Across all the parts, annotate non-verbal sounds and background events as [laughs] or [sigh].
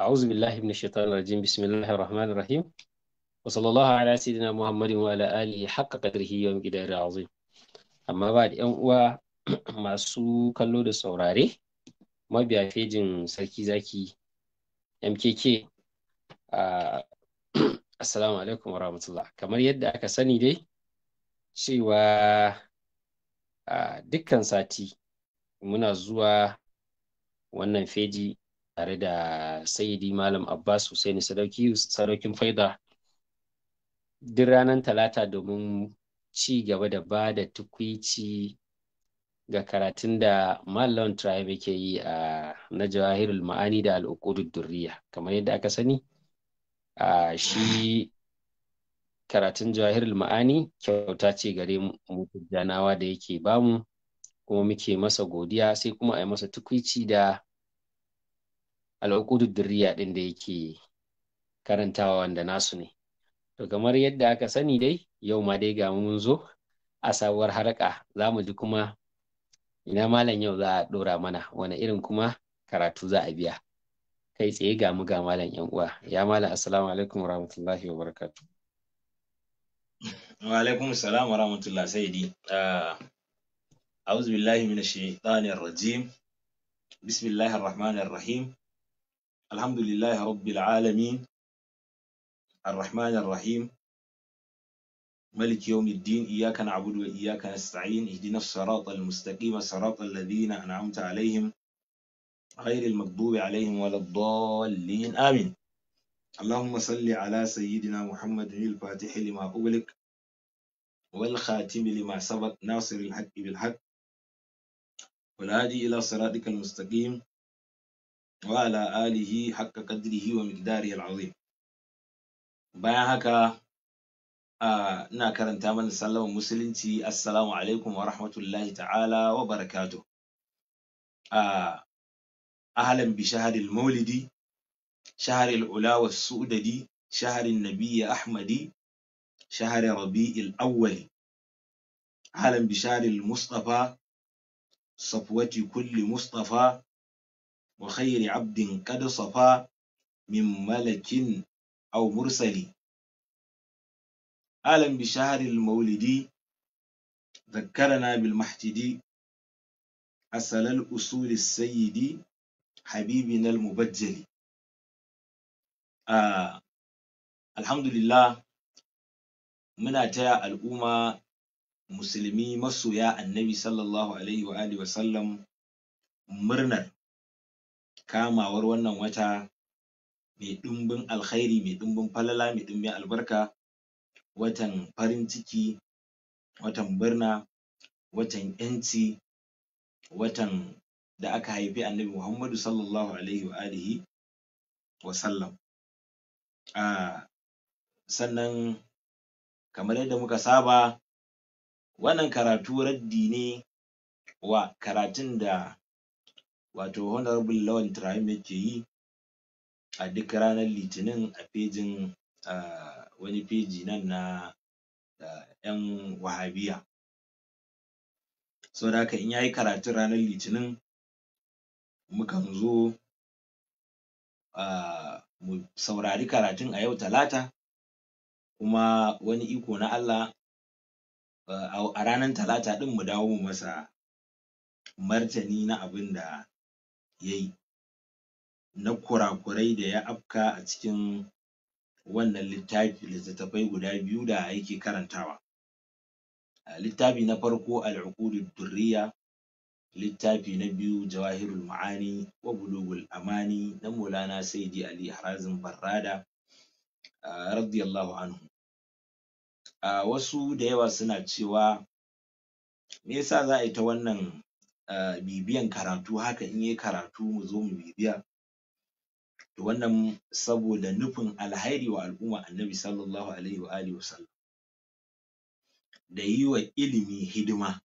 أعوذ بالله من الشيطان الرجيم بسم الله الرحمن الرحيم وصلى الله على سيدنا محمد وعلى آله حق قدره يوم amma ba da 'yan uwa masu kallo da saurare mabiya fejin sarki zaki mkk assalamu alaikum wa rahmatullah kamar yadda aka sani dai cewa dukkan sati muna zuwa wannan feji tare da sayidi malam abbas husaini sadauki sadaukin faida duk ranar talata domin ci gaba da ba da tukwici ga karatun da Malam Tribe yake yi a na jawahirul ma'ani da al'uqudud durriya kamar yadda aka sani a shi karatun jawahirul ma'ani kyauta ce gare mu janawa da yake bamu kuma muke masa godiya sai kuma a yi masa tukwici da al'uqudud dirriya din da yake karantawa wanda nasu ne to kamar yadda aka sani dai yau ma dai ga mun zo a sabuwar haraka za mu ji kuma ina malam yau za a ɗora mana wani irin kuma karatu za a biya kai tsaye ga mu ga malam yan uwa ya malam assalamu alaikum warahmatullahi wabarakatuh wa alaikum assalam warahmatullahi sayyidi أعوذ بالله من الشيطان الرجيم بسم الله الرحمن Rahim. الحمد لله رب العالمين الرحمن الرحيم ملك يوم الدين إياك نعبد وإياك نستعين اهدنا الصراط المستقيم صراط الذين أنعمت عليهم غير المكبوب عليهم ولا الضالين آمين اللهم صل على سيدنا محمد الفاتح لما أغلق والخاتم لما سبق ناصر الحق بالحق والهادي إلى صراطك المستقيم وعلى آله حق قدره ومقداره العظيم bayan haka ina karanta mana sallaman musulunci assalamu alaikum wa rahmatullahi ta'ala wa barakatuh ahlan bi shahril maulidi shahril ula was sudadi shahrin nabiyyi ahmadi shahri rabi'il awwali ahlan bi shahril mustafa safwati kulli mustafa wa khairi abdin kad min malakin aw mursali alam bi maulidi zakkarana bil mahtidi asal al usul al sayyidi habibina mubajjali ah uh, muna taya al'umma musulmi masoya annabi sallallahu alaihi wa wa sallam murnar kamawar wannan wata mai ɗumbin alkhairi mai ɗumbin falala mai ɗumbin albarka watan farin ciki watan murna watan ƴanci watan da aka haifi Annabi Muhammadu Sallallahu Alaihi wa alihi wa sallam A sannan kamar yadda muka saba wannan karatu raddi ne wa karatun da wato honorable lawan Ibrahim yake yi a duk ranar litinin a fejin a wani feji nan na ƴan wahabiyya saboda haka in yayi karatun ranar litinin mukan zo a mu saurari karatun a yau talata kuma wani iko na Allah a ranar talata ɗin mu dawo mu masa martani na abinda yayi na kurakurai da ya afka a cikin wannan littafi littattafai guda biyu da yake karantawa littafi na farko al'uqudud durriya littafi na biyu jawahirul ma'ani wa bulughul amani na maulana saidi ali harazim barrada radiyallahu anhu wasu da yawa suna cewa me yasa za a yi ta wannan Eh, bibiyan karatu haka in yayi karatu mu zo mu bibiya to wannan saboda nufin alheri wa al'umma Annabi Sallallahu Alaihi wa alihi Wasallam da yiwa ilimi hidima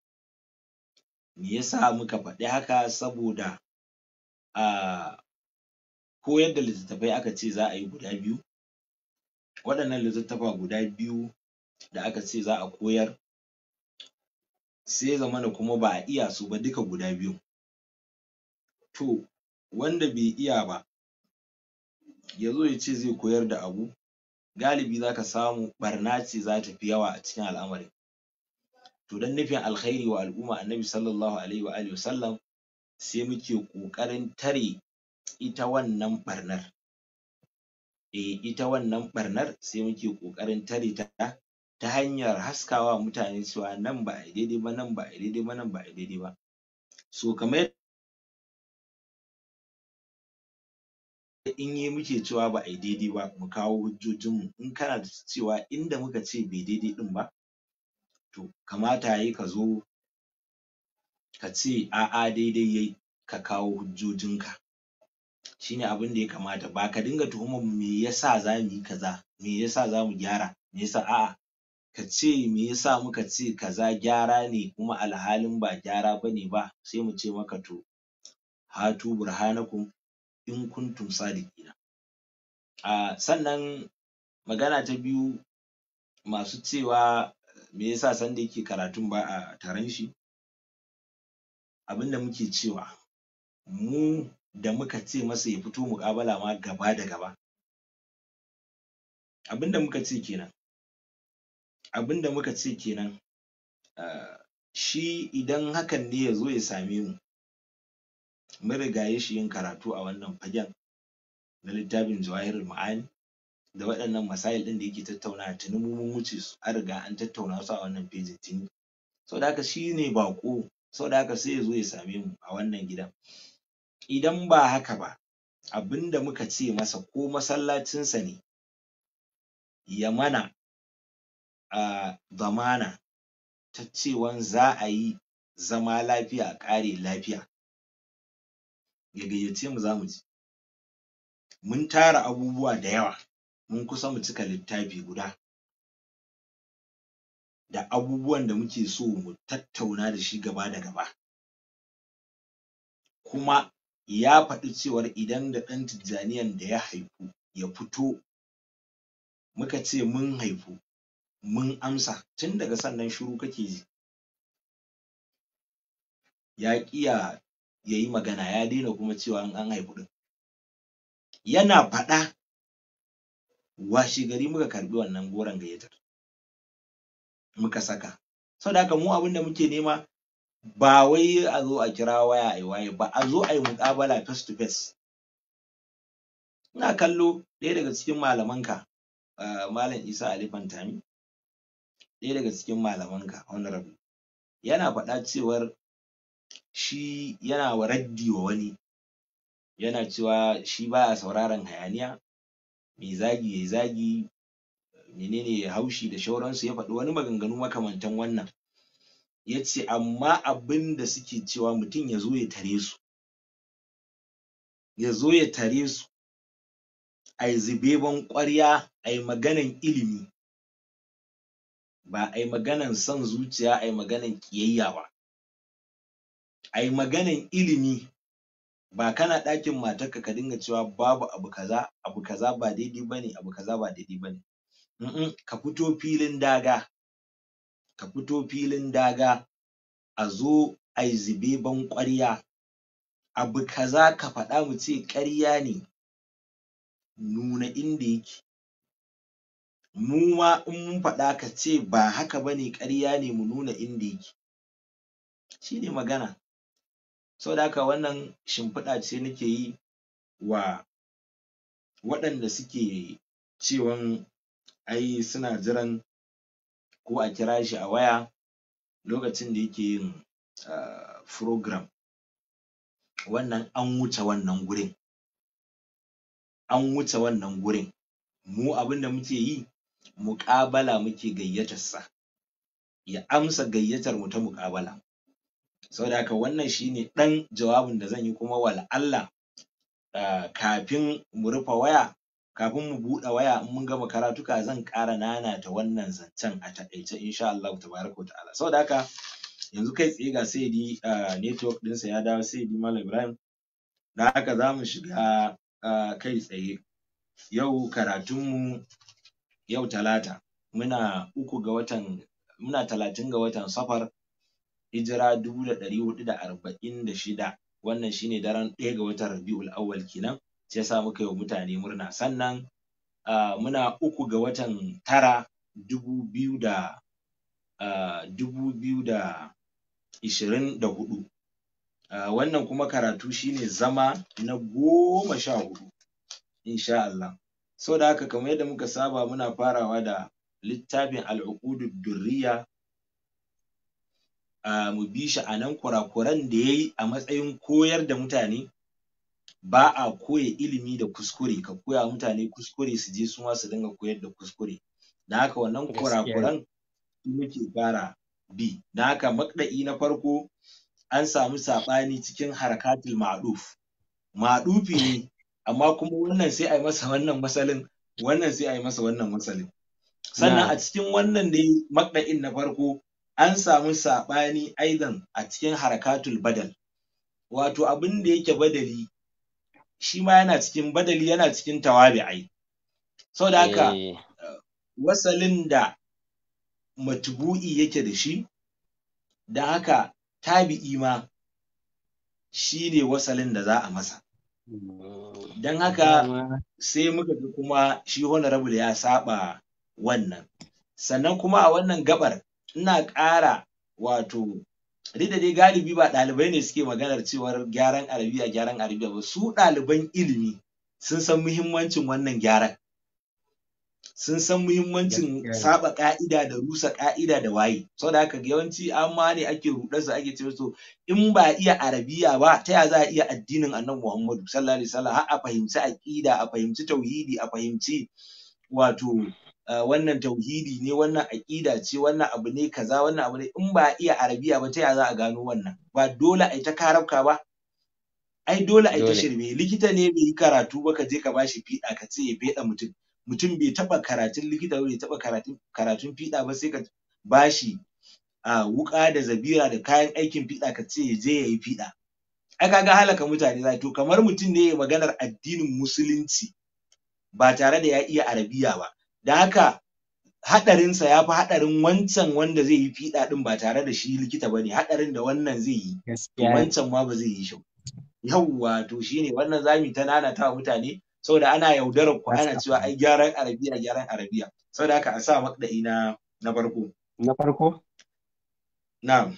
me yasa muka faɗi haka saboda a ah, koyar da littattafai aka ce za a yi guda biyu waɗannan littattafa guda biyu da aka ce za a koyar sai ya zamana kuma ba a iya su ba duka guda biyun to wanda bai iya ba ya zo ya ce zai koyar da abu galibi za ka samu ɓarna ce zata fi yawa a cikin al'amarin to don nufin alkhairi wa al'umma Annabi Sallallahu Alaihi wa alihi wasallam sai muke ƙoƙarin tare ita wannan ɓarnar eh ita wannan ɓarnar sai muke ƙoƙarin tare ta ta hanyar haskawa mutane cewa nan ba a daidai ba nan ba a daidai ba nan ba a daidai ba so kamar in yi muke cewa ba yi daidai ba mu kawo hujjojin mu in kana da cewa inda muka ce bai daidai ɗin ba to kamata yayi ka zo ka ce a'a daidai yayi ka kawo hujjojinka shi ne abin da ya kamata ba ka dinga tuhumar mu me yasa za mu yi kaza me yasa za mu gyara me yasa a'a ka ce me yasa muka ce kaza gyara ne kuma alhalin ba gyara bane ba sai mu ce maka to hatu burhanakum in kuntum sadiqin a sannan magana ta biyu masu cewa me yasa sanda yake karatun ba a taron shi abinda muke cewa mu da muka ce masa ya fito muƙabala ma gaba da gaba abinda muka ce kenan Abin da muka ce kenan shi idan hakan ne yazo ya same mu mun rigaye shi yin karatu a wannan fagen na littafin Jawahirul Ma'ani da waɗannan masayil ɗin da yake tattaunawa tuni mu mun wuce su an riga an tattauna su a wannan fejin tuni saboda haka shi ne baƙo saboda haka sai yazo ya same mu a wannan gidan idan ba haka ba abin da muka ce masa ko masallacin sa ne ya mana a zamana ta cewan za a yi zama lafiya a ƙare lafiya ya gayyace mu za mu je mun tara abubuwa da yawa mun kusa mu cika littafi guda da abubuwan da muke so mu tattauna da shi gaba da gaba kuma ya faɗi cewar idan da ɗan Tijjaniyan da ya haifu ya fito muka ce mun haifu mun amsa tun daga sannan shiru kake ji ya ƙiya ya yi magana ya daina kuma cewa in an haifi ɗin yana faɗa gari muka karɓi wannan goron gayyatar muka saka da haka mu da muke nema ba wai a zo a kira waya a yi waye ba a zo a yi muƙabala face to face ina kallo ɗaya daga cikin malamanka, ka eh, Malam Isa Ali Fantami ɗaya daga cikin malamanka honorable yana faɗa cewar shi yana wa raddi wa wani yana cewa shi baya sauraron hayaniya mai zagi yayi zagi menene haushi da shauransu ya faɗi wani maganganu makamantan wannan yace amma abinda suke cewa mutum ya zo ya tare su yazo ya tare su yi zubeban ƙwarya ai maganan ilimi ba ai maganan son zuciya ai maganan ƙiyayya ba ai maganan ilimi ba kana ɗakin matarka ka dinga cewa babu abu kaza abu kaza ba daidai bane abu kaza ba daidai bane mm ka fito filin daga ka fito filin daga a zo ai ban ƙwarya abu kaza ka faɗa mu ce ƙarya ne nuna inda yake mu ma in mun faɗa ka ce ba haka ba ne ƙarya ne mu nuna inda yake shi ne magana saboda haka wannan shimfiɗa ce nake yi wa waɗanda suke cewan ai suna jiran ko a kira shi a waya lokacin da yake yin um program wannan an wuce wannan gurin an wuce wannan gurin mu abin muke yi muƙabala muke gayyatar sa ya amsa gayyatar mu ta muƙabala saboda haka wannan shine ɗan jawabin da zan yi kuma wala Allah ah, kafin mu rufe waya kafin mu buɗe waya in mun gama karatuka zan ƙara nanata wannan zancen a taƙaice insha sha Allahu tabaraka wa ta'ala saboda haka yanzu kai tsaye ga Saidi um network ɗinsa ya dawo Saidi Malam Ibrahim don haka zamu shiga ah, kai tsaye yau karatun mu yau talata muna uku ga watan muna talatin ga watan safar hijira dubu da ɗari huɗu da arba'in da shida wannan shine daren ɗaya ga watan rabi'ul awwal kenan shi sa muka yi wa mutane murna sannan muna uku ga watan tara dubu biyu da dubu biyu da ishirin da huɗu wannan kuma karatu shine zama na goma sha huɗu insha Allah so da haka kamar yadda muka saba muna farawa da littafin al'ukudu durriya a mu bi shi a nan kurakuran da ya yi a matsayin koyar da mutane ba a koya ilimi da kuskure ka koya mutane kuskure su je suma su dinga koyar da kuskure da haka wannan kurakuran muke fara bi da haka makda'i na farko an samu saɓani cikin harakatul ma'ruf ma'dufi ne amma kuma wannan sai a yi masa wannan matsalin, wannan sai a yi masa wannan matsalin. sannan a cikin wannan ne makda'in na farko an samu saɓani aidan a cikin harakatul badal wato abin da yake badali shi ma yana cikin badali yana cikin tawabi'ai sau da haka eh. wasalin da matubu'i yake da shi da haka tabi'i ma shi ne wasalin da za a masa don haka sai muka ga kuma shi honorable ya saɓa wannan sannan kuma a wannan gaɓar ina ƙara wato da dai galibi ba ɗalibai ne suke maganar cewar gyaran arabiya gyaran arabiya ba su ɗaliban ilimi sun san muhimmancin wannan gyaran sun san muhimmancin saba ka'ida da rusa ka'ida da waye saboda haka yawanci amma ne ake rudarsa ake ce to in ba iya arabiya ba ta ya za a iya addinin annabi Muhammadu sallallahu alaihi wasallam har a fahimci aqida a fahimci tauhidi a fahimci wato wannan tauhidi ne wannan aƙida ce wannan abu ne kaza wannan abu ne in ba iya arabiya ba ta ya za a gano wannan ba dole a ta karabka ba ai dole a ta shirme likita ne bai yi karatu ba ka je ka bashi fiɗa ka ce ya feɗa mutum mutum bai taɓa karatun likita ba bai taɓa karatun fiɗa ba sai ka bashi a wuƙa da zabira da kayan aikin fiɗa ka ce ya je ya yi fiɗa ai kaga halaka mutane za to kamar mutum ne ya maganar addinin musulunci ba tare da ya iya arabiya ba da haka haɗarinsa ya fi haɗarin wancan wanda zai yi fiɗa ɗin ba tare da shi likita ba ne haɗarin da wannan zai yi wancan ma ba zai yi shi yawwa to shine wannan zamu ta nanata wa mutane saboda ana yaudarar ku ana cewa ai gyaran arabiya gyaran arabiya saboda haka a sa maɗa'i na na farko na farko na'am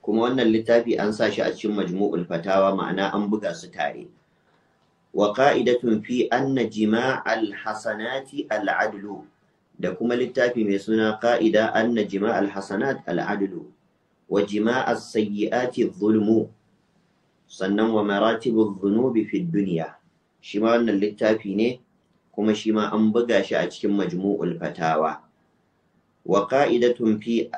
kuma wannan littafi an sa shi a cikin majmu'ul fatawa ma'ana an buga su tare wa qa'idatun fi anna jima'al hasanati al-adlu da kuma littafi mai suna qa'ida anna jima'al hasanat al-adlu wa jima'as sayyi'ati adh-dhulmu sannan wa maratibul dhunubi fi dunya shi ma wannan littafi ne kuma shi ma an buga shi a cikin majmu'ul fatawa wa qa'idatun fi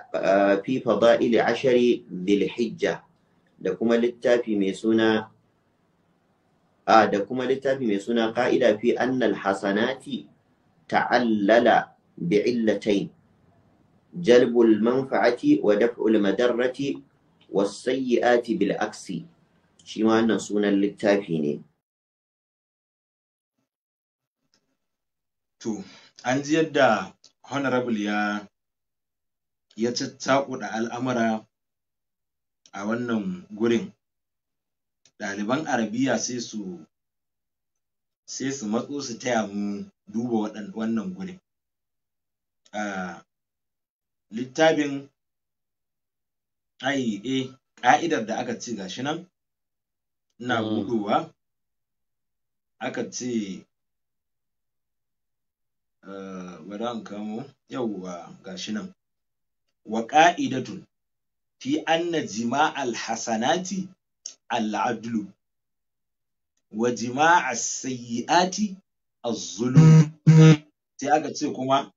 fi fada'il ashari dhil hijja da kuma littafi mai suna a da kuma littafi mai suna qa'ida fi annal hasanati ta'allala bi illatayn جلب المنفعة ودفع المدرة والسيئات sayyi'ati shi ma wannan sunan littafi ne to an ji yadda honorable ya ya caccakuɗa al'amura a wannan gurin ɗaliban arabiya sai su sai su matso su taya mu duba wannan gurin a littafin ai eh ƙa'idar da aka ce gashi nan ina guduwa mm. aka ce eh, bari an kamo yawwa shi nan wa ƙa'idatun fi anna jima'al hasanati al'adlu wa jima'a sayyi'ati az sai aka ce kuma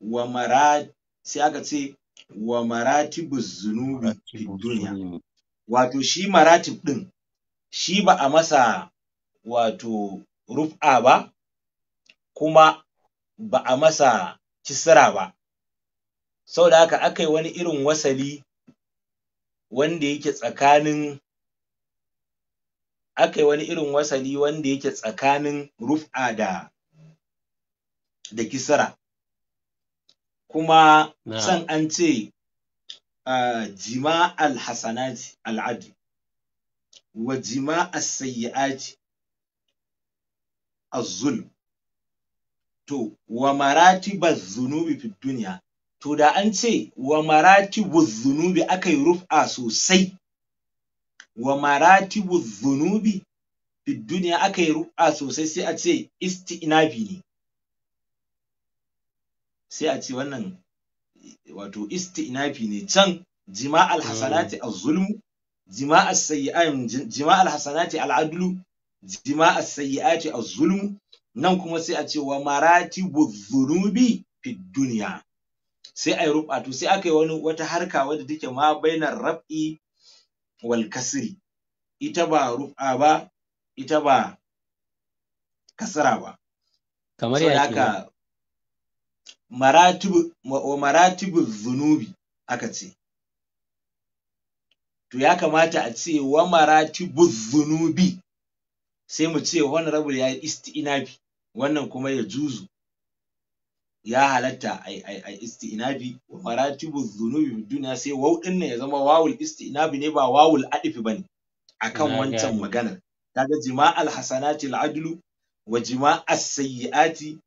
wa mara sai aka ce wa maratibuz zunubi duniya wato shi maratib din shi ba a masa wato ruf'a ba kuma ba a masa kisra ba saboda haka aka yi wani irin wasali wanda yake tsakanin aka wani irin wasali wanda yake tsakanin ruf'a da da kisra kuma san an ce ah, jima al al'adu wa jima'a sayyi'ati az-zulm to wa maratiba zunubi fi to da an ce wa maratibu zunubi aka yi rufa sosai wa maratibu zunubi fi aka yi rufa sosai sai a ce isti'nabi ne sai a ce wannan wato isti'nabi ne can jima'al hasanati az-zulmu Jima'a as-sayyi'at al-hasanati al'adlu adlu jima sayyiati az-zulm nan kuma sai a ce wa maratibu dhunubi fid dunya sai ai rubatu sai aka yi wani wata harka wadda take ma bainar raf'i wal kasri ita ba rufa ba ita ba kasra ba kamar ya haka maratibu wa maratibu dhunubi aka ce to ya kamata a ce wa maratibu zunubi sai mu ce honorable ya yi isti'inabi wannan kuma ya juzu ya halatta a isti'inabi wa maratibu zunubi duniya sai wau din ya zama wawul isti'inabi ne ba wawul adifi bane akan wancan maganar kaga jima'al hasanati al'adlu wa jima'as sayyiati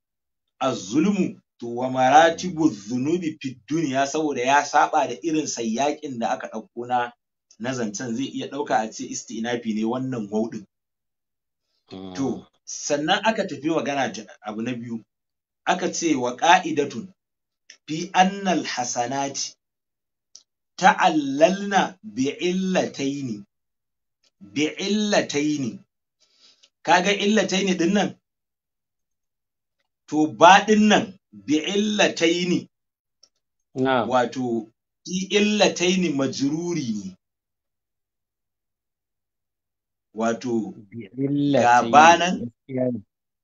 az-zulmu to wa maratibu zunubi fid duniya saboda ya saba da irin sayyakin da aka ɗauko na na zancen zai iya ɗauka a ce isti'inafi ne wannan wauɗin To, ah. sannan aka tafi magana abu na biyu, aka ce wa ƙa'idatun fi annal hasanati ta'allalna bi'illataini bi'illataini kaga ne ɗin nan to ba ɗin nan ne, wato fi ne majruri ne wato gabanan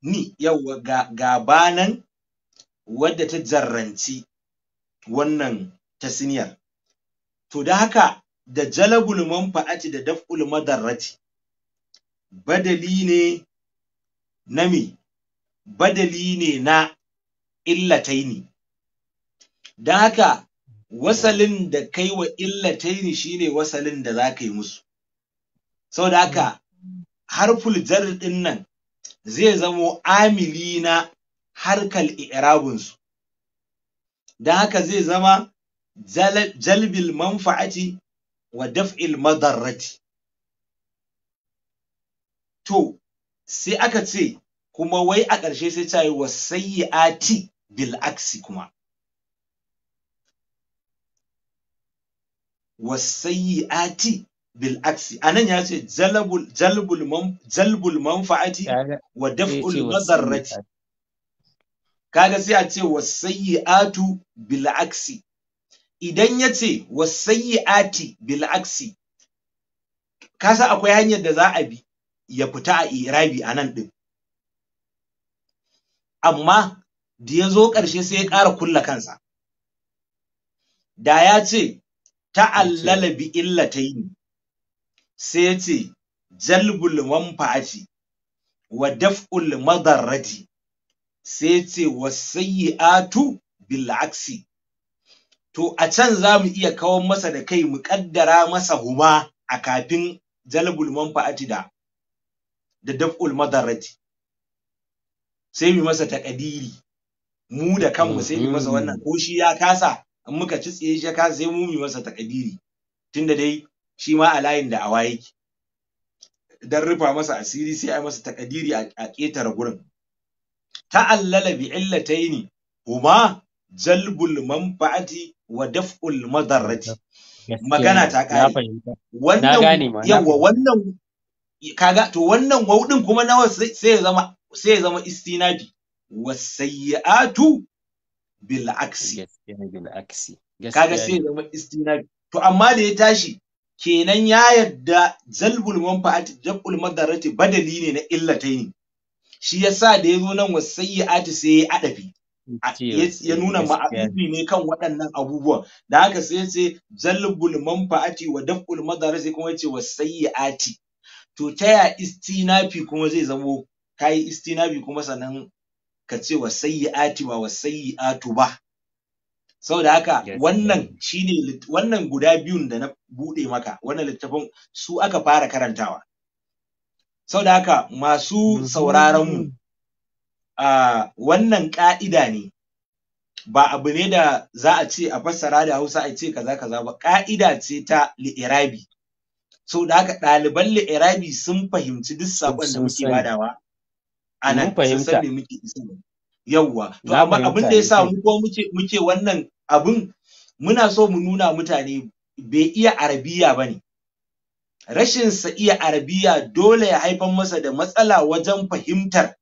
ni yawa gabanan wadda ta jarranci wannan ta tasniyar to da haka da jalabul manfa'ati da daf'ul madarrati badali ne na me badali ne na illataini da haka wasalin da kai wa illataini shine wasalin da za ka yi musu sau da haka Har fuljar din nan zai zamo amili na harkal i'rabun su dan haka zai zama jalbil manfa'ati wa daf'il madarrati to sai aka ce kuma wai a ƙarshe sai ta yi wasayyati bil aksi kuma wasayyati bilaksi a anan ya ce jalbul man manfa'ati wa daf'ul madarrati kaga sai a ce wasayyi'atu bil idan ya ce wasayyi'ati bil kasa akwai hanyar da za a bi ya fita a irabi a nan din amma da ya zo ƙarshe sai ya ƙara kulla kansa da ya ce ta'allala bi illataini sai ya ce jalbul manfa'ati wa daf'ul madarrati sai ya ce wasayyi'atu bil aksi to a can za mu iya kawo masa da kai mu kaddara masa huma a kafin jalbul manfa'ati da da daf'ul madarrati sai mu masa takadiri mu da kanmu sai mu masa wannan ko shi ya kasa in muka ci tsaye shi ya kasa sai mu mu masa takadiri tunda dai shi ma a layin da awa yake dan rufa masa asiri sai a masa takadiri a ƙetare gurin ta'allala bi illataini huma jalbul manfa'ati wa daf'ul madarrati magana ta kare wannan yawa wannan kaga to wannan wau kuma nawa sai ya zama sai ya zama istinabi wasayyatu bil aksi kaga sai ya zama istinabi to amma da ya tashi kenan ya yadda zalbul manfa'ati dabul madarati badali ne na illataini shi yasa da yazo nan Ati sai ya adafi ya nuna ma'adubi ne kan waɗannan abubuwan da haka sai ya ce zalbul manfa'ati wa dabul madarati kuma ya ce Ati. to ta ya istinafi kuma zai zamo kai istinafi kuma sanan ka ce Ati ba Atu ba da haka wannan shine wannan guda biyun da na buɗe maka wannan littafin su aka fara karantawa da haka masu mm-hmm. sauraron a wannan ka'ida ne ba abu ne da za a ce a fassara da Hausa a ce kaza kaza ba ka'ida ce ta li'irabi so da haka ɗaliban li'irabi sun fahimci duk sabon da muke badawa a nan sun san me muke yawwa to amma abin da yasa mu ko muke muke wannan abin muna so mu nuna mutane bai iya arabiya bane rashin sa iya arabiya dole ya haifar masa da matsala wajen fahimtar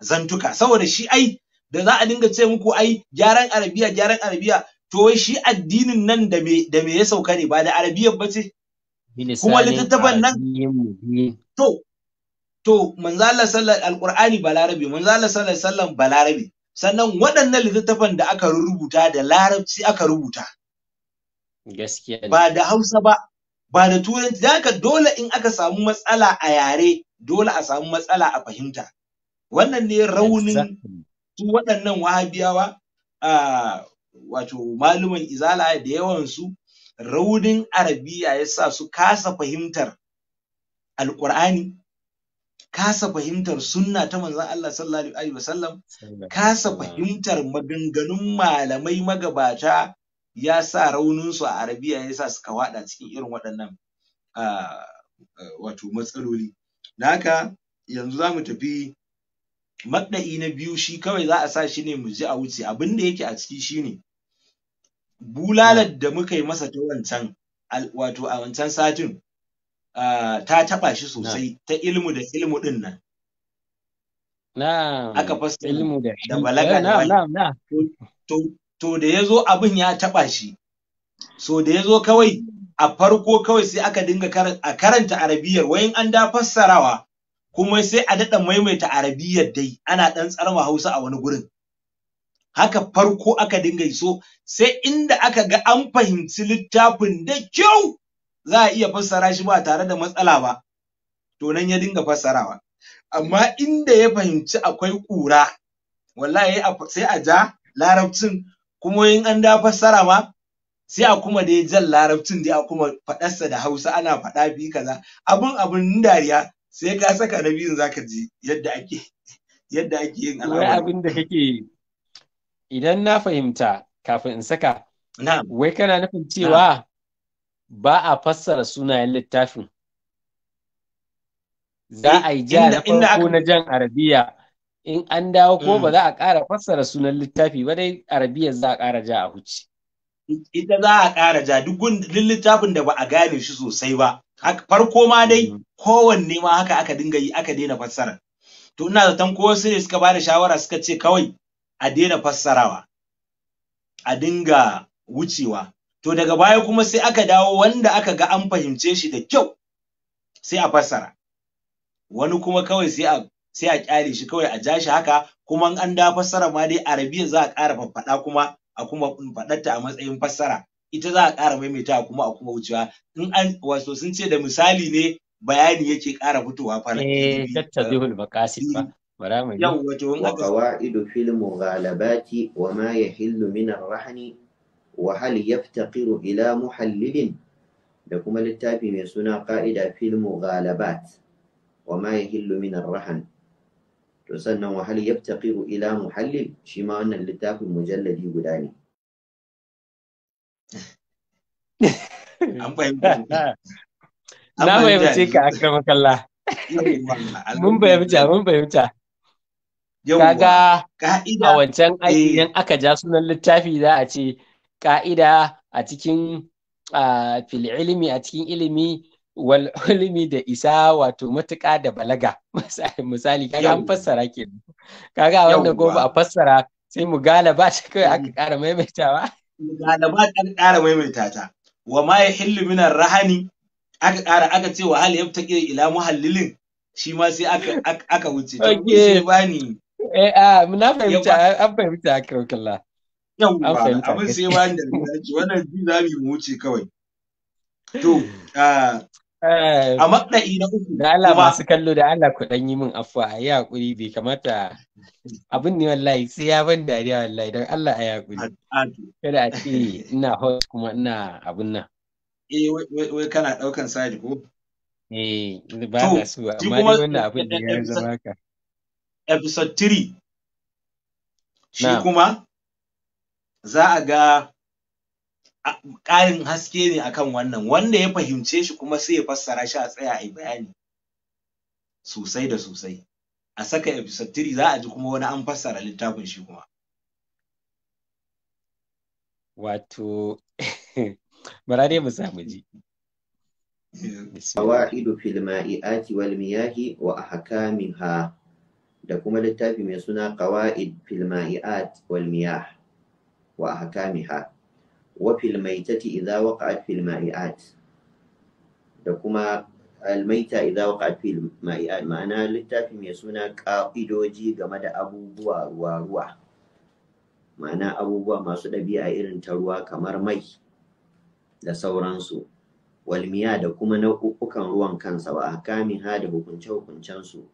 zantuka saboda shi ai da za a dinga ce muku ai gyaran arabiya gyaran arabiya to shi addinin nan da me da me ya sauka ne ba da arabiyar ba ce kuma littattafan nan to to manzo Allah sallallahu alqur'ani balarabe manzo Allah sallallahu alaihi wasallam balarabe sannan waɗannan littattafan da aka rubuta da larabci aka rubuta gaskiya ba da Hausa ba ba da turanci da haka dole in aka samu matsala a yare dole a samu matsala a fahimta wannan ne raunin su waɗannan wahabiyawa wato maluman izala da yawan su raunin arabiya yasa su kasa fahimtar alƙur'ani kasa fahimtar sunna ta manzon Allah sallallahu alaihi wasallam kasa fahimtar maganganun malamai magabata ya sa rauninsu a arabiya ya sa suka wada cikin irin waɗannan wato matsaloli da yanzu za mu tafi maɗa'i na biyu shi kawai za a sa shi ne mu ji a wuce abin da yake a ciki shine bulalar da muka yi masa ta wancan wato a wancan satin Ah, ta taɓa shi sosai ta ilmu da ilmu ɗin nan. Na'am. Aka fasta ilmu da balaga eh, da na na To da ya zo abin ya taɓa shi. So da ya zo kawai a farko kawai sai aka dinga karanta arabiyar wayin an da fassarawa kuma sai a dada maimaita arabiyar dai ana ɗan tsarma hausa a wani gurin. Haka farko aka dinga yi so sai inda aka ga an fahimci littafin da kyau za a iya fassara shi ba tare da matsala ba to nan ya dinga fassarawa amma inda ya fahimci akwai ƙura wallahi sai a ja larabcin kuma in an da fassara ma sai a kuma da jan larabcin dai a kuma faɗarsa da hausa ana faɗa bi kaza abun abun dariya sai ka saka na biyun zaka ji yadda ake yadda ake yin al'amari wai abin da kake idan na fahimta kafin in saka wai kana nufin cewa ba a fassara sunayen littafin za a yi ja na farko na jan arabiya in an dawo ko ba hmm. za a ƙara fassara sunan littafi ba dai arabiya za a ƙara ja a huci ita za a ƙara ja duk littafin da ba a gane shi sosai ba farko ma dai hmm. kowanne ma haka aka dinga yi aka daina fassara to ina zaton ko wasu ne suka bada shawara suka ce kawai a daina fassarawa a dinga wucewa to daga baya kuma sai aka dawo wanda aka ga an fahimce shi da kyau sai a fassara wani kuma kawai sai a sai a kyale shi kawai a ja shi haka kuma an da fassara ma dai arabiya za a ƙara faɗa kuma a kuma faɗarta a matsayin fassara ita za a ƙara maimaita kuma a kuma wucewa in an wato sun ce da misali ne bayani yake ƙara fitowa fara eh zuhul maqasid ba bara mu yau wato in aka wa idu fil mughalabati wa ma yahillu min ar wa hal yaftaqiru ila muhallilin da kuma littafi mai suna ƙa'ida fil mughalabat wa ma yahillu min rahan to sannan wa hal yaftaqiru ila muhallil shi ma wannan littafin mujalladi guda ne [laughs] an fahimta na fahimce ka akrama kallah mun fahimta mun fahimta kaga a wancan aiki eh. idan aka ja sunan littafi za a ce Ka'ida a cikin fil ilimi a cikin ilimi wal [laughs] ilimi da isa wato matuƙa da balaga [laughs] misali kaga an fassara ke kaga wanda gobe a fassara sai mu ba ta kai aka mm. ƙara maimaitawa galaba ta ƙara maimaita ta wa ma ya hillu minar rahani aka ƙara aka ce wa hal ke ila muhallilin shi ma sai aka aka wuce ta shi bani eh a ah, na fahimta an fahimta akarakallah yawwa abin sai da zaki wannan ji za mu wuce kawai to ah, eh, a matsayi na uku da Allah masu kallo da Allah ku dan yi min afwa a hakuri bai kamata abin ne wallahi sai ya ban dariya wallahi don Allah a hakuri kada a ce ina hot kuma ina abin nan eh wai kana daukan side ko eh ba na so amma wannan abin ya zama haka episode 3 shi kuma za a ga ƙarin haske ne akan wannan wanda ya fahimce shi kuma sai ya fassara shi a tsaya a bayani sosai da sosai a saka episode 3 za a ji kuma wani an fassara littafin shi kuma wato [laughs] bara dai mu samu ji Fawa'idu fil ma'i'ati wal miyahi wa ahkamiha da kuma littafi mai suna Qawa'id fil ma'i'at wal miyah وأحكامها وفي الميتة إذا وقعت في المائعات دكما الميتة إذا وقعت في المائعات معناها للتافي ميسونا كاقيدوجي جمد أبو بوا وروا ma'ana abubuwa masu ɗabi'a irin ta ruwa kamar mai da sauransu walmiya da kuma nau'ukan ruwan kansa wa ha da hukunce-hukuncensu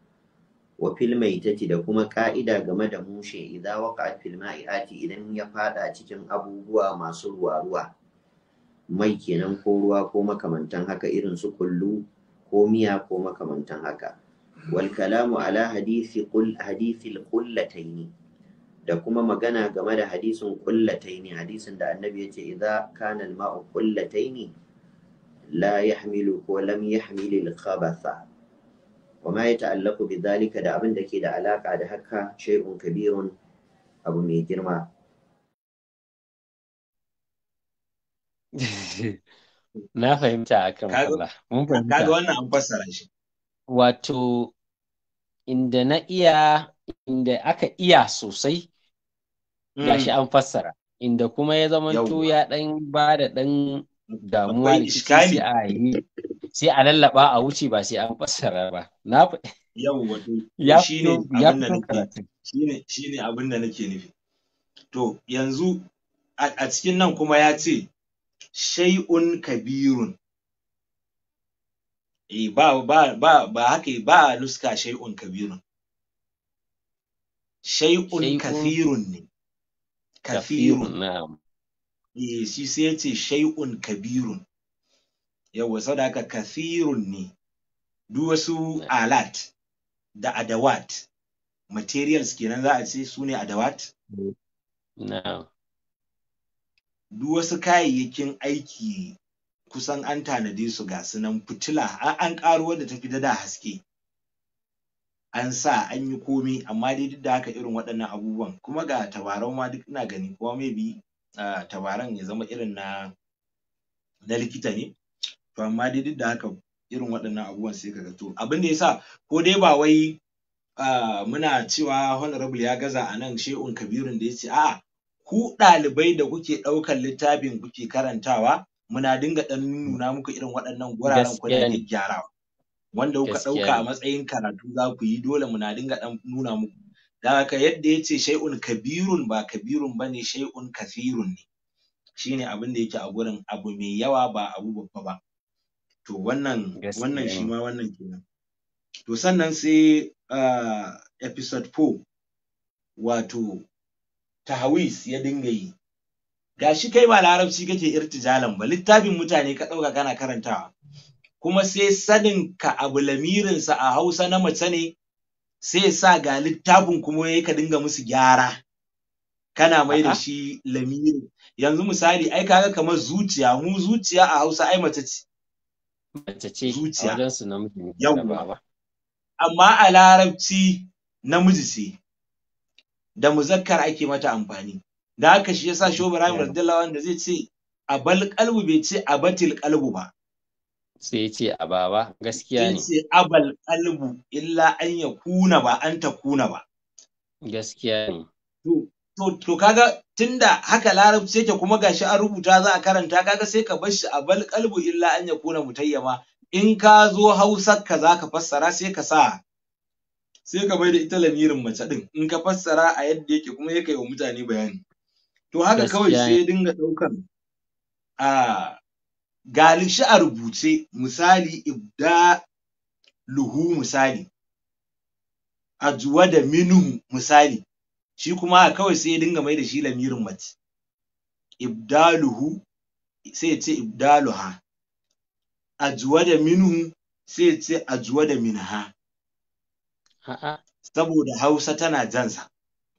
wa fil maitati da kuma ka'ida game da mushe idan waqa'at fil ma'iati idan ya fada cikin abubuwa masu ruwa ruwa mai kenan ko ruwa ko makamantan haka irin su kullu ko miya ko makamantan haka wal kalamu ala hadisi qul hadisil da kuma magana game da hadisin ne. hadisin da annabi ce idza kana al ma'u qullataini la yahmilu ko lam yahmil al wa ma yata'allaqu ta'allaku bi zalika da abin da ke da alaka da haka shay'un kabirun abu mai girma na fahimta akan Allah mun fahimta kaga wannan an fassara shi wato inda na iya inda aka iya sosai gashi hmm. an fassara inda kuma ya zamanto ya dan ba da dan damuwa da sai a yi sai a lallaba a wuce ba sai an fassara ba na yawwa to shine abin da nake shine shine abin da nake nufi to yanzu a cikin nan kuma ya ce shay'un kabirun eh ba ba ba ba haka ba nuska shay'un kabirun shay'un kathirun ne kathirun na'am eh shi sai ya ce shay'un kabirun yawa sadaka kathirun ne duk wasu alat da adawat materials kenan za a ce su ne adawat duk wasu kayayyakin aiki kusan an tanade su ga sunan fitila an ƙaro wadda ta fi da haske an sa an yi komi amma dai duk da haka irin waɗannan abubuwan kuma ga tabarau ma duk ina gani kuma bi. tabaran ya zama irin na na likita ne to amma dai duk da haka irin waɗannan abubuwan sai ka ga to abin da yasa ko dai ba wai muna cewa honorable ya gaza a nan she'un kabirun da ya ce a'a ku ɗalibai da kuke ɗaukar littafin kuke karantawa muna dinga ɗan nuna muku irin waɗannan guraren kuna gyarawa wanda kuka ɗauka a matsayin karatu za ku yi dole muna dinga ɗan nuna muku da haka yadda ya ce shay'un kabirun ba kabirun ba ne shay'un kafirun ne shi ne abin da yake a gurin abu mai yawa ba abu babba ba to wannan wannan shi ma wannan kenan to sannan sai uh, episode 4 wato tahawis ya dinga yi gashi kai ba larabci kake irtijalan ba littafin mutane ka ɗauka kana karantawa kuma sai sanin ka abu lamirinsa a hausa na mace ne sai ya sa ga littafin kuma ya ka dinga musu gyara kana mai da shi lamiri yanzu misali ai ga kamar zuciya mu zuciya a Hausa ai mace ce zuciya wajen amma a larabci namiji ce da muzakkar ake mata amfani da haka shi yasa shi Ibrahim radiyallahu anhu zai ce abal qalbu bai ce abatil qalbu ba sai ce a baba gaskiya ne ce abal kalbu illa an ya kuna ba an ta kuna ba gaskiya ne to to kaga tunda haka larabci yake kuma gashi an rubuta za a karanta kaga sai ka bar shi abal kalbu illa an ya kuna mutayyama in ka zo hausar ka za ka fassara sai ka sa sai ka bai da ita lamirin mace din in ka fassara a yadda yake kuma ya kai wa mutane bayani to haka kawai sai ya dinga ɗaukan. Ah, galishi shi a rubuce misali ibda luhu misali ajuwa da minuhu misali shi kuma kawai sai ya dinga mai da shi lamirin mace ibdaluhu sai ya ce ibdaluha ajuwa da minuhu sai ya ce ajuwa da minha saboda hausa tana jansa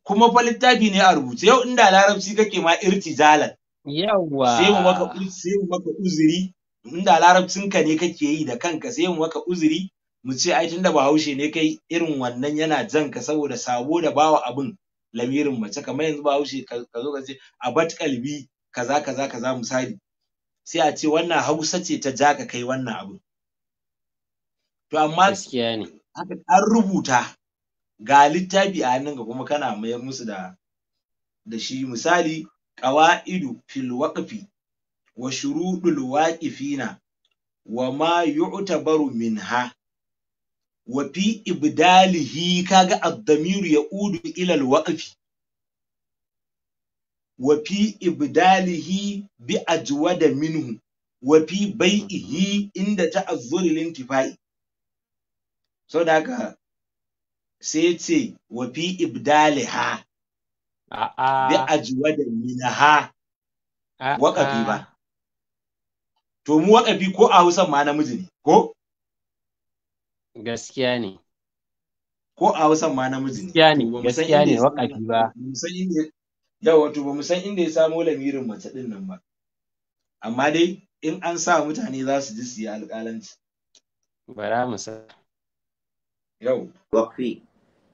kuma fa littafi ne a rubuce yau inda larabci kake ma irtijalan Yawwa. Sai mu maka sai mu maka uzuri inda larabcinka ne kake yi da kanka sai mu maka uzuri mu ce ai tunda bahaushe ne kai irin wannan yana jan ka saboda sabo da bawa abin lamirin mace kamar yanzu bahaushe ka zo ka ce a bat kalbi kaza kaza kaza misali sai a ce wannan hausa ce ta ja ka kai wannan abin. To amma gaskiya ne. Haka an rubuta ga littafi a hannunka kuma kana mayar musu da da shi misali ƙawa'idu fil waqfi wa shuruɗul waqifina wa ma yu'tabaru minha wa fi ibdalihi kaga ad-damiru ya'udu ila al-waqfi wa fi ibdalihi bi ajwada minhu wa fi bai'ihi inda ta'azzuri lintifa'i sau da haka sai ce wa fi ibdaliha bi ajuwa da minaha waƙafi ba to mu waƙafi ko a Hausan ma namiji ne ko gaskiya ne ko a Hausan ma namiji ne gaskiya ne gaskiya ne waƙafi ba yawa wato ba mu san inda ya samo lamirin mace din nan ba amma dai in an sa mutane za su ji su yi alƙalanci bara mu sa yau waqfi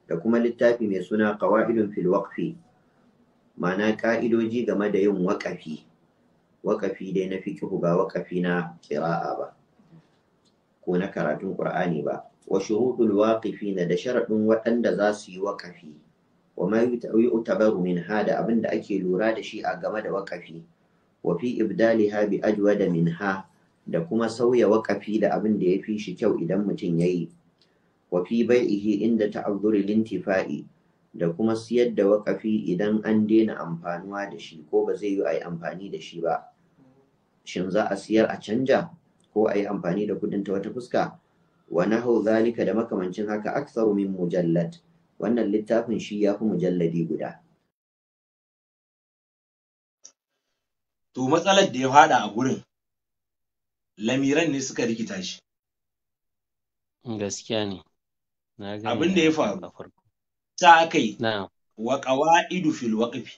da kuma littafi mai suna qawaidun fil waqfi ma'ana ƙa'idoji game da yin waƙafi waƙafi dai na fikihu ba waƙafi na ƙira'a ba ko na karatun ƙur'ani ba wa shuruɗul na da sharaɗin waɗanda za su yi waƙafi wa ma yu'tabaru min hada abin da ake lura da shi a game da waƙafi wa fi ha bi ajwada ha, da kuma sauya waƙafi da abin da ya fi shi kyau idan mutum ya yi wa fi bai'ihi inda ta'azzuri lintifa'i da kuma siyar da wakafi idan an daina amfanuwa da shi ko ba zai yi a yi amfani da shi ba shin za a siyar a canja ko a yi amfani da kudin ta wata fuska wa nahu zalika da makamancin haka aksaru min mujallad wannan littafin shi ya fi mujalladi guda to matsalar da ya fada a gurin lamiran ne suka rikita shi gaskiya ne abin ya faru sa aka yi wa qawa'idu fil waqfi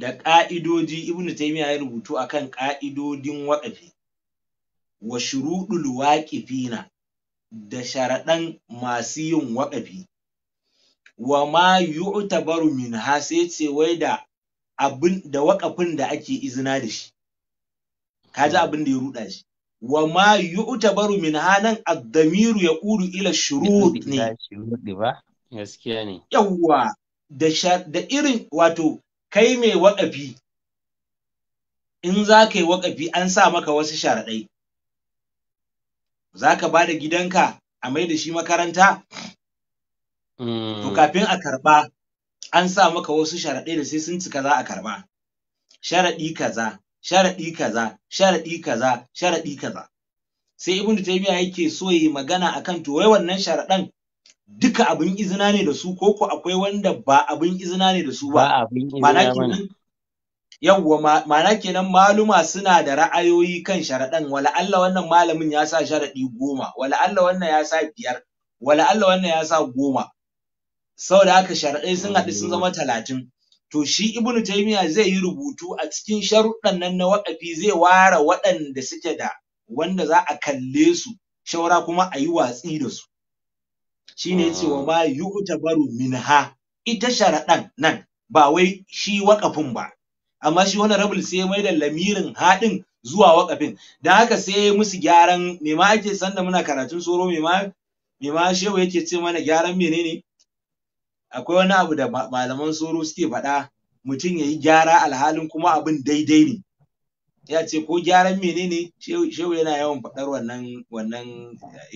da ƙa'idoji ibn taymiya ya rubutu akan ƙa'idodin waƙafi wa shuruɗul waqifina da sharaɗan masu yin waƙafi wa ma yu'tabaru min ha sai ce wai da abin da waƙafin da ake izina da shi kaji abin da ya ruɗa shi wa ma yu'tabaru min hanan ad-damiru yaqulu ila shurut ne gaskiya ne yawa da da irin wato kai mai wakafi, in za ka yi waƙafi an sa maka wasu sharadai za ka ba da gidanka a mai da shi makaranta to mm. kafin a karɓa an sa maka wasu sharadai da sai sun cika za a karɓa sharaɗi kaza sharaɗi kaza sharaɗi kaza sharaɗi kaza sai ibn taymiya yake so yi magana akan to wai wannan sharaɗan duka abin izina ne da su ko ko akwai wanda ba abin izina ne da su ba ma'ana kenan yawwa ma'ana kenan maluma suna da ra'ayoyi kan sharaɗan wala Allah wannan malamin ya sa sharaɗi goma wala Allah wannan ya sa biyar wala Allah wannan ya sa goma saboda haka sharaɗai sun haɗu sun zama talatin to shi Ibn Taymiyyah zai yi rubutu a cikin sharuɗan nan na waƙafi zai ware waɗanda suke da wanda za a kalle su shawara kuma a yi watsi da su shine yace wa ma yu'tabaru minha ita sharaɗan nan ba wai shi waƙafin ba amma shi wani rabul sai mai da lamirin haɗin zuwa waƙafin da haka sai musu gyaran me ma ake san muna karatun soro me ma me ma shehu yake ce mana gyaran menene akwai wani abu da malaman soro suke faɗa mutum ya yi gyara alhalin kuma abin daidai ne ya ce ko gyaran menene shehu yana yawan faɗar wannan wannan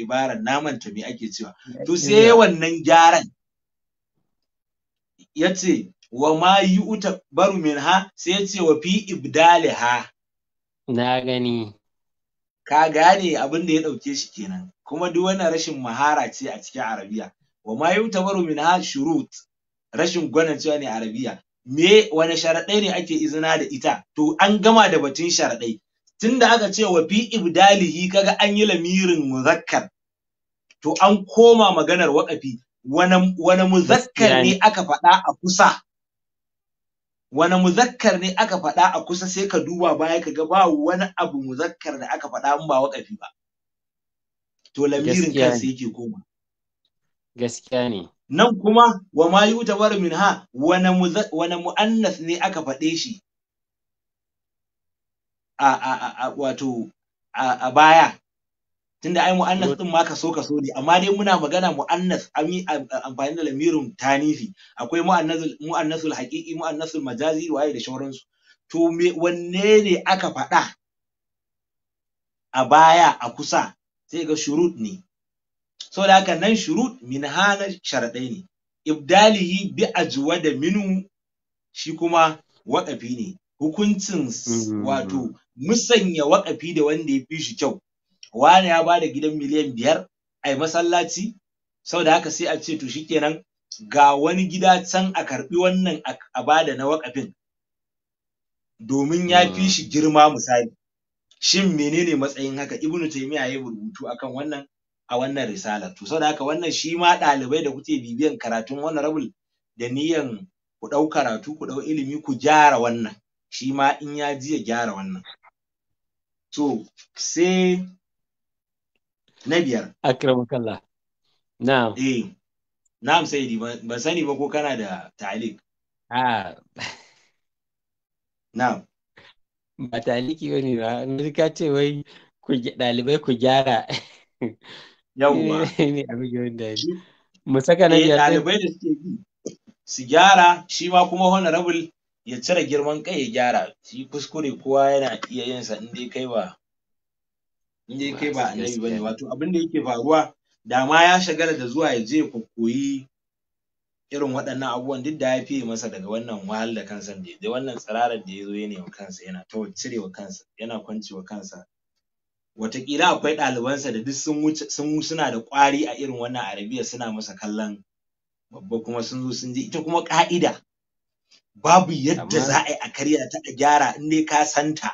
ibarar ta me ake cewa to sai wannan gyaran ya ce wa ma yi uta baru min ha sai ya ce wa fi ibdali ha na gani ka gane abin da ya ɗauke shi kenan kuma duk wani rashin mahara ce a cikin arabiya Wama wa ta yutabaru minha shurut rashin cewa ne arabiya me wani sharaɗai ne ake izina da ita to an gama da batun sharaɗai tunda aka ce wa fi ibdalihi kaga an yi lamirin muzakkar to an koma maganar waƙafi wani muzakkar ne aka faɗa a kusa wani muzakkar ne aka faɗa a kusa sai ka duba baya ka ga ba wani abu muzakkar da aka faɗa in ba waƙafi ba to lamirin kansa yake koma gaskiya ne nan kuma wa ma yutabar ha? wani mu'annas ne aka faɗe shi a wato a baya tunda ai mu'annas din ma kaso kaso ne amma dai muna magana mu'annas an yi amfani da lamirin tanifi akwai mu'annasul haƙiƙi, mu'annasul majazi waye da shauransu to me wanne ne aka faɗa a baya a kusa sai ga shurut ne saboda haka nan shurut min hana sharadai ne ibdalihi bi ajwa da minu shi kuma waƙafi ne hukuncin mm-hmm. wato musanya waƙafi da wanda ya fi shi kyau wani ya bada gidan miliyan biyar a yi masallaci saboda haka sai a ce to shikenan ga wani gida can a karbi wannan a bada na waƙafin domin ya fi mm-hmm. shi girma misali shin menene matsayin haka ibnu taymiya ya rubutu akan wannan a wannan risalar to saboda haka wannan shi ma ɗalibai da kuke bibiyan karatun honorable da niyan ku ɗau karatu ku ɗau ilimi ku gyara wannan shi ma in ya ji ya gyara wannan to sai na biyar akramakallah na'am eh na'am sai ban sani ba ko kana da talik a ah. [laughs] na'am ba taliki bane ba ka ce wai ku ɗalibai ku gyara [laughs] yawwa [laughs] ne abin yawan dalili mu saka na biyar eh, ɗalibai da suke bi su gyara shi ma kuma honorable ya cire girman kai ya gyara shi kuskure kowa yana iya yin sa in kai ba in dai kai ba annabi bane wato abin da yake faruwa da ma ya shagala da zuwa ya je ku koyi irin waɗannan abubuwan duk da ya fiye masa daga wannan wahal da kansa da wannan tsirarar da ya zo yana wa kansa yana ta cirewa kansa yana kwancewa kansa watakila akwai ɗalibansa da duk sun wuce sun suna da ƙwari a irin wannan arabiya suna masa kallon babba kuma sun zo sun je ita kuma ƙa'ida babu yadda za a yi a karya ta a gyara in dai ka santa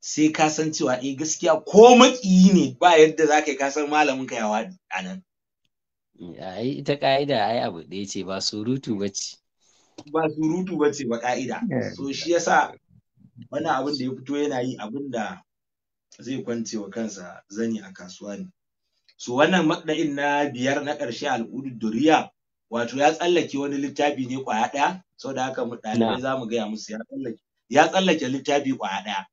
sai ka san cewa eh gaskiya ko maƙiyi ne ba yadda za ka yi ka san malamin ka ya waɗi a nan ai ita ka'ida ai abu ɗaya ce ba surutu ba ce ba surutu ba ce ba ka'ida so shi yasa wani abin da ya fito yana yi abin da zai kwance wa kansa zani a kasuwa ne so wannan maɗa'in na biyar na ƙarshe al'udu duriya wato ya tsallake wani littafi ne ƙwaya ɗaya sau da haka ɗalibai za mu gaya musu ya tsallake ya tsallake littafi ƙwaya ɗaya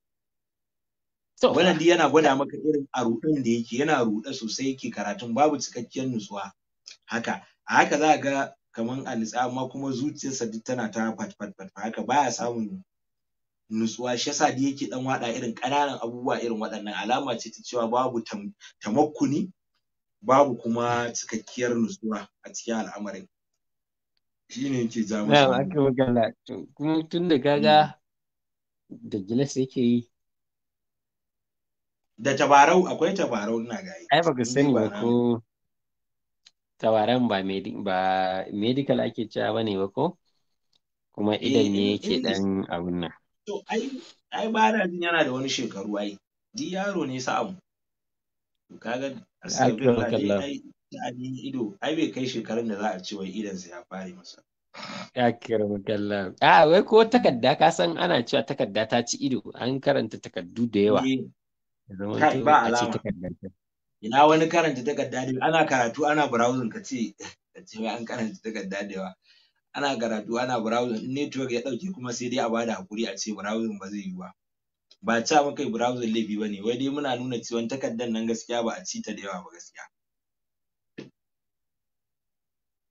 wannan dai yana gwada maka irin a ruɗin da yake yana ruɗe sosai yake karatun babu cikakkiyar nutsuwa haka a haka za ga kaman a nutsa amma kuma zuciyarsa duk tana ta fat fat fat haka baya samun nutsuwa shi yasa dai yake dan wada irin ƙananan abubuwa irin waɗannan alama ce ta cewa babu tamakkuni babu kuma cikakkiyar nutsuwa a cikin al'amarin shine yake ja masa aka magana to kuma tun da gaga da gilas yake yi da tabarau akwai tabarau ina gaye. ai baka sani ba ko tabaran ba medical ake cewa bane ba ko kuma idan ne eh, yake dan eh, abun nan To ai ai ba na jin yana da wani shekaru ai. Di yaro ne sa'amu. To kaga astaghfirullah dai ai ido ai bai kai shekarun da za a ce wai idan ya fare masa. Ya kirmi kallon. A ah, wai ko takarda ka san ana cewa takarda ta ci ido an karanta takardu da yawa. Eh. Kai ba alama. Ina wani karanta takarda da ana karatu ana browsing ka ce ka ce wai an karanta takarda da yawa. ana karatu ana browsing in network ya ɗauke kuma sai dai a bada hakuri a ce browsing ba zai yi ba ba ca muka yi browsing laifi ba ne wai dai muna nuna cewa takardar nan gaskiya ba a ci ta da yawa ba gaskiya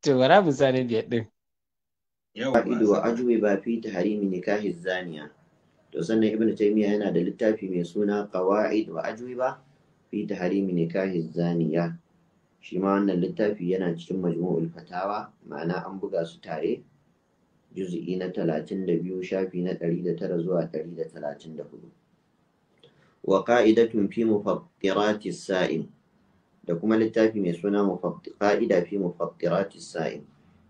to bara mu sani da din yawa wa ajube ba fi tahrimi nikahi zaniya to sannan ibn taymiya yana da littafi mai suna qawaid wa ajwiba fi tahrimi nikahi zaniya shi ma wannan littafi yana cikin majmu'ul fatawa ma'ana an buga su tare juz'i na 32 shafi na 109 zuwa 134 wa qa'idatun fi mufaqqirati sa'im da kuma littafi mai suna qa'ida fi mufaqqirati sa'im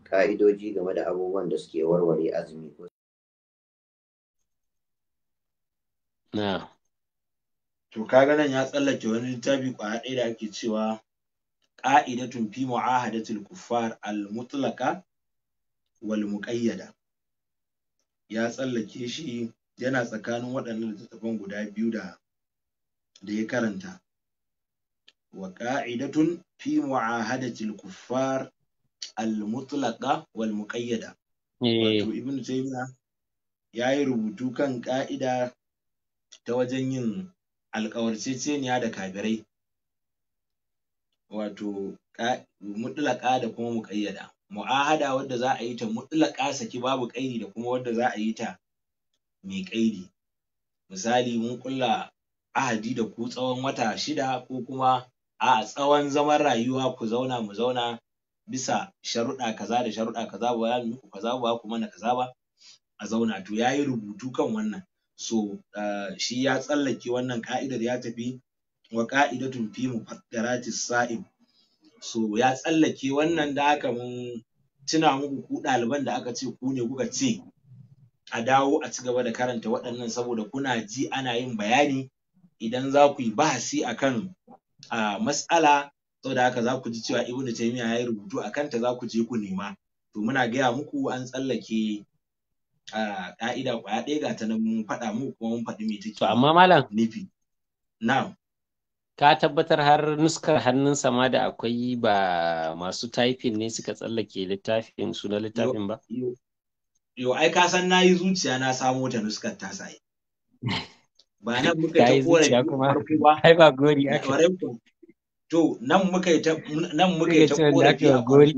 ka'idoji game da abubuwan da suke warware azumi ko na to kaga nan ya tsallake wani littafi kwaya ɗaya da ake cewa ƙa’idatun fi mu'ahadatul kuffar al-mutlaqa wal muqayyada ya tsallake shi yana tsakanin waɗannan littattafan guda biyu da da ya karanta wa ƙa'idatun fi mu'ahadatul kuffar al-mutlaqa wal muqayyada eh. wato ibn taymiya yayi rubutu kan ƙa'ida ta wajen yin alƙawarceceniya da kabirai. wato mutlaka da kuma muƙayyada mu'ahada wadda za a yi ta mutlaka saki babu ƙaidi da kuma wadda za a yi ta mai ƙaidi misali mun ƙulla ahadi da ku tsawon wata shida ko kuma a tsawon zaman rayuwa ku zauna mu zauna bisa sharuɗa kaza da sharuɗa kaza ba za muku kaza ba ku mana kaza ba a zauna to ya yi rubutu kan wannan so ah, shi ya tsallake wannan ka'idar ya tafi wa ka'idatun fi mufakkaratis sa'im so ya tsallake wannan da aka mun tuna muku ku ɗaliban da aka ce ku ne kuka ce a dawo a ci gaba da karanta waɗannan saboda kuna ji ana yin bayani idan za ku yi bahasi akan a matsala saboda haka za ku ji cewa ibn taymiya ya yi rubutu a kanta za ku je ku nema to muna gaya muku an tsallake ka'ida kwaya ɗaya ga ta nan mun faɗa muku kuma mun faɗi mai take amma malam nufi na'am ka tabbatar har nuskar hannun sama da akwai ba masu taifin ne suka tsallake littafin su na littafin ba yo ai ka san na yi zuciya na samo ta nuskar ta sai ba nan muka ta kore ba. ai ba gori aka to nan muka yi ta nan muka yi ta korafi a gori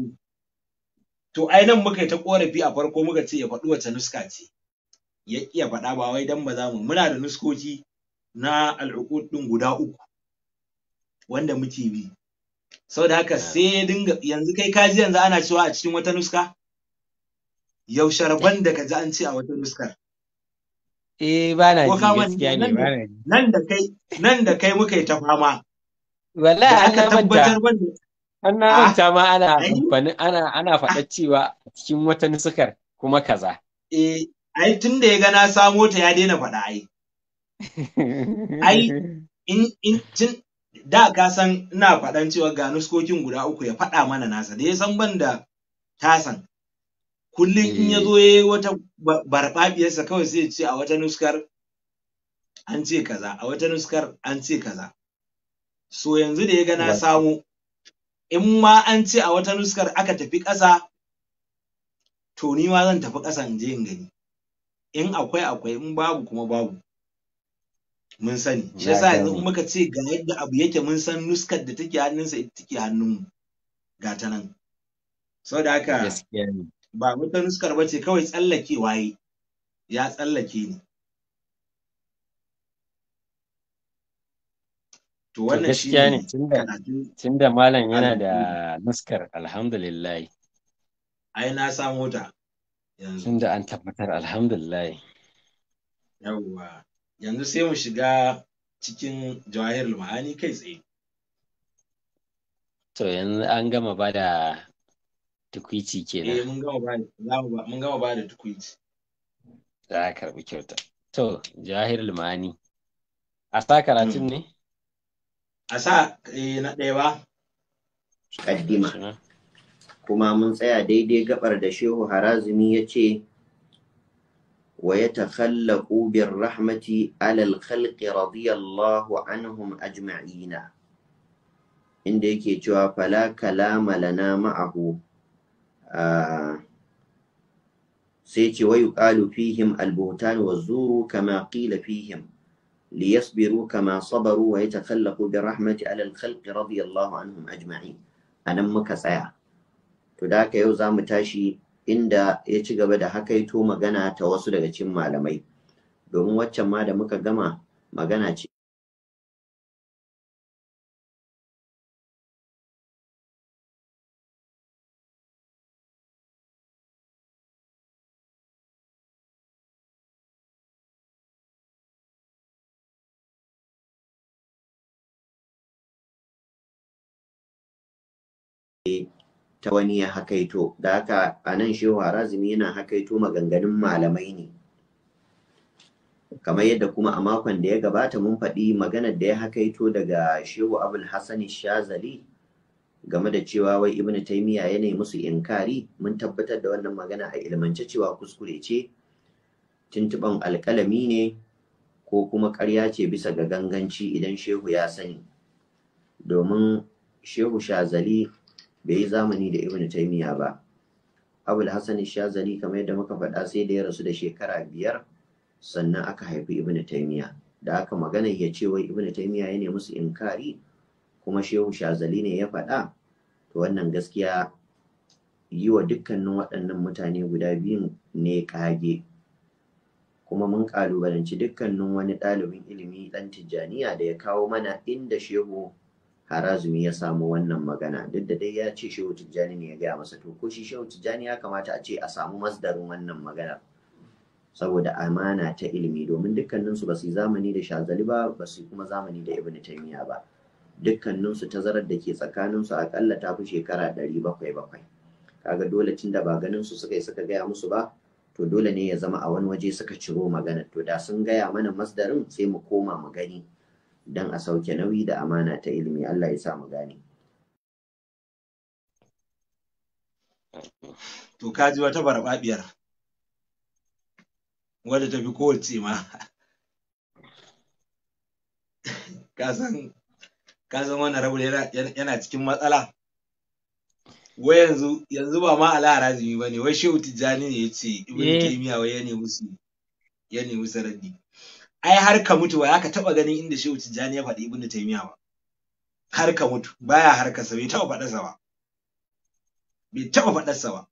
to ai nan muka yi ta korafi a farko muka ce ya faɗi wace nuska ce ya iya faɗa ba wai dan ba za mu muna da nuskoki na al'uqud din guda uku wanda muke bi saboda haka sai ya dinga yanzu kai ka ji yanzu ana cewa a cikin wata nuska yaushe rabon da ka ji an ce a wata nuskar eh ba na ji gaskiya ne ba na ji nan da kai nan da kai muka yi ta fama wallahi an tabbatar wanda an na manta ma ana ah, amfani ana ana faɗa cewa a cikin wata nuskar kuma kaza eh ai tun da ya ga na samo ta ya daina faɗa ai [laughs] ai in in da ka san ina faɗan cewa ga nuskokin guda uku ya faɗa mana nasa da ya san ban da tasan kullum in ya zo eh. ya yi wata barbabiyarsa kawai sai ce a wata nuskar an ce kaza a wata nuskar an ce kaza so yanzu da ya ga na samu in ma an ce a wata nuskar aka tafi ƙasa to ni ma zan tafi ƙasa in je in gani in akwai akwai in babu kuma babu mun sani shi yasa yanzu in muka ce ga yadda abu yake mun san nuskar da take hannunsa ita take hannunmu ga ta nan sau da haka ba wata nuskar ba ce kawai tsallake waye ya tsallake ni. to wannan shi ne tunda malam yana da nuskar alhamdulillah ai na samu ta yanzu tunda an tabbatar alhamdulillah yawwa yanzu sai mu shiga cikin jawahir ma'ani kai tsaye to yanzu an gama ba da tukwici kenan eh mun gama ba mun gama ba da tukwici za ka karbi kyauta to jawahir ma'ani a sa karatun ne a sa eh, na ɗaya ba kaddima kuma mun tsaya daidai gabar da shehu harazumi ya ce ويتخلق بالرحمة على الخلق رضي الله عنهم أجمعين inda yake cewa fala kalama lana ma'ahu sai ce wa fihim al wazuru, kama qila fihim liyasbiru kama sabaru Waya yatakhallaqu bi rahmati ala al-khalqi radiyallahu anhum ajma'in anan muka tsaya to da haka yau zamu tashi inda ya ci gaba da hakaito magana ta wasu daga cikin malamai domin waccan ma da muka gama magana ce ta wani ya hakaito da haka a nan shehu harazimi yana hakaito maganganun malamai ne kamar yadda kuma a makon da ya gabata mun faɗi maganar da ya hakaito daga shehu abul shazali game da cewa wai ibnu taimiya ya ne musu inkari mun tabbatar da wannan magana a ilmance cewa kuskure ce tuntuban alƙalami ne ko kuma ƙarya ce bisa ga ganganci idan shehu ya sani domin shehu shazali bai yi zamani da ibnu taimiya ba abul hasan shazali kamar yadda muka faɗa sai da ya rasu da shekara biyar sannan aka haifi ibnu taimiya da aka magana ya ce wai ibn taimiya ya ne musu inkari kuma shehu shazali ne ya faɗa to wannan gaskiya yi wa dukkanin waɗannan mutane guda biyun ne kage kuma mun kalubalanci dukkanin wani ɗalibin ilimi ɗan tijjaniya da ya kawo mana inda shehu harazumi ya samu wannan magana duk da dai ya ce shehu tijjani ne ya gaya masa to ko shi shehu tijjani ya kamata a ce a samu masdarin wannan maganar saboda amana ta ilimi domin dukkaninsu ba su zamani da shazali ba ba su kuma zamani da ibn taymiya ba dukkaninsu tazarar da ke tsakaninsu akalla ta fi shekara ɗari bakwai bakwai kaga dole tun da ba ganin su suka yi suka gaya musu ba to dole ne ya zama a wani waje suka ciro magana to da sun gaya mana masdarin sai mu koma mu gani don a sauke nauyi da amana ta ilimi Allah ya sa mu gane. To kaji wata barbaɓiyar wadda ta fi kowace ma. Kasan kasan wannan rabu yana cikin matsala. Wai yanzu yanzu ba ma ala razumi ba ne, wai Shehu Tijjani ne ya ce Ibn kimiyya eh. wai ya nemi ya nemi sarari. ai har ka mutu ya ka taba ganin inda shehu tijjani ya faɗi ibnu taymiya ba har ka mutu baya har ka sa bai taba faɗarsa ba bai taba faɗarsa ba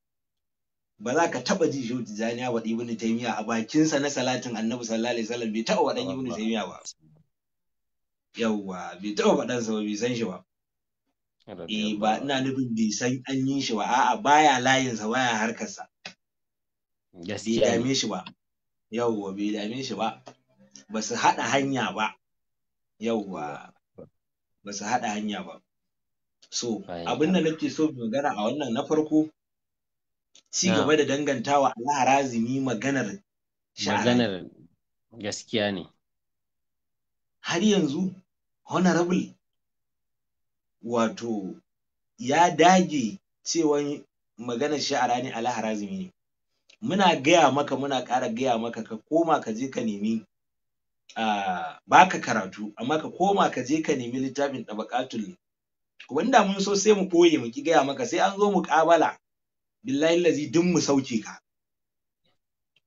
ba za ka taba ji shehu tijjani ya faɗi ibnu taymiya a bakinsa na salatin annabi sallallahu alaihi wasallam bai taba faɗan ibnu taymiya ba yawwa bai taba sa ba bai san shi ba Eh ba ina nufin bai san an yi shi ba a'a baya layinsa baya harkarsa. Gaskiya. Bai dame shi ba. Yawwa bai dame shi ba. ba su haɗa hanya ba yauwa ba su haɗa hanya ba so abin da nake so magana a wannan na farko ci gaba da dangantawa Allah razumi maganar maganar gaskiya ne har yanzu honorable wato ya dage cewan maganar sha'ara ne Allah razumi ne muna gaya maka muna ƙara gaya maka ka koma ka je ka nemi baka karatu amma ka koma ka je ka nemi littafin tabaqatul wanda mun so sai mu ɓoye mu ki gaya maka sai an zo mu ƙabala billahi lazi duk mu sauke ka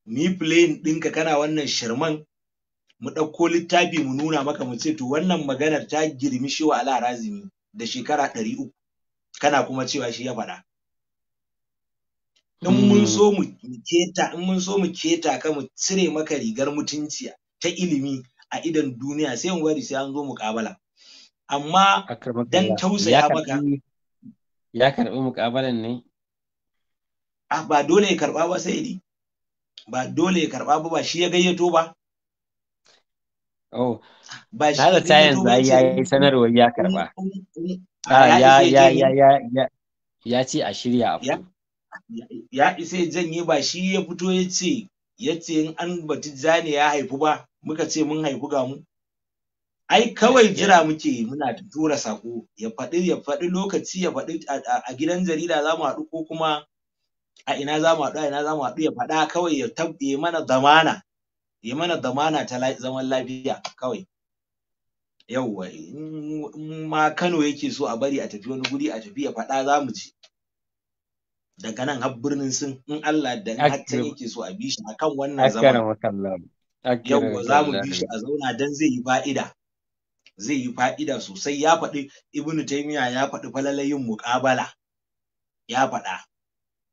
mu yi playing ɗinka kana wannan shirman mu ɗauko littafi mu nuna maka mu ce to wannan maganar ta girmi shi wa razimi da shekara ɗari uku kana kuma cewa shi ya faɗa in mun mm. so mu keta in mun so mu keta ka mu cire maka rigar mutunciya ta ilimi a idan duniya sai mu wari sai an zo mukabala amma dan tausaya maka ya karɓi muƙabalan ne ah ba dole ya karɓa ba sai ba dole ya karɓa ba ba shi ya gayyato ba Oh, ba shi ya gayyato ba ya yi sanarwar ya karba ah, ah, ya ya ya ya ya ce a shirya abu. Ya isa ya janye ba shi ya fito ya ce ya ce in an batu zane ya haifu ba muka ce mun haihu ga mu ai kawai eh, jira eh. muke muna tura sako ya faɗi ya faɗi lokaci ya faɗi a gidan jarida za mu haɗu ko kuma a ina za mu haɗu a ina za mu haɗu ya faɗa kawai ya tabbe mana zamana ya mana zamana ta zaman lafiya kawai yauwa in ma Kano yake so a bari a tafi wani guri a tafi ya faɗa za mu ci daga nan har birnin sun in Allah da hatta yake so a bi shi akan wannan zaman yawwa za mu bi shi a zauna dan zai yi fa'ida zai yi fa'ida sosai ya faɗi ibnu taymiya ya faɗi falalayin muƙabala ya faɗa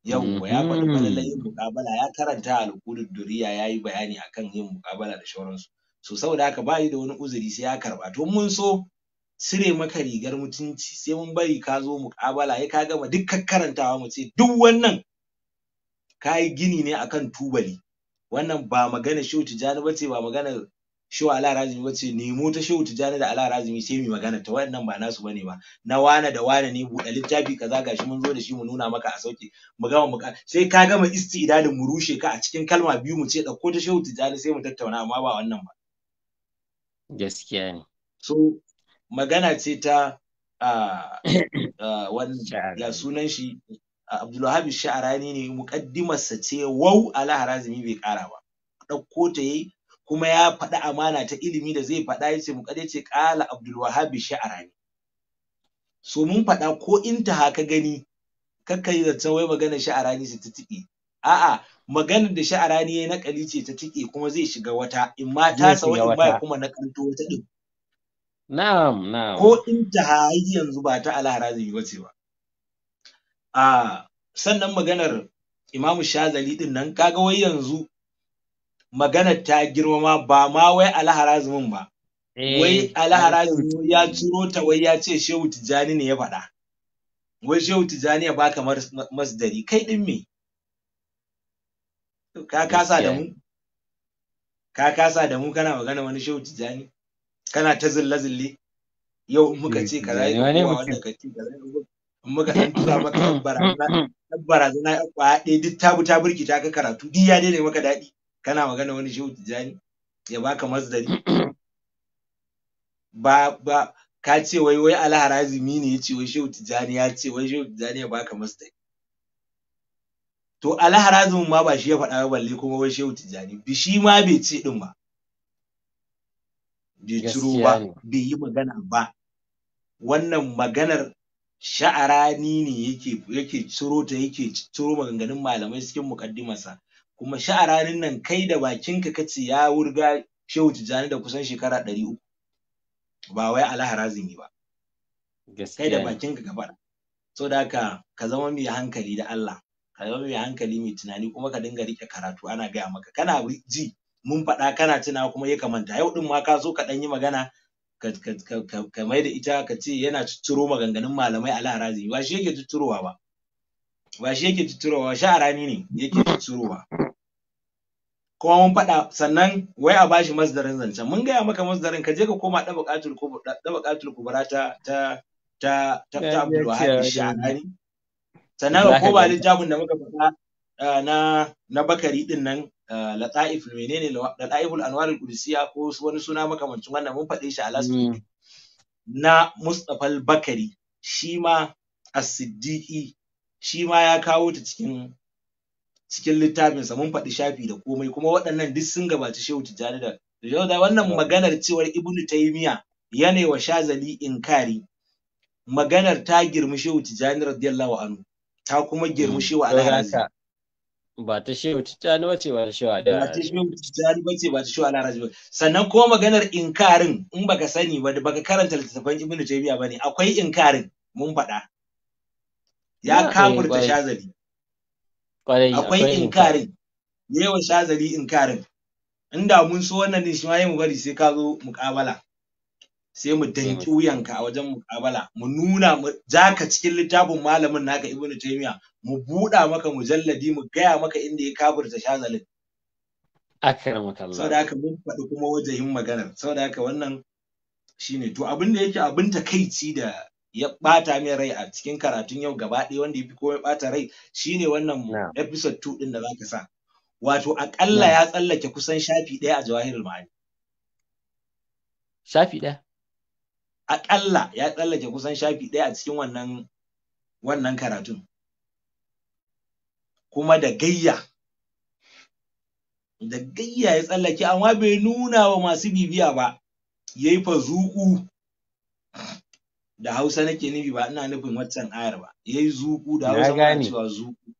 yawwa ya faɗi mm-hmm. falalayin muƙabala ya karanta alƙulud duriya ya yi bayani akan yin muƙabala da shauransu so saboda haka bayi da wani uzuri sai ya karɓa to mun so cire maka rigar mutunci sai mun bari ka zo muƙabala ya ka gama dukkan karantawa mu ce duk wannan ka yi gini ne akan tubali wannan ba magana shehu tijjani ce, ba magana shehu ala razumi ce. nemo ta shehu tijjani da ala razumi sai mu magana ta wannan ba nasu bane ba na wane da wane ne buɗe littafi kaza gashi mun zo da shi mu nuna maka a sauki mu gama mu sai ka gama istidalin mu rushe ka a cikin kalma biyu mu ce ɗauko ta shehu tijjani sai mu tattauna amma ba wannan ba gaskiya ne so magana ce ta ah, ah, a uh, ya sunan shi Abdulwahab Sha'arani ne sa ce wau Allah harazimi bai ƙara ba dauko ta yayi kuma ya faɗi amana ta ilimi da zai faɗa ya ce muƙaddi ce ƙala Abdulwahab Sha'arani so mun faɗa ko inta haka gani kakkai yi zancen wai magana Sha'arani ce ta tiki a'a maganar da Sha'arani ya nakali ce ta tiki kuma zai shiga wata in ma ta sa in ba kuma kanto wata din na'am na'am ko intaha yanzu ba ta Allah harazimi ba ce ba a sannan maganar imamu shazali din nan kaga wai yanzu maganar ta girmama ba ma wai alharazumin ba eh, wai alharazumin ya ciro ta wai ya ce shehu tijjani ne ya faɗa wai shehu tijjani ya baka masdari kai din me ka kasa da mu ka kasa da mu kana magana wani shehu tijjani kana ta zille zille yau in muka ce kaza wanda ka ce kaza muka san tura maka ɗan [coughs] mm, barazana ɗan mm. barazana kwa ƙwaya duk duk ta ta ka karatu duk ya daina maka daɗi kana magana wani shehu tijani ya baka masdari [coughs] ba ba ka ce wai wai alharazimi ne ya ce wai shehu tijani ya ce wai shehu tijani ya baka masdari to alharazimin ma ba shi ya faɗa ba balle kuma wai shehu tijani bi shi ma bai ce din ba bai ciro ba bai yi magana ba wannan maganar sha'arani ne yake yake ciro ta yake ciro maganganun malamai cikin muƙaddimarsa kuma sha'aranin nan kai da bakinka kace ya wurga Shehu Tijjani da kusan shekara ɗari uku ba wai Razumi ba kai da bakinka ka faɗa so da haka ka zama mai hankali da Allah ka zama mai hankali mai tunani kuma ka dinga rike karatu ana gaya maka kana ji mun faɗa kana tuna kuma ya kamanta yau ɗin ma ka zo ka ɗan yi magana ka mai da ita ka ce yana cicciro maganganun malamai a laharazi ba shi yake ciccirowa ba ba shi yake a rani ne yake ciccirowa kuma mun faɗa sannan wai a bashi masdarin zancen mun gaya maka masdarin ka je ka koma ɗabaqatul ɗabaqatul kubra ta ta ta ta ta Abdul Wahab Sha'ani sannan ka koma littafin da muka faɗa ah, na na Bakari din nan Eh, lata'if menene lata'iful anwarul qudusiyya ko wani suna makamancin wannan mun faɗe shi a last hmm. week na Mustapha Bakari shi ma as-siddiqi shi ma ya kawo ta cikin cikin littafinsa mun faɗi shafi da komai kuma waɗannan duk sun gabaci Shehu Tijjani da da wannan hmm. maganar cewar ibnu Taymiyyah yana wa Shazali inkari maganar ta girmi Shehu Tijjani radiyallahu anhu ta kuma girmi hmm. Shehu al ba ta shehu ta ba ce ba ta shehu alaraji ba ta shehu ta ba ce ba ta shehu alaraji ba sannan kuma maganar inkarin in baka sani ba baka karanta littattafan Ibn taymiya bane akwai inkarin mun faɗa ya eh, kafurta shazali akwai inkarin yawa shazali inkarin inda mun so wannan din shi ma mu bari sai ka zo muƙabala sai mu danki hmm. wuyanka a wajen muƙabala mu nuna mu zaka cikin littafin malamin naka ibnu taymiya mu buɗa maka mujalladi mu gaya maka inda ya kaburta shazalin akramaka Allah saboda haka mun faɗi kuma wajahin maganar saboda haka wannan shi ne. to abin da yake abin takaici da ya ɓata min rai a cikin karatun yau gaba ɗaya wanda ya fi komai ɓata rai shi ne wannan episode 2 ɗin da za ka sa wato akalla ya tsallake kusan shafi ɗaya a jawahirul ma'ani shafi ɗaya Aƙalla ya tsallake kusan shafi ɗaya a cikin wannan wannan karatun kuma da gayya da gayya ya tsallake amma bai nuna wa masu bibiya ba yayi fazuku da Hausa nake nufi ba ina nufin waccan ayar ba yi zuku da Hausa ba cewa zuku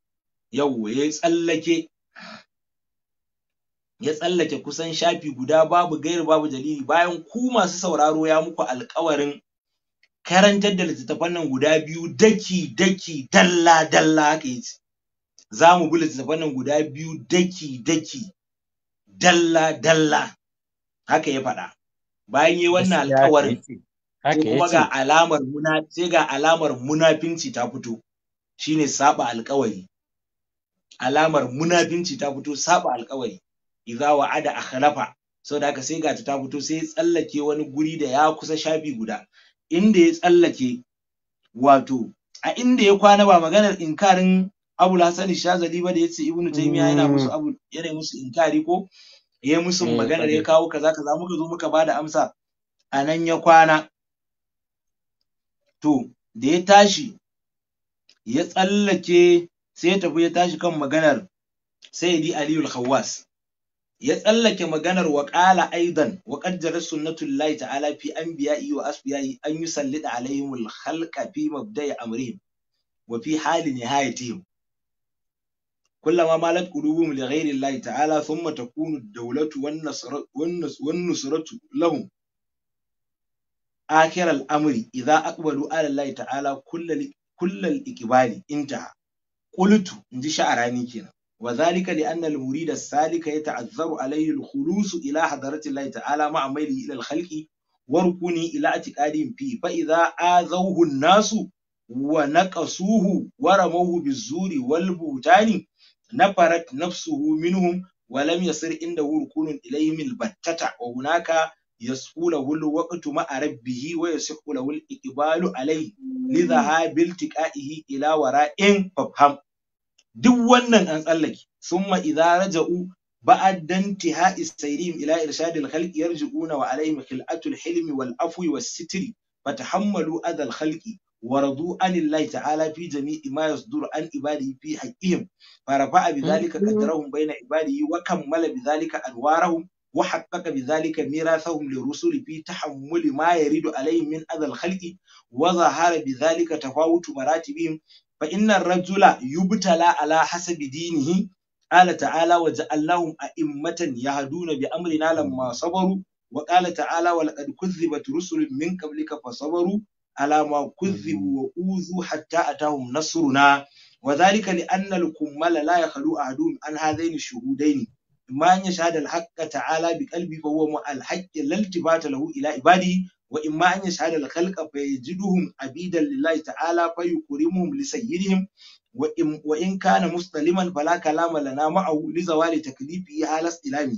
yawwa yayi tsallake ya tsallake kusan shafi guda babu gairu babu dalili bayan ku masu sauraro ya muku alkawarin karantar da littattafan nan guda biyu daki daki dalla dalla haka yace za mu bi littattafan guda biyu daki-daki dalla-dalla haka ya faɗa bayan yi wannan alkawarin sai kuma ga alamar muna sai ga alamar munafinci ta fito shine saba alkawari alamar munafinci ta fito saba alkawari idza wa'ada akhlafa da haka sai ga ta fito sai ya tsallake wani guri da ya kusa shafi guda inda ya tsallake wato a inda ya kwana ba maganar inkarin abu hasan shazali ba da yace ibnu taymiya yana musu mm. abu yana musu inkari ko ya musu mm, magana ya kawo kaza kaza muka zo muka bada amsa a nan ya kwana to da ya tashi ya tsallake sai ya tafi ya tashi kan maganar sayyidi aliyul khawas ya tsallake maganar wa qala aidan wa qaddara sunnatullahi ta'ala fi anbiya'i wa asbiya'i an yusallida alaihimul khalqa fi mabda'i amrihim wa fi hali nihayatihim kullama malat qulubuhum li ghairi ta'ala sun takunu ad-dawlatu wan nusratu lahum akhir al-amri idza aqbalu ala Allah ta'ala kullal kullal ikbali intaha qultu inji sha'arani kenan wa zalika li anna al-murid as-salika yata'azzaru alayhi al-khulus ila hadarati Allah ta'ala ma'a maili ila al-khalqi wa rukuni ila atiqadin fi fa idza azawhu an-nasu wa naqasuhu wa ramawhu bizuri wal butani nafarat nafsuhu minhum wa lam yasir inda rukunun ilayhim battata wa hunaka yasfu lahu alwaqtu ma'a rabbih waya yasihhu lahu al-iqbalu alayhi li dhahabil tiqaihi ila wara'in fafham duk wannan an tsallake summa idza raja'u بعد انتهاء السيرهم إلى إرشاد الخلق يرجعون وعليهم خلعة الحلم والعفو والستر فتحملوا أذى الخلق waradu anillahi ta'ala fi jami'i ma yasduru an ibadihi fi haqqihim farafa'a bidhalika hmm. qadrahum bayna ibadihi wa kammala bidhalika anwarahum wa haqqaqa bidhalika mirathahum lirusuli fi tahammuli ma yaridu alayhim min azal khalqi wa zahara bidhalika tafawutu maratibihim fa inna ar-rajula yubtala ala hasabi dinihi قال تعالى وجعلناهم أئمة يهدون بأمرنا لما صبروا وقال تعالى ولقد كذبت رسل من قبلك فصبروا alama kuzibu wa uzu hatta atahum nasruna wa zalika li anna al-kummala la yakhlu ahadun an hadaini shuhudain ma an yashhad al-haqq ta'ala bi qalbi fa huwa mu'al haqq lal-tibata lahu ila ibadi wa in ma an yashhad al-khalq fa yajiduhum abidan lillahi ta'ala fa yukrimuhum li sayyidihim wa in in kana musliman fala kalama lana ma'a li zawali taklifi halas ilami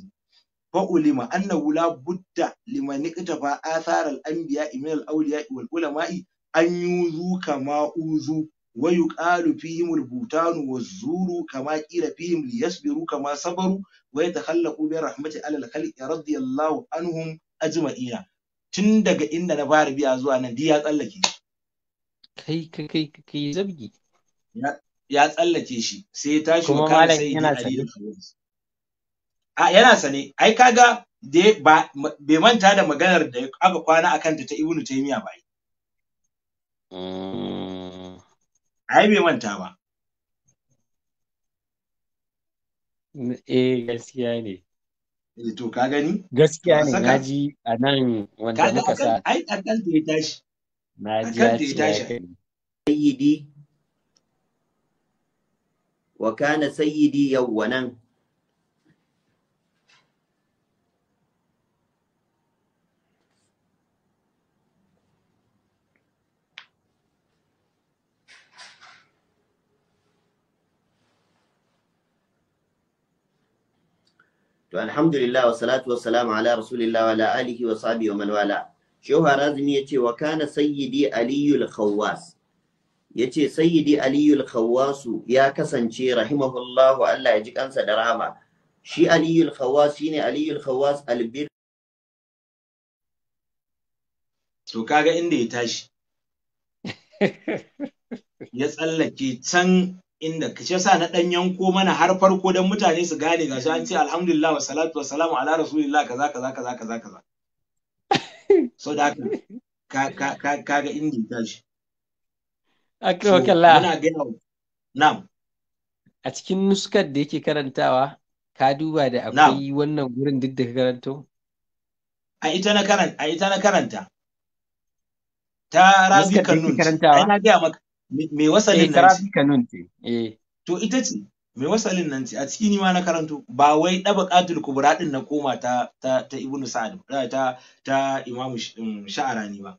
فعلم أنه لا بد لمن اقتفى آثار الأنبياء من الأولياء والعلماء أن يوذوا كما أوذوا ويقال فيهم البوتان والزور كما قيل فيهم ليصبروا كما صبروا ويتخلقوا برحمة على الخلق رضي الله عنهم أجمعين tun daga inda na fara biya zuwa nan ya tsallake kai kai kai kai zabgi ya tsallake shi sai ya tashi kuma malam yana sane a yana sane ai kaga da ba bai manta da maganar da aka kwana akan ta ta ibnu taymiya ba mm. ai bai manta ba eh gaskiya ne eh, to ka gani gaskiya ne naji a nan wanda muka sa ai akan da ya tashi naji ya tashi sayyidi wa kana sayyidi yawwanan to alhamdulillah wa salatu wa salam ala rasulillah wa ala alihi wa sahbihi wa man wala shehu ya ce wa kana sayyidi Aliyu aliyul khawwas ce sayyidi aliyul khawwasu ya kasance rahimahullahu Allah ya ji kansa da rahama shi aliyul khawwas shine aliyul khawwas albir to kaga inda ya tashi [laughs] ya tsallake can inda ce sa na dan yanko mana har farko dan mutane su gane ga an ce alhamdulillah wa salatu wa salamu ala rasulillah kaza kaza kaza kaza kaza [laughs] so da ka ka ka ka ga inda ta shi akrokalla ana gina na'am a cikin nuskar da yake karantawa ka duba da akwai wannan gurin duk da ka karanto a ita na karanta a ita na karanta ta rabi kanun ai na ga maka Me wasalin nan eh, ce? kanun ce. Eh. To ita ce, me wasalin nan ce, a ciki ni ma na karanto, ba wai ɗaba ƙatul kubura ɗin na koma ta ta ta Ibn Sa'ad, ta ta Imam um, Sha'arani ba.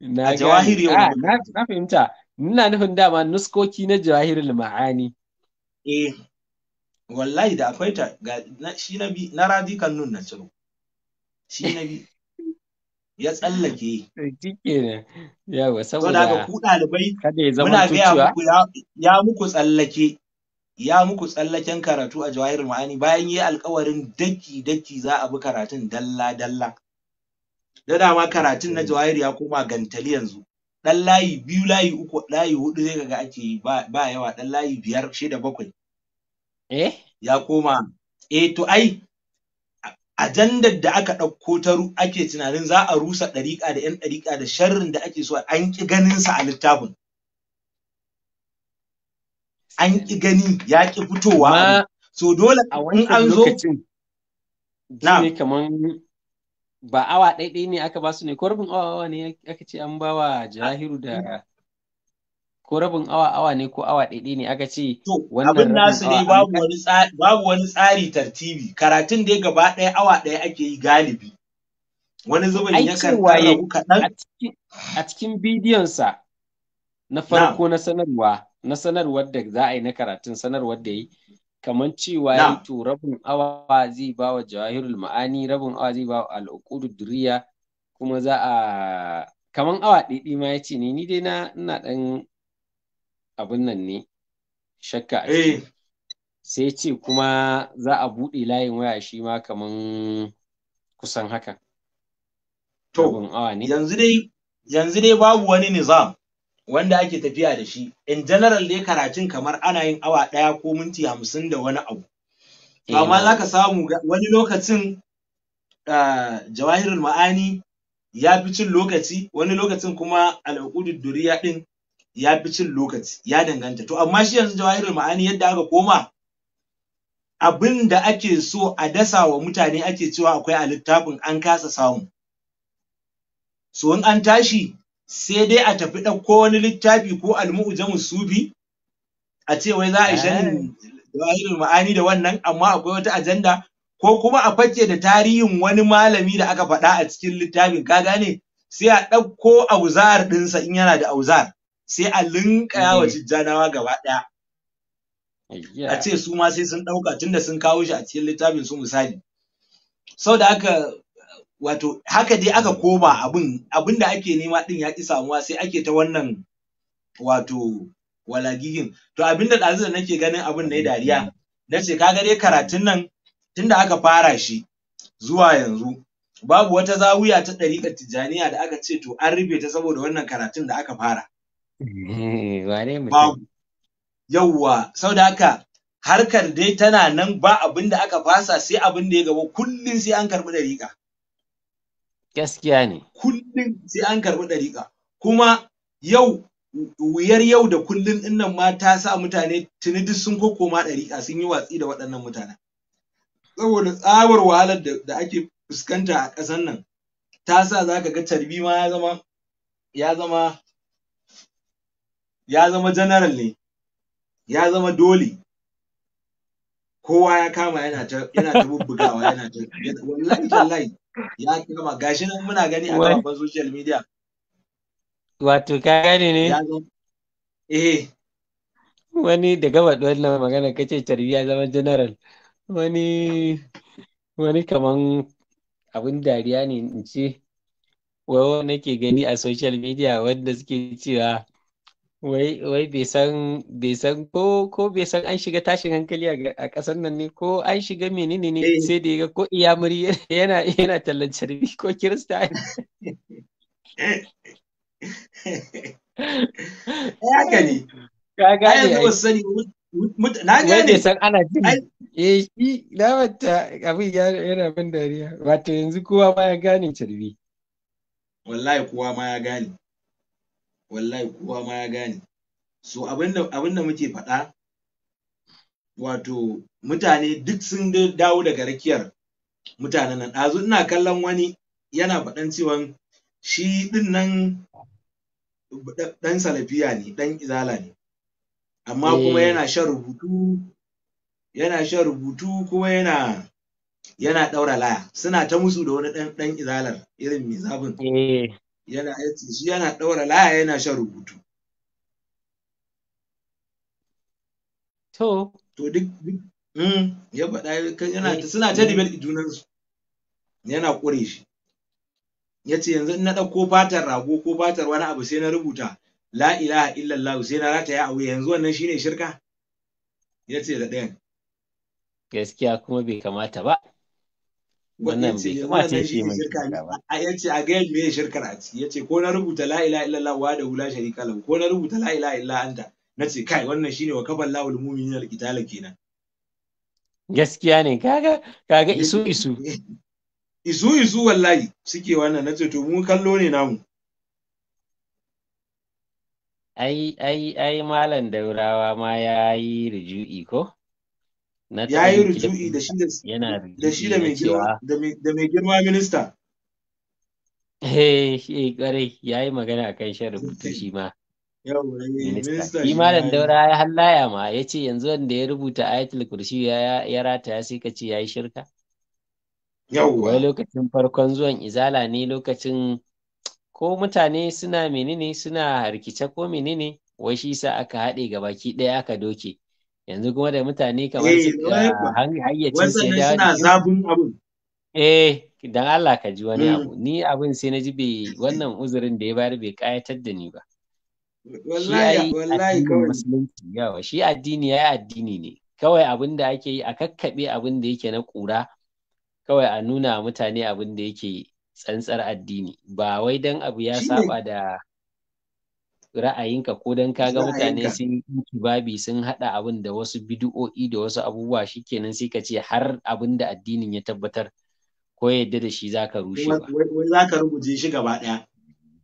Na jawahiri yau. Ah, na fahimta, ina nufin dama nuskoki na jawahirin ma'ani. Eh, wallahi da akwai ta shi na bi na radikan nun na ciro. Shi na bi. ya tsallake. Kike yawa saboda ku ɗalibai muna gaya muku ya muku tsallake ya muku tsallaken karatu a jawahir ma'ani bayan yi alkawarin daki daki za a bi karatun dalla dalla. Da dama karatun na jawahir ya koma gantali yanzu. Ɗan layi biyu layi uku layi hudu zai kaga ake yi ba yawa ɗan layi biyar shida bakwai. Eh? Ya koma. Eh to ai ajandar da aka ɗauko ta ake tunanin za a rusa ɗariƙa da 'yan ɗariƙa da sharrin da ake so an ƙi ganinsa a littafin an ƙi gani ya ƙi fitowa so dole a wani an zo na kaman ba awa ɗaiɗai ne aka ba su ne ko rubin awa ne aka ce an ba wa jahiru da ko rabin awa awa ne ko awa ɗaiɗai ne aka ce wannan abin nasu ne babu wani tsari babu wani tsari tartibi karatun dai gaba ɗaya awa ɗaya ake yi galibi wani zubin ya karɓa kaɗan a cikin bidiyon sa na farko na sanarwa na sanarwar da za a yi na karatun sanarwar da yi kamar cewa ya to rabin awa zai ba wa jawahirul ma'ani rabin awa zai ba wa al'ukudu duriya kuma za a kamar awa ɗaiɗai ma ya ce ne ni dai na ina ɗan abin nan ne shakka a eh. sai ce kuma za a buɗe layin waya shi ma kaman kusan haka to yanzu dai yanzu dai babu wani nizam wanda ake tafiya da shi in general dai karatun kamar ana yin awa ɗaya ko minti hamsin da wani abu amma eh. za ka samu wani lokacin ah, jawahirul ma'ani ya fi cin lokaci wani lokacin kuma al'uqudud duriya din ya fi cin lokaci ya danganta to amma shi yanzu jawahirul ma'ani yadda aka koma abin da ake so a dasa wa mutane ake cewa akwai a littafin an kasa samu so in an tashi sai dai a tafi ɗauko wani littafi ko almu'ujamu sufi a ce wai za a eh. shan jawahirul ma'ani da wannan amma akwai wata ajanda ko kuma a fake da tarihin wani malami da aka faɗa a cikin littafin ka gane sai a ɗauko auzar ɗinsa in yana da auzar sai a linka wa mm-hmm. tijjanawa gaba ɗaya a ce su ma sai sun ɗauka tunda sun kawo shi a cikin littafin su misali sau da aka wato haka dai aka mm-hmm. koma abin abin da ake nema ɗin ya ƙi samuwa sai ake ta wannan wato walagigin to da ɗazu da nake ganin abin na yi dariya na ce kaga dai karatun nan tunda aka fara shi zuwa yanzu babu wata zawuya ta ɗariƙar tijjaniya da aka ce to an rufe ta saboda wannan karatun da aka fara Yawwa, sau da haka harkar dai tana nan ba abin da aka fasa sai abin da ya gaba kullum sai an karɓi ɗariƙa. Gaskiya ne. Kullum sai an karɓi ɗariƙa. Kuma yau wuyar yau da kullum ɗin nan ma ta sa mutane tuni duk sun kokoma ɗariƙa sun yi watsi da waɗannan mutanen. Saboda tsabar wahalar da ake fuskanta a ƙasar nan ta sa za ka ga tarbi ma ya zama ya zama ya zama general ne ya zama dole kowa ya kama yana ta yana ta bubbugawa yana ta wallahi tallahi ya kama gashi nan muna gani a kafafen social media wato ka gane ne Ya zama? eh wani daga wannan magana kace carbi ya zama general wani wani kaman abin dariya ne in ce wani nake gani a social media wanda suke cewa Wai wai bai san bai san ko ko bai san an shiga tashin hankali a ƙasar nan ne ko an shiga menene ne eh. sai da ya ko iyamuri [laughs] yana yana tallan carbi ko kirista haka ne ka gane ai sani na gane wai san ana jin eh shi na wata ya yana ban dariya wato yanzu kowa ma ya gane carbi wallahi kowa ma ya gane wallahi kowa ma ya gane so abinda abinda muke faɗa wato mutane duk sun dawo daga rakiyar mutanen nan ɗazu ina kallon wani yana faɗan cewa shi ɗin nan ɗan salafiya ne ɗan izala ne amma kuma yana shan rubutu yana shan rubutu kuma yana yana ɗaura laya suna ta musu da wani ɗan izalar irin mai zafin eh. yana yace shi yana ɗaura laya yana shan rubutu to to duk hmm, ya faɗa yana suna ta dibel junansu yana ƙure shi ya ce yanzu in na ɗauko fatar rago ko fatar wani abu sai na rubuta la ilaha illallah sai na rataya a wuya yanzu wannan shine shirka ya ce da ɗayan gaskiya kuma bai kamata ba wannan bai kamata shi mai shirka ba a yace a gayan me shirkar a ciki ce ko na rubuta la ilaha illallah wa da wula sharika lahu ko na rubuta la ilaha illa anta nace kai wannan shine wa kafal lahul mu'minina alqitala kenan gaskiya ne kaga kaga isu isu [laughs] isu isu wallahi suke wannan na ce to mu kallo ne namu ai ai ai malam daurawa ma ya yi ruju'i ko ya yi ruju'i da shi da shi da mai girma da mai minista eh eh kare yayi magana kan shan rubutu shi ma eh, Shi da daura ya hallaya ma ya ce yanzu wanda ya rubuta ayatul kursi ya rata ya sai ka ce ya yi shirka. Yawwa. Wai lokacin farkon zuwan izala ne lokacin ko mutane suna menene suna harkice ko menene wai shi sa aka haɗe ga baki ɗaya aka doke. yanzu kuma da mutane kamar eh, suka hayyace sai da suna zabun abun eh dan Allah ka ji wani hmm. abu ni abin sai na ji bai wannan uzurin da ya bayar bai kayatar da ni ba wallahi wallahi kawai musulunci yawa shi addini ya addini ne kawai abin da ake yi a kakkaɓe abin da yake na kura kawai a nuna mutane abin da yake tsantsar addini ba wai dan abu ya saba da ra'ayinka ko dan ga mutane sun yi babi sun haɗa abin da wasu bidu'o'i da wasu abubuwa shikenan sai ka ce har abin da addinin ya tabbatar ko yadda da shi za ka rushe ba wai ka rubuce shi gaba ɗaya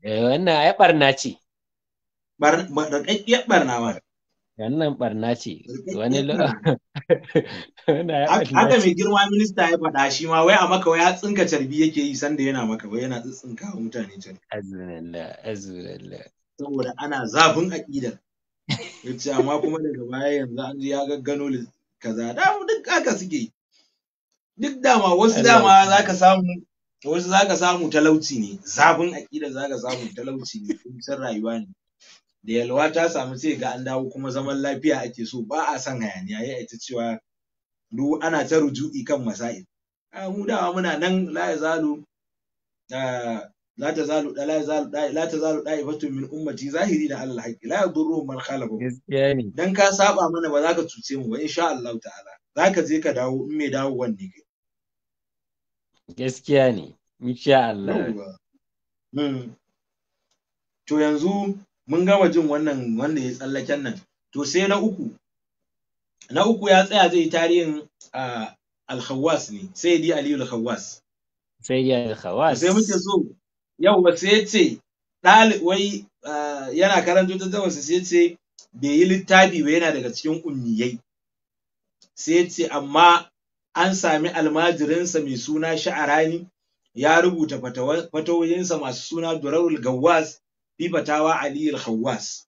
eh, wannan ya barna ce barnaƙaƙƙiyar barna ba wannan barna ce wani [laughs] haka mai girma minista ya faɗa shi ma wai a maka wai ya tsinka carbi yake yi sanda yana maka wai yana tsinka mutane carbi Azurallah, azurallah. saboda ana zafin aƙidar yace amma kuma daga baya yanzu an ji ya gaggano kaza da duk haka suke duk dama wasu dama zaka samu wasu zaka samu talauci ne zafin aƙidar zaka samu talauci ne kuncin rayuwa ne da yalwa ta samu sai ga an dawo kuma zaman lafiya ake so ba a son hayaniya ya ita cewa duk ana ta ruju'i kan masa'il mu dama muna nan la yazalu ah, la tazalu la yazalu la tazalu da'ifatu min ummati zahiri da Allah haqqi la yadurruhum man khalafu gaskiya ne dan ka saba mana ba za ka cuce mu ba insha Allah ta'ala zaka je ka dawo in me dawo wanne kai gaskiya ne insha Allah hmm. to yanzu mun gama jin wannan wanda ya tsallaken nan to sai na uku na uku ya tsaya zai tarihin alhawas ne sai di aliyu alhawas sai di alhawas sai muke so yawwa sai ya ce wai yana karanto tattabarsa sai ya ce bai yi littafi ba yana daga cikin ummiyai sai ya ce amma an sami almajirinsa mai suna sha'arani ya rubuta fatawoyinsa masu suna durarul gawas fi fatawa aliyul hawas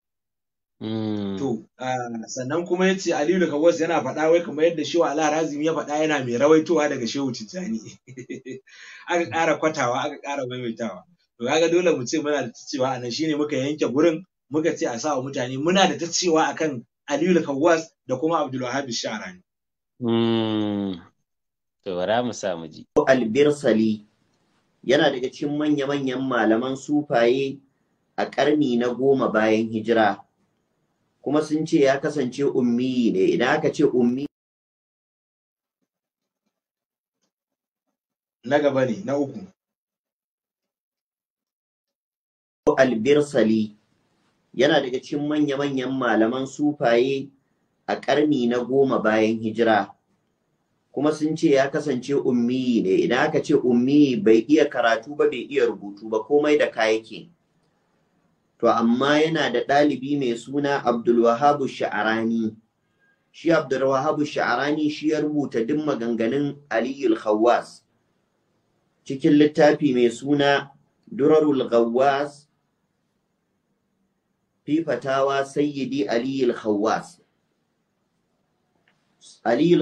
hmm. to sannan kuma ya ce aliyul hawas yana faɗa wai kamar yadda shehu ala razim ya faɗa yana mai rawaitowa daga shehu tijjani [laughs] aka ƙara kwatawa aka ƙara maimaitawa to kaga dole mu ce muna da ta cewa anan shine muka yanke gurin muka ce a sa wa mutane muna da ta cewa akan Aliyu Kawwas da kuma Abdul Wahab Sha'rani hmm. to bara mu sa mu ji Al-Birsali yana daga cikin manya-manyan malaman sufaye a ƙarni na goma bayan hijira kuma sun ce ya kasance ummi ne idan aka ce ummi na gaba ne na uku albirsali yana daga cikin manya-manyan malaman sufaye a ƙarni na goma bayan hijira kuma sun ce ya kasance ummi ne idan aka ce ummi bai iya karatu ba bai iya rubutu ba komai da kayake to amma yana da ɗalibi mai suna abdulwahabu sha'arani shi abdulwahabu sha'arani shi ya rubuta duk maganganun Aliyu khawwas cikin littafi mai suna durarul ghawwas Fifatawa sayyidi Ali al-Khawwas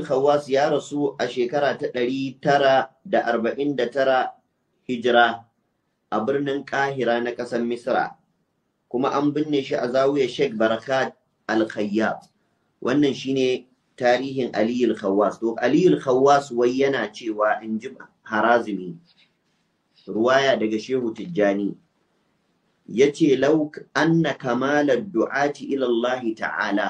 khawwas ya rasu a shekara ta ɗari da arba'in tara Hijira a birnin Kahira na ƙasar Misra kuma an binne shi a zawiyar Sheikh Barakat al-Khayyat wannan shine tarihin Ali al-Khawwas to khawwas wai yana cewa in ji Harazimi ruwaya daga Shehu Tijjani Ya yace law anna kamala du'ati ti ta'ala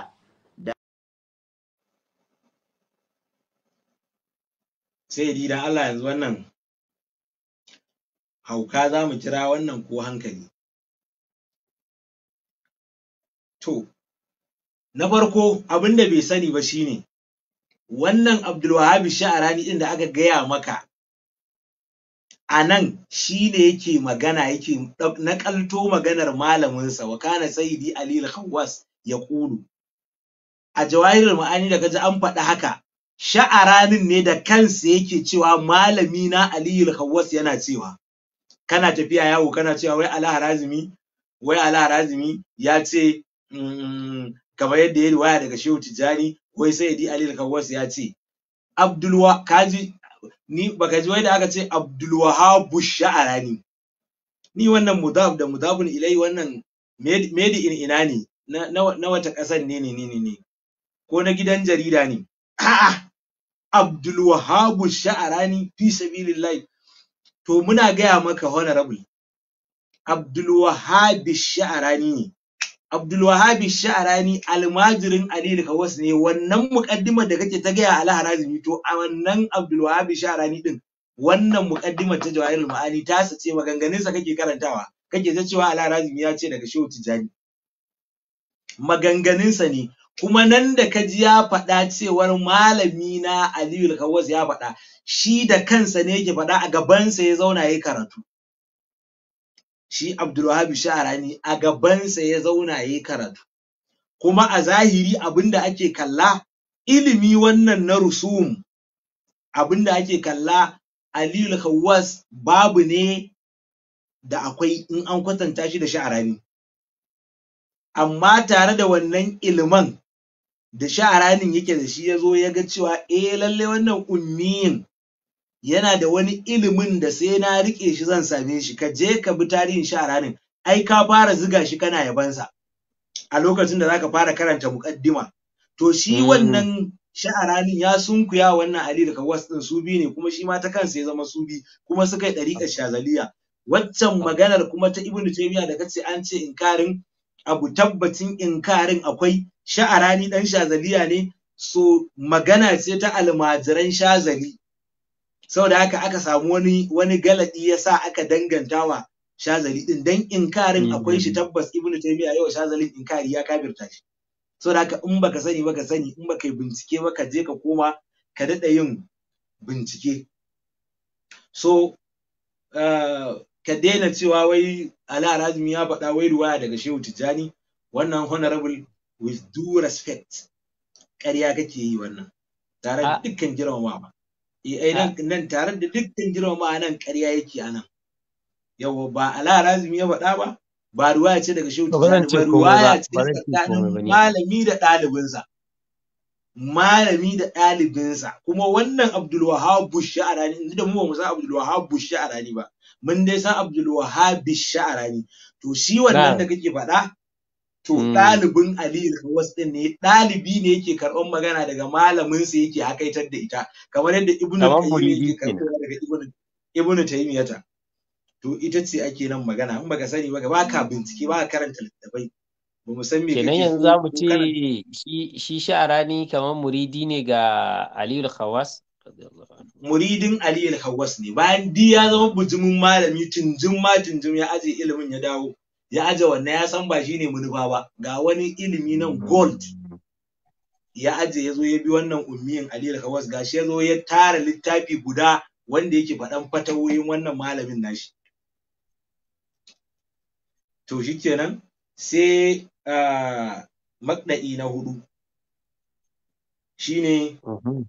sai yi da Allah yanzu wannan hauka za mu kira wannan ko hankali to na farko abin bai sani ba shine wannan Abdulwahabi Sha'arani ɗin da aka gaya maka a nan shi ne yake magana yake naƙalto maganar malaminsa wa kana sayyidi ali ya kulu a jawahirul ma'ani da kaji an faɗi haka sha'aranin ne da kansa yake cewa malami na aliyu khawwas yana cewa kana tafiya yawo kana cewa wai ala harazimi wai ala harazimi ya ce mm, kamar yadda ya riwaya daga shehu tijjani wai sayyidi Aliyu khawwas ya ce abdulwa kaji ni baka ji wai da aka ce Abdulwahabu Sha'arani ni wannan mudab da mudabun ilai wannan made in ina ne na wata ƙasar ne ne ne ne ko na gidan jarida ne a'a Abdulwahabu Sha'arani fi sabilillah to muna gaya maka honorable abdulwahab Sha'arani ne Abdulwahabi Sha'arani almajirin Aliyu Kawas ne wannan mukaddima da kake ta gaya ala harazimi to a wannan Abdulwahabi Sha'arani din wannan mukaddimar ta Jawahirul Ma'ani ta sace maganganun sa kake karantawa kake ta cewa ala harazimi ya ce daga Shehu Tijani maganganun sa ne kuma nan da kaji ya faɗa cewar malami na Aliyu Kawas ya faɗa shi da kansa ne yake faɗa a gabansa ya zauna ya karatu shi Abdulwahab Sharani a gabansa ya zauna yayi karatu kuma a zahiri abinda ake kalla ilimi wannan na rusum abinda ake kalla Aliyu Khawwas babu ne da akwai in an kwatanta shi da Sharani. amma tare da wannan ilman da Sha'aranin yake da shi ya zo ya ga cewa eh lallai wannan ummiyin yana da wani ilimin da sai na riƙe shi zan same shi ka je ka bi tarihin shi ai ka fara ziga shi kana yabansa a lokacin da zaka fara karanta muƙaddima to shi mm. wannan sha'aranin ya sunkuya wannan Ali da Kawas din su bi ne kuma shi ma ta kansa ya zama su biyu kuma suka yi ɗariƙar shazaliya waccan maganar kuma ta Ibn taymiya da kace an ce inkarin abu tabbacin inkarin akwai sha'arani dan shazaliya ne so magana ce ta almajiran shazali saboda haka aka samu wani wani ya sa aka danganta wa shazali din dan inkarin mm-hmm. akwai shi tabbas ibnu taymiya yau shazalin inkari ya kabirta shi saboda haka in baka sani baka sani in baka bincike baka je ka koma ka daɗa yin bincike so eh, ka daina cewa wai ala razumi ya faɗa wai ruwaya daga shehu tijjani wannan honorable with due respect ƙarya kake yi wannan tare da dukkan girmamawa ai eh, eh, nan taron da dukkan girmama nan ƙarya yake a nan Yau ba ala razumi ya faɗa ba ba ruwa ya ce daga shehu tijjani ba ruwaya ce tsakanin malami da ɗalibinsa malami da ɗalibinsa kuma wannan abdulwahab busha'arani yanzu da mu ba mu san abdulwahab busha'arani ba mun dai san abdulwahab busha'arani to shi wannan da kake faɗa to hmm. ɗalibin Aliyu da Hawas ɗin ne ɗalibi ne yake karɓar magana daga malaminsa yake hakaitar da ita kamar yadda Ibn Qayyim yake karɓar daga Ibn Ibn Taymiyyah to ita ce ake nan magana in baka sani ba ka bincike ba ka karanta littattafai ba mu san me kake kenan yanzu mu ce shi shi sha'arani kamar muridi ne ga Aliyu Hawas muridin Aliyu Hawas ne bayan di ya zama bujumin malami tunjin ma tunjin ya aje ilimin ya dawo ya aje wannan ya san ba shine manufa ba ga wani ilimi nan mm-hmm. gold ya aje ya zo ya bi wannan ummiyin Aliyu ga gashi ya zo ya tara littafi guda wanda yake faɗan fatawoyin wannan malamin nashi to kenan, sai ah, makɗa'i na hudu shine mm-hmm.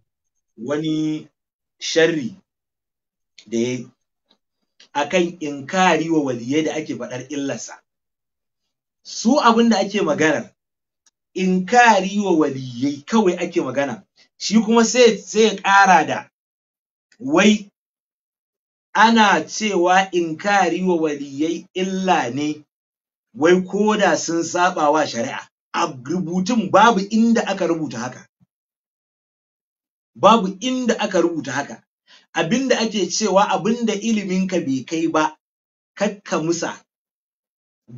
wani sharri da ya akan inkari wa waliyai da ake faɗar illarsa su abin da ake magana in kari wa waliyai kawai ake magana shi kuma sai sai ya ƙara da wai ana cewa in kari wa waliyai illa ne wai ko da sun saba wa shari'a a rubutun babu inda aka rubuta haka babu inda aka rubuta haka abinda ake cewa abinda iliminka bai kai ba kakka musa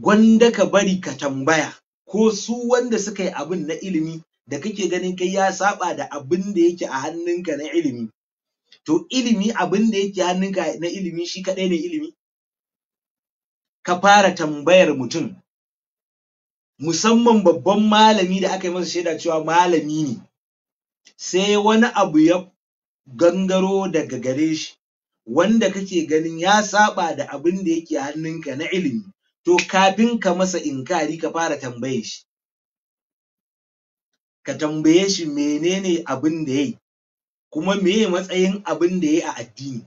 gwanda ka bari ka tambaya ko su wanda suka yi abin na ilimi da kake ganin kai ya saɓa da abin da yake a hannunka na ilimi to ilimi abin da yake hannunka na ilimi shi kaɗai ne ilimi ka fara tambayar mutum musamman babban malami da aka yi masa shaida cewa malami ne sai wani abu ya gangaro daga gare shi wanda kake ganin ya saɓa da abin da yake hannunka na ilimi to kafin ka masa inkari ka fara tambaye shi ka tambaye shi menene abin da yayi kuma meye matsayin abin da yayi a addini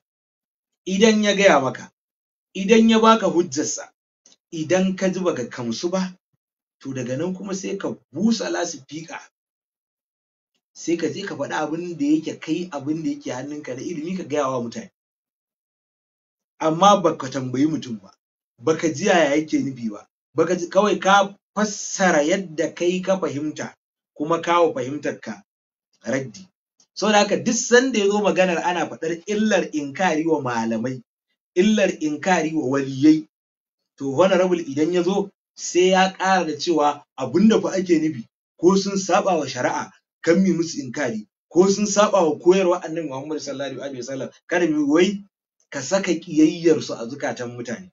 idan ya gaya maka idan ya baka hujjarsa idan ka ji baka kamsu ba to daga nan kuma sai ka busa lasifika sai ka je ka faɗa abin da yake kai abin da yake hannunka da ilimi ka gaya wa mutane amma baka tambayi mutum ba baka ji yaya yake nufi ba baka ji kawai ka fassara yadda kai ka fahimta kuma kawo fahimtar ka raddi saboda haka duk sanda ya zo maganar ana faɗar illar inkari wa malamai illar inkari wa waliyai to honorable idan ya zo sai ya ƙara da cewa abin da fa ake nufi ko sun saba wa shari'a kan mi musu inkari ko sun saba wa koyarwa annabi Muhammad sallallahu alaihi wasallam kada mi wai ka saka kiyayyar su a zukatan mutane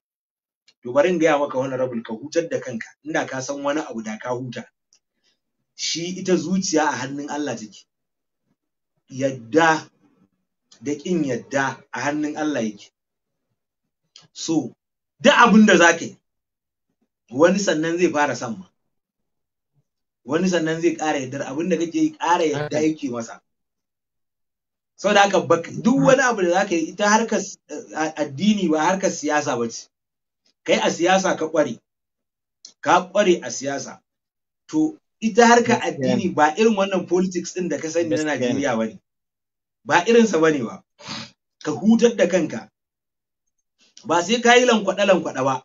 to bari in gaya maka honorable ka hutar da kanka inda ka san wani abu da ka huta shi ita zuciya a hannun Allah take yadda da kin yadda a hannun Allah yake so duk abin da za ka yi wani sannan zai fara son ma wani sannan zai ƙara yardar abin da kake yi ƙara yadda yake masa saboda haka duk wani abu da za ka yi ita harkar eh, addini ba harkar siyasa ba ce kai a siyasa ka kware ka kware a siyasa to ita harka addini ba irin wannan politics din da ka sani na Najeriya bane ba irinsa bane ba ka hutar da kanka ba sai ka yi lankwada lankwada ba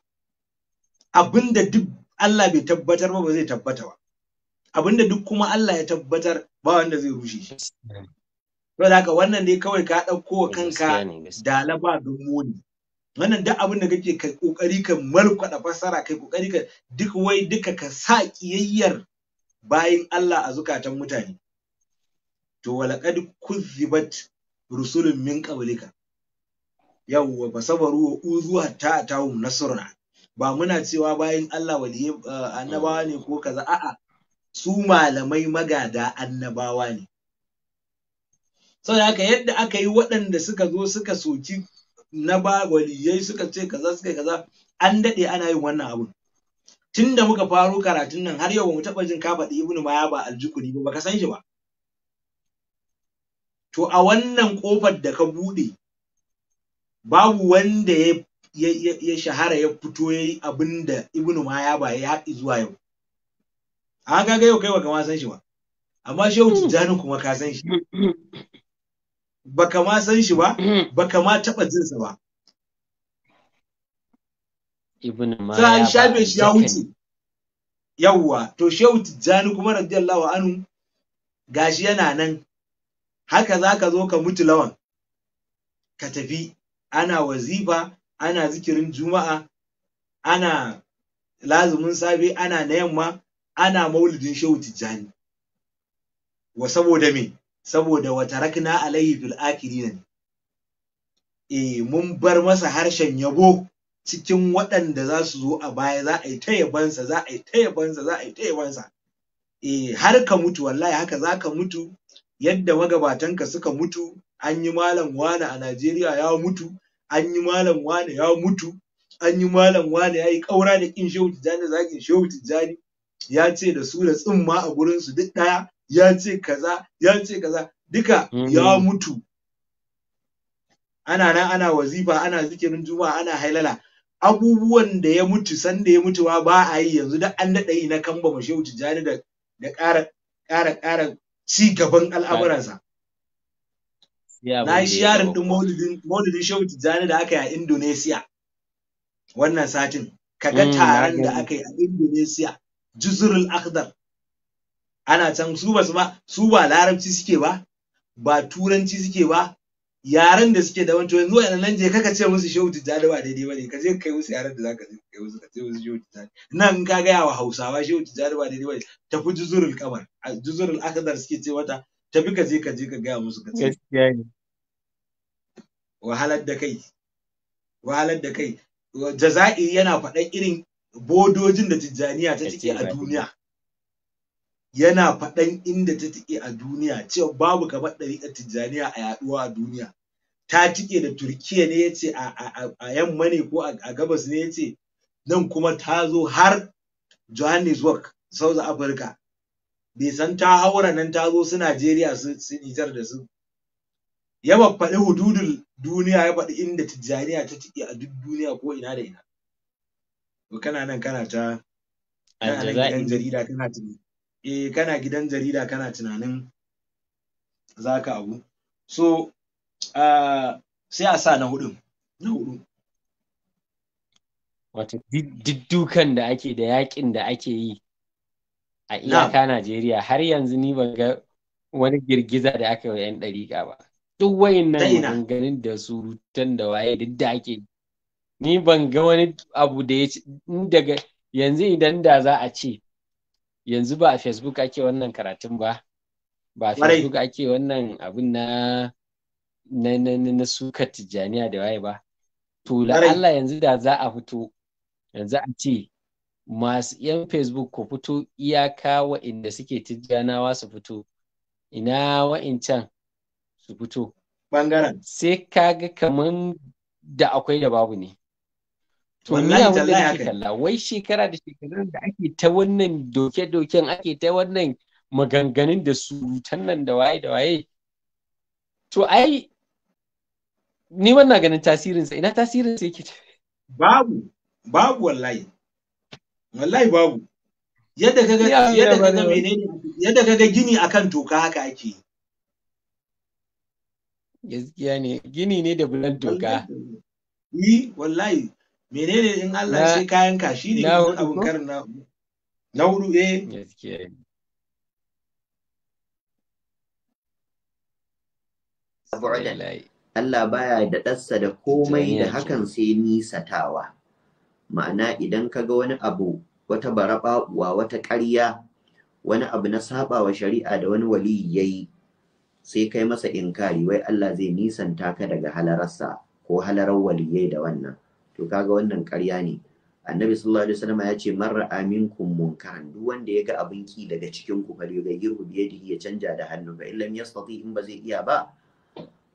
abinda duk Allah bai tabbatar ba ba zai tabbata ba abinda duk kuma Allah ya tabbatar ba wanda zai rushe shi saboda haka wannan ne kawai ka ɗauko kanka da don muni wannan duk abin da kake ka kokari ka malkwada fassara kai kokari ka duk wai duka ka sa kiyayyar bayin Allah a zukatan mutane to walaqad kuzibat rusulun min qablika yawwa fasabaru wa uzu hatta atahum nasruna ba muna cewa bayan Allah waliye eh, annabawa ne ko kaza a'a su malamai magada annabawa ne saboda haka yadda aka yi waɗanda suka zo suka soki na ba waliyai suka ce kaza suka kaza an daɗe ana yin wannan abun tun da muka faro karatun nan har yau ba mu taɓa jin kafaɗi, da ibnu maya ba aljukuri ba baka san shi ba to a wannan kofar da ka buɗe babu wanda ya ya, shahara ya fito yayi yi abin da ibnu maya ba ya haɗi zuwa yau an ga yau kai ba ma san shi ba amma shehu tijjani kuma ka san shi [coughs] baka ma san shi ba hmm. baka ma taɓa jinsa ba ibn ma an shafe shi ya wuce yawwa to shehu tijjani kuma radiyallahu anhu gashi yana nan haka za ka zo ka mutu lawan ka tafi ana wazifa ana zikirin juma'a ana lazumin safe ana na yamma ana maulidin shehu tijjani wa saboda me saboda wata rakna alaihi fil akirina ne eh mun bar masa harshen yabo cikin waɗanda za su zo a baya za a yi ta yabansa za a yi ta yabansa za a yi ta yabansa eh har ka mutu wallahi haka za ka mutu yadda magabatanka suka mutu an yi malam wane a Najeriya ya mutu an yi malam wane ya mutu an yi malam wane ya yi ƙaura da ƙin shehu tijjani zakin shehu tijjani ya ce da su da tsimma a gurinsu duk ɗaya ya ce kaza ya ce kaza duka mhm. ya mutu ana nan ana wazifa ana zikirin juma'a ana hailala abubuwan da ya mutu san da ya mutu ba a yi yanzu da an daɗa yi na kamba mashehu tijjani da da ƙara ƙara ƙara ci gaban al'amuransa na yi shiyarin ɗin maulidin maulidin shehu tijjani da aka yi a indonesia wannan satin kaga mm, taron da aka yi a indonesia juzurul akhdar ana can su ba su ba su ba larabci suke ba ba turanci suke ba yaren da suke da wancan yanzu wa'annan nan je kaka ce musu shehu tijjani ba daidai ba ne ka je kai musu yaren da zaka kai musu ka ce musu shehu tijjani nan ka gaya wa hausawa shehu tijjani ba daidai ba ne tafi juzurul kamar juzurul akhdar suke ce mata tafi ka je ka je ka gaya musu ka ce wahalar da kai wahalar da kai jaza'i yana faɗan irin bodojin da tijjaniya ta cike a duniya yana faɗan inda ta tike a duniya cewa babu kamar ɗariƙar tijjaniya a yaɗuwa a duniya ta tike da turkiya ne yace a a yamma ne ko a gabas ne yace nan kuma ta zo har johannesburg south africa bai san ta haura nan ta zo su najeriya su nijar da su ya faɗi hududul duniya ya faɗi inda tijjaniya ta tike a duk duniya ko ina da ina kana nan kana ta kana nan gidan jarida kana tunani eh kana gidan jarida kana tunanin zaka abu so uh, sai a sa na hudu na hudu wato diddukan da ake da yakin da ake yi a iyaka Najeriya har yanzu ni ba ga wani girgiza da aka yi wa 'yan dariƙa ba duk nan ganin da surutan da waye duk da ake ni ban ga wani abu da ya daga yanzu idan da za a ce yanzu ba a facebook ake wannan karatun ba ba a facebook ake wannan abin na na na na suka tijjaniya da waye ba to Allah yanzu da za a fito yanzu a ce masu yan facebook ku fito iyaka wa'inda suke tijjanawa su fito ina wa'incan su fito bangaren sai kaga kaman da akwai da babu ne To ni abin kalla wai shekara da shekarun da ake ta wannan doke-doken ake ta wannan maganganun da surutan nan da waye da waye. To ai ni wannan ganin tasirinsa ina tasirinsa yake babu babu wallahi wallahi babu yadda kaga yadda kaga menene yadda kaga gini akan toka haka ake gaskiya ne gini ne da bulan toka yi wallahi menene in Allah shi kayan ka shi ne abun karin na na hudu eh Allah baya da ɗassa da komai da hakan sai nisatawa ma'ana idan ka ga wani abu wata baraɓaɓuwa wata ƙarya wani abu na saɓawa shari'a da wani wali yayi sai kai masa inkari wai Allah zai nisanta ka daga halararsa ko halarar waliyai da wannan to kaga wannan ƙarya ne annabi sallallahu alaihi wasallam ya ce man ra'a minkum munkaran duk wanda ya ga abin ki daga cikin ku fa ga yirhu bi yadihi ya canja da hannu fa illam yastati in ba zai iya ba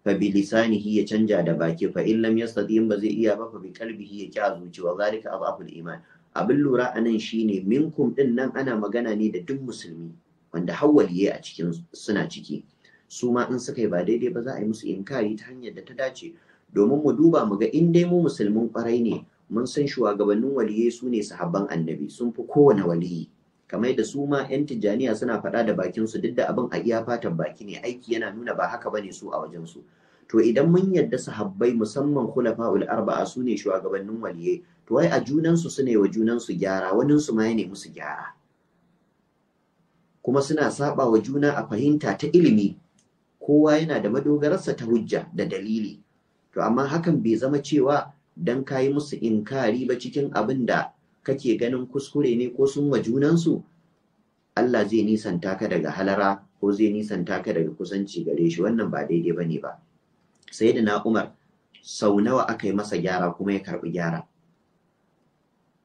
fa bi lisanihi ya canja da baki fa illam yastati in ba zai iya ba fa bi qalbihi ya kya zuciya zalika abul iman abin lura anan shine minkum din nan ana magana ne da duk musulmi wanda yayi a cikin suna ciki su ma in suka yi ba daidai ba za a yi musu inkari ta hanyar da ta dace domin mu duba mu ga in dai mu musulmin kwarai ne mun san shugabannin waliye su ne sahabban annabi sun fi kowane waliyi kamar da su ma 'yan tijjaniya suna faɗa da bakinsu duk da abin a iya fatan baki ne aiki yana nuna ba haka bane su a wajen su to idan mun yadda sahabbai musamman khulafa'ul arba'a su ne shugabannin waliyai to wai a junansu su ne wa junansu gyara wanin su ma ya nemi musu gyara kuma suna saba wa juna a fahimta ta ilimi kowa yana da madogararsa ta hujja da dalili to amma hakan bai zama cewa dan kayi musu inkari ba cikin abin da kake ganin kuskure ne ko sun wa junansu Allah zai nisanta ka daga halara ko zai nisanta ka daga kusanci gare shi wannan ba daidai ba ne ba sai da na umar sau nawa aka yi masa gyara kuma ya karɓi gyara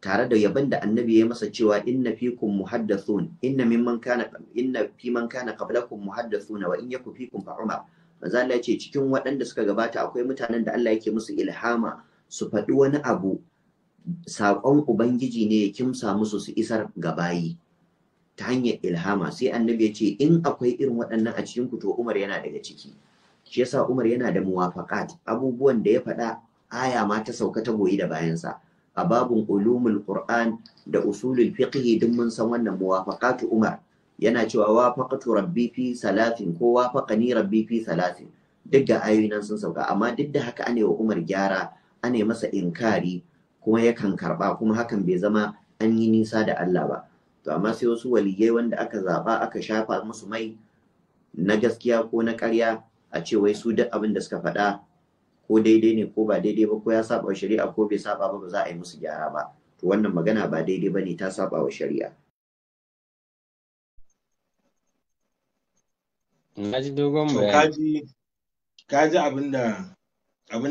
tare da yaban da annabi ya yi masa cewa inna fikum muhaddathun inna mimman kana inna fi man kana qablakum muhaddathuna wa in yaku fikum fa umar manzo Allah ya ce cikin waɗanda suka gabata akwai mutanen da Allah yake musu ilhama su faɗi wani abu saƙon ubangiji ne ya kimsa musu su isar ga bayi ta hanyar ilhama sai annabi ya ce in akwai irin waɗannan a cikin ku to Umar yana daga ciki shi yasa Umar yana da muwafaqat abubuwan da ya faɗa aya ma ta sauka ta goyi da bayansa a babun ulumul qur'an da usulul fiqh duk mun san wannan muwafaqatu Umar yana cewa faqatu rabbi fi salatin ko faqani rabbi fi salatin duk da ayoyi sun sauka amma duk da haka ane wa Umar gyara ane masa inkari kuma yakan karba kuma hakan bai zama an yi nisa da Allah ba to amma sai wasu waliyai wanda aka zaba aka shafa musu mai na gaskiya ko na ƙarya a ce wai su duk abin da suka faɗa ko daidai ne ko ba daidai ba ko ya saba wa shari'a ko bai saba ba ba za a yi musu gyara ba to wannan magana ba daidai ba ne ta saba wa shari'a na ji dogon bayani ka ji abin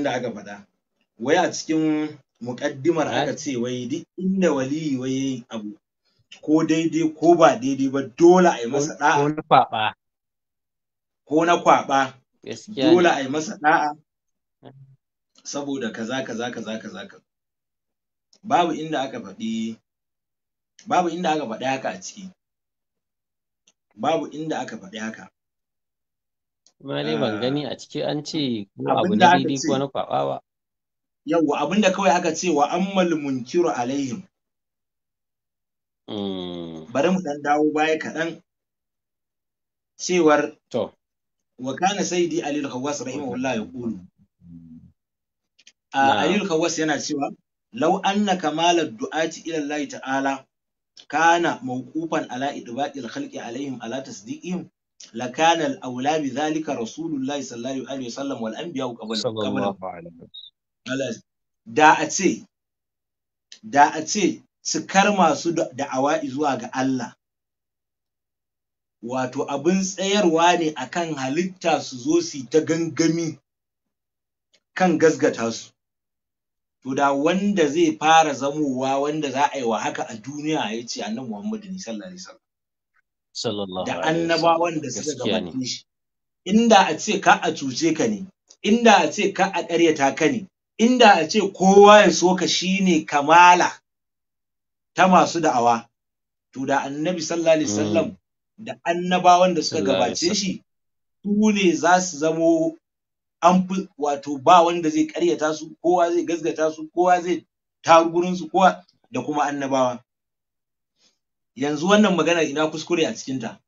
da aka faɗa wai a cikin muƙaddimar aka ce wai duk inda waliyi wai yayi abu ko daidai ko ba daidai ba dole a yi masa ɗa'a. ko na kwaɓa ko na kwaɓa dole a yi masa ɗa'a mm. saboda kaza kaza kaza kaza kaza babu inda aka faɗi babu inda aka faɗi haka a ciki babu inda aka faɗi haka Kuma dai ban eh. gani a ciki an ce ko abu na daidai ko na kwaɓa ba. Yawwa abinda kawai aka ce wa ammal munkiru alaihim. Hmm. Bari mu ɗan dawo baya kaɗan cewar to wa kana sayyidi Ali al-Khawwas rahimahullah ya kulu. Ali al-Khawwas yana cewa law anna kamala du'ati ila Allah ta'ala kana mawqufan ala idbaqil khalqi alaihim ala tasdiqihim Lakanal, الأولى بذلك رسول الله صلى الله عليه وسلم والأنبياء قبل صلى الله عليه وسلم da a ce da a ce su karma su zuwa ga Allah wato abin tsayarwa ne akan halitta su zo su ta gangami kan gasgata to da wanda zai fara zamowa wanda za a yi wa haka a duniya ya ce annabi Muhammadu ne sallallahu da annaba wanda suka gabatin shi inda a ce ka a cuce ka ne inda a ce ka a ƙaryata ka ne inda a ce kowa ya so ka shine kamala ta masu da'awa to da annabi sallallahu alaihi wasallam mm. da annabawan da suka gabace shi su ne za su zamo an fi wato ba wanda zai ƙaryata su kowa zai gazgata su kowa zai taru su kowa da kuma annabawa yanzu wannan magana ina kuskure a cikinta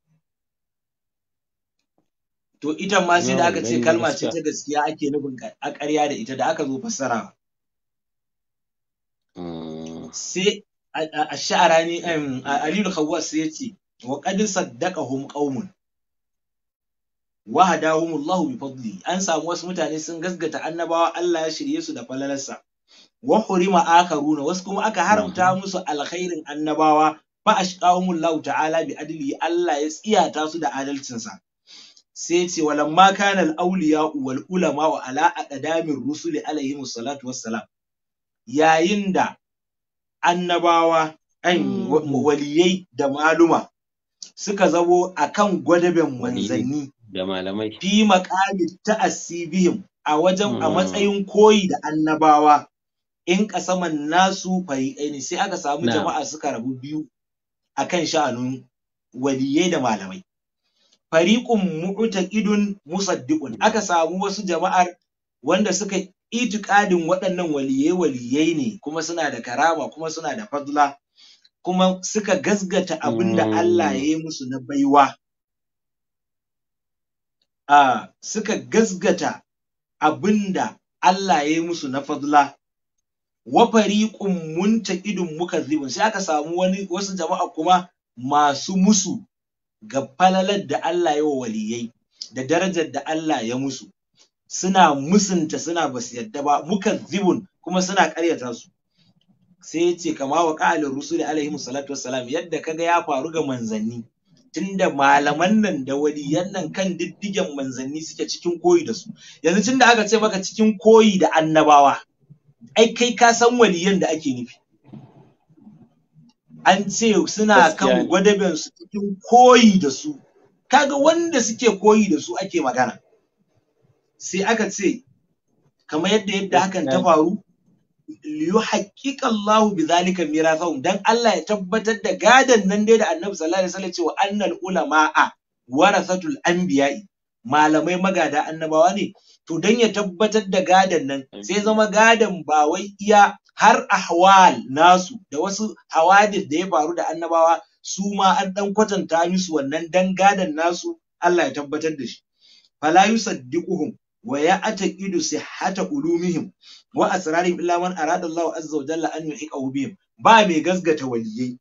to ita ma sai da aka ce kalma ce ta gaskiya ake nufin a ƙarya da ita da aka zo fassara hmm. sai a sha'ara ne aliyu sai ya ce wa qad ƙaumun wahada wa hadahumullahu bi fadli an samu wasu mutane sun gasgata annabawa Allah ya shirye su da falalarsa wa hurima akaruna wasu kuma aka haramta hmm. musu alkhairin annabawa fa ashqahumul lau ta'ala bi adili Allah ya tsiyata su da adalcinsa sai ce walamma kana al-awliya wal ulama wa ala aqdamir rusuli alaihi musallatu wassalam yayin da annabawa an hmm. waliyai da maluma suka zabo akan gwadaben manzanni da malamai fi maqami ta'assibihim a wajen a hmm. matsayin koyi da annabawa in kasaman nasu fari'aini sai aka samu jama'a suka rabu biyu akan sha'anin waliyai da malamai fariqun mu'taqidun musaddiƙun aka samu wasu jama'ar wanda suka itiƙadin waɗannan waliyai waliyai ne kuma suna da karama kuma suna da fadla kuma suka gasgata abin da mm. Allah ya yi musu na baiwa a ah, suka gasgata abin da Allah ya yi musu na fadla munta fariqun muka mukazzibun sai aka samu wani wasu jama'a kuma masu musu ga falalar da Allah ya waliyai da darajar da Allah ya musu suna musunta suna basu yadda ba mukazzibun kuma suna ƙaryata su sai yace kama wa rusu da alaihi salatu wassalam yadda kaga ya faru ga manzanni tunda malaman nan da waliyan nan kan diddigen manzanni suke cikin koyi da su yanzu tunda aka ce maka cikin koyi da annabawa ai kai ka san waliyan da ake nufi an ce suna kan gwadaben su cikin koyi da su kaga wanda suke koyi da su ake magana sai aka ce kamar yadda yadda hakan ta faru liyu haƙiƙa Allahu bi zalika mirasahum dan Allah ya tabbatar da gadan nan dai da Annabi sallallahu alaihi wasallam cewa annal ulama'a warasatul anbiya'i malamai magada annabawa ne to don ya tabbatar da gadon nan sai zama gadon ba wai iya har ahwal nasu da wasu hawadis da ya faru da annabawa su ma an ɗan kwatanta musu wannan dan gadon nasu Allah ya tabbatar da shi fala yusaddiquhum wa ya'taqidu sihhata ulumihim wa asrarihim illa man arada Allah azza wa jalla an yuhiqa bihim ba mai gasgata waliyai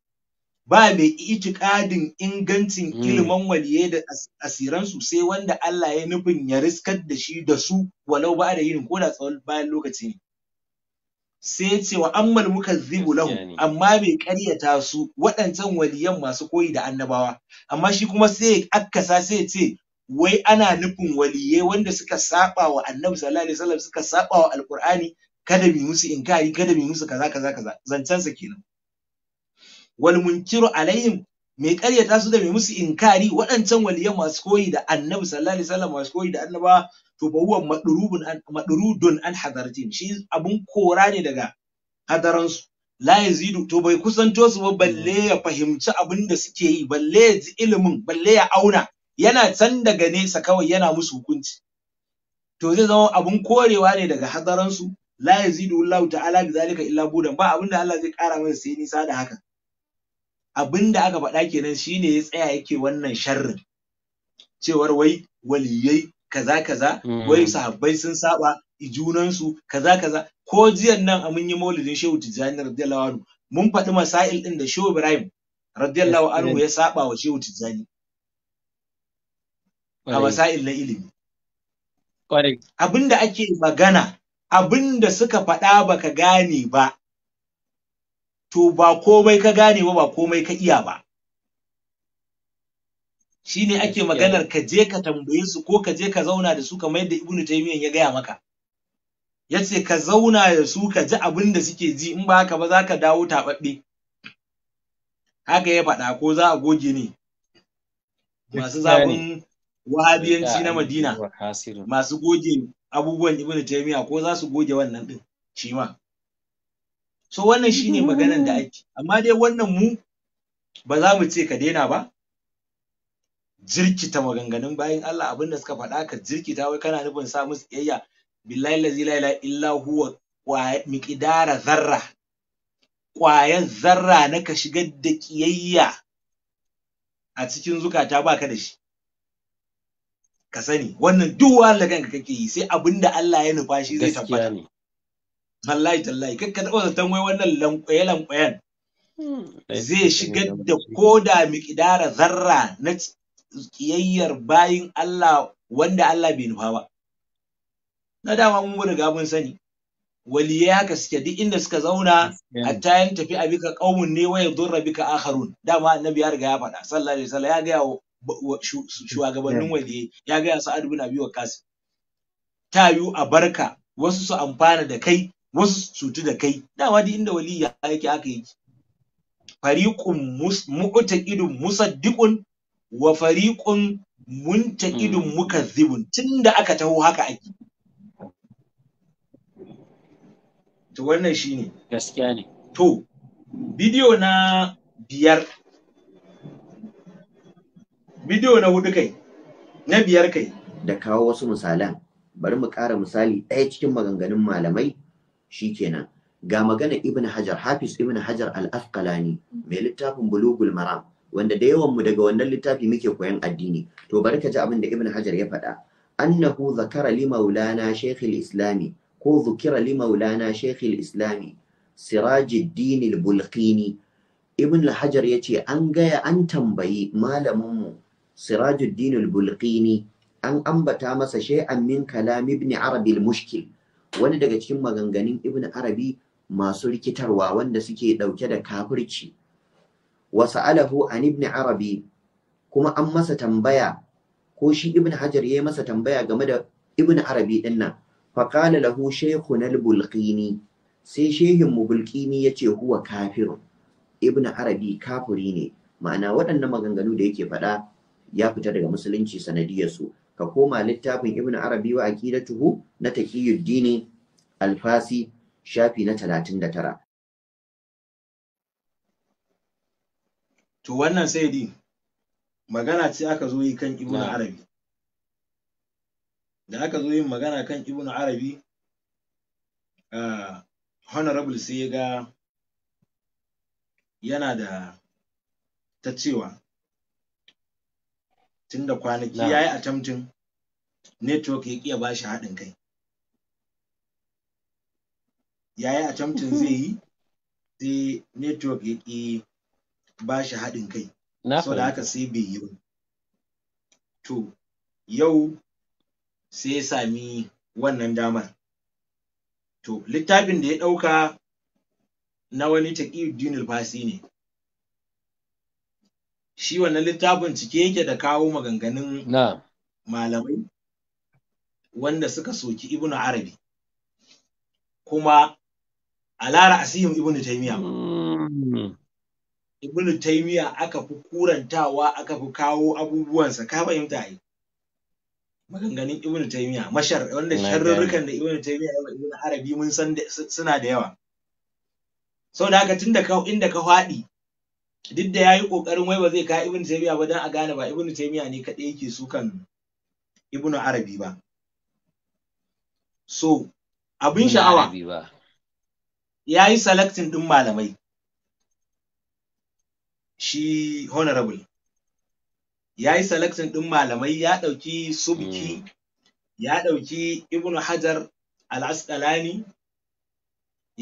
ba mai itikadin ingancin hmm. ilimin waliye da asiransu sai wanda Allah ya nufin ya riskar da shi da su walau ba da yin ko da tsawon bayan lokaci ne sai ce wa ammal zibu lahu amma bai karyata su waɗancan waliyan masu koyi da annabawa amma shi kuma sai ya akasa sai ce wai ana nufin waliye wanda suka saba wa annabi sallallahu alaihi wasallam suka saba wa alqur'ani kada mu musu inkari kada mu musu kaza kaza kaza zancansa kenan wal munkiru alaihim mai ƙaryata su da mai musu inkari waɗancan waliyan masu koyi da annabi sallallahu alaihi wasallam masu koyi da annaba to ba huwa madrubun an madrudun an hadartin shi abun kora ne daga hadaransu la yazidu to bai kusanto su ba balle ya fahimci abin da suke yi balle ya ji ilimin balle ya auna yana can daga nesa kawai yana musu hukunci to zai zama abun korewa ne daga hadaransu la yazidu Allah ta'ala bi zalika illa budan ba abinda Allah zai kara masa sai nisa da haka abin da aka faɗa kenan ne ya tsaya yake wannan sharrin cewar wai waliyai kaza kaza mm-hmm. wai sahabbai sun saba su kaza kaza ko jiyan nan a mun yi maulidin shehu tijjani radiyallahu anhu mun faɗi masail ɗin da shehu ibrahim radiyallahu anhu ya saba wa shehu tijjani a masail na ilimi abin da ake magana abin da suka faɗa baka gane ba to ba komai ka gane ba ba komai ka iya ba Shi shine ake maganar ka je ka tambaye su ko ka je ka zauna da su kamar yadda ibnu taymiyyah ya gaya maka yace ka zauna da su ka ji abin da suke ji in ba haka ba za ka dawo taɓaɓɓe haka ya faɗa ko za a goge ne masu zafin wahabiyanci na madina masu goge abubuwan ibnu taymiyyah ko za su goge wannan din shi ma so wannan shine maganan da ake amma dai wannan mu ba za mu ce ka daina ba jirkita maganganun bayan Allah abin da suka faɗa ka jirkita wai kana nufin sa musu ƙiyayya. billahi lazi la ilaha illa huwa miqdara zarra Ƙwayan zarra na ka shigar da ƙiyayya a cikin zukata baka da shi ka sani wannan duk da kanka kake yi sai abin da Allah ya nufa shi zai tabbata wallahi tallahi kakka taɓa zaton wai wannan lankwaye lankwayen hmm. zai shigar da koda miƙidara zarra na kiyayyar bayin Allah wanda Allah bai nufa ba na dama mun riga mun sani waliyai haka suke duk inda suka zauna hatta yan tafi a bika kaumun ne waya durra bika akharun dama annabi ya riga ya faɗa sallallahu alaihi wasallam ya ga shugabannin waliyai ya ga su Sa'ad bin Abi Waqqas ta yu a barka wasu su amfana da kai wasu cutu da kai dama duk inda ya yake aka yi fariqun mu'taqidun musaddiqun wa fariqun muntaqidun mukazzibun tunda aka taho haka ake to wannan shine gaskiya ne to bidiyo na biyar bidiyo na hudu kai na biyar kai da kawo wasu misalan bari mu ƙara misali ɗaya cikin maganganun malamai Shi kenan ga magana ibn hajar hafiz ibn hajar al-asqalani mai littafin bulugul maram wanda da yawan mu daga wannan littafi muke koyan addini to bari ka ji abin da ibn hajar ya faɗa annahu zakara li maulana shaykhul islami ko zukira li maulana shaykhul islami sirajiddin al-bulqini ibn hajar yace an gaya an tambayi malamin mu sirajuddin al-bulqini an ambata masa shay'an min kalam ibn arabi al-mushkil wani daga cikin maganganun ibn arabi masu rikitarwa wanda suke ɗauke da kafirci wasu alahu an ibn arabi kuma an masa tambaya ko shi ibn hajar ya yi masa tambaya game da ibn arabi dinnan. nan qala lahu shaykhun al-bulqini sai shehin mu bulqini yace huwa kafirun ibn arabi kafiri ne ma'ana waɗannan maganganu da yake faɗa ya fita daga musulunci sanadiyar su ka koma littafin ibnu arabi wa aqidatuhu na taqiyuddin alfasi shafi na 39 to wannan sai magana ce aka zo yi kan ibnu arabi da aka zo yin magana kan ibn arabi uh, honorable sai ya ga yana da ta cewa tun da kwanaki ya yi attempting network ya kiya bashi haɗin kai ya yi zai yi sai network ya ki bashi haɗin kai so da haka sai bai yi ba to yau sai ya sami wannan damar to littafin da ya ɗauka na wani taƙiyuddin fasi ne shi wannan littafin cike yake da kawo maganganun malamai wanda suka soki ibnu arabi kuma alara asihim ibnu taymiya hmm. ibnu taymiya aka fi kurantawa aka fi kawo abubuwansa ka fahimta ai maganganun ibnu taymiya mashar wanda sharrurukan da ibnu taymiya da ibnu arabi mun san suna da yawa sau da haka tunda ka inda ka faɗi duk da yayi kokarin wai ba zai ka ibnu taymiya ba dan a gane ba ibnu taymiya ne kadai yake sukan ibnu arabi ba So, abin sha'awa ya yi selecting ɗin malamai. Shi honorable. Ya yi selecting ɗin malamai ya ɗauki subki, hmm. ya ɗauki Ibnu Hajar al-Asqalani,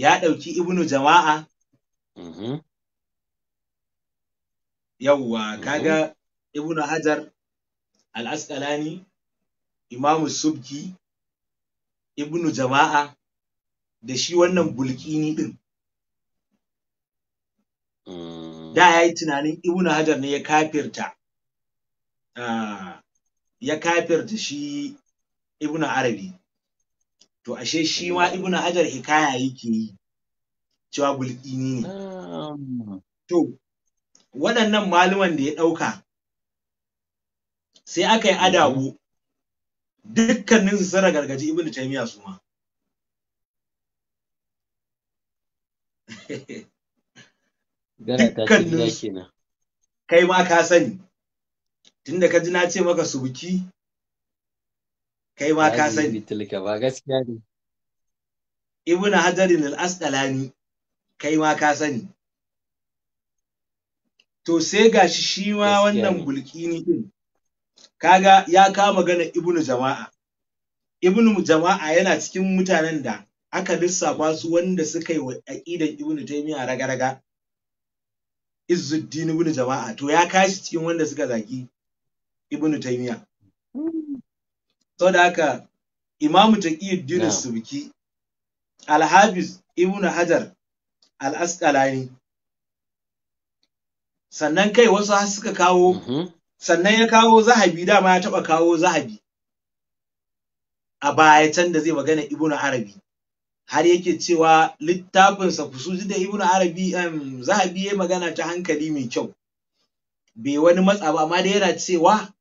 ya ɗauki Ibnu Jama'a. Mm-hmm. Yawwa, mm-hmm. kaga Ibnu Hajar al-Asqalani, Imamu Subki, ibnu jama'a da shi wannan bulkini din mm. da ya yi tunanin ibnu hajar ne ya kafirta ya kafirta shi ibnu arabi to ashe shi ma mm. ibnu hajar hikaya yake yi cewa bulkini ne mm. to waɗannan maluman da ya ɗauka sai aka yi adabu dukkanin su sana gargaji ibn taymiya su ma kai ma ka sani tunda ka ji na ce maka su buki kai ma ka sani ba gaskiya ne ibn hajarin al-asqalani kai ma ka sani to sai gashi shi ma wannan bulkini din kaga ya kawo magana ibnu jama'a ibnu jama'a yana cikin mutanen da aka lissafa su wanda suka yi aqidan ibnu taymiya raga-raga izzuddin ibnu jama'a to ya kashi cikin wanda suka zaki ibnu taymiya saboda haka imamu taqiyuddin subki Alhabis, ibnu hajar al-asqalani sannan kai wasu suka kawo mhm. sannan ya kawo zahabi dama ya taɓa kawo zahabi a baya can da zai magana ibnu arabi har yake cewa littafinsa kusuji da ibnu arabi zahabi ya magana ta hankali mai kyau bai wani matsa ba amma dai yana cewa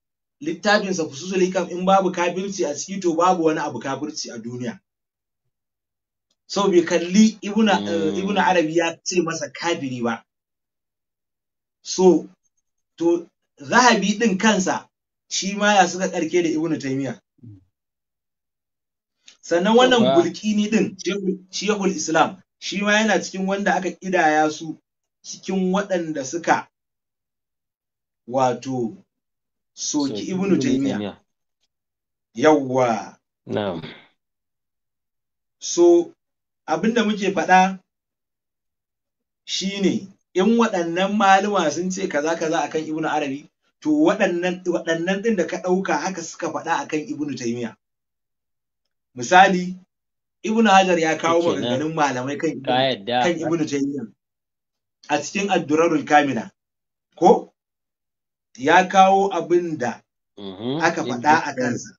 littafinsa kusuji likam in babu kafirci a ciki to babu wani abu kafirci a duniya so bai kalli ibnu eh, hmm. ibnu arabi ya ce masa kafiri ba so to zahabi din kansa shi ma ya suka karke da ibnu taymiya sannan wannan bulkini din shehul islam shi ma yana cikin wanda aka kidaya su cikin waɗanda suka wato soki ibnu taymiya yawwa na'am so abinda muke faɗa shine in waɗannan maluma sun ce kaza kaza akan ibnu arabi to waɗannan waɗannan ɗin da ka ɗauka haka suka faɗa a kan ibnu taimiya misali ibnu hajar ya kawo maganganun malamai kan kan ibnu taimiya a cikin addurarul kamila ko ya kawo abin da mm-hmm. aka faɗa a kansa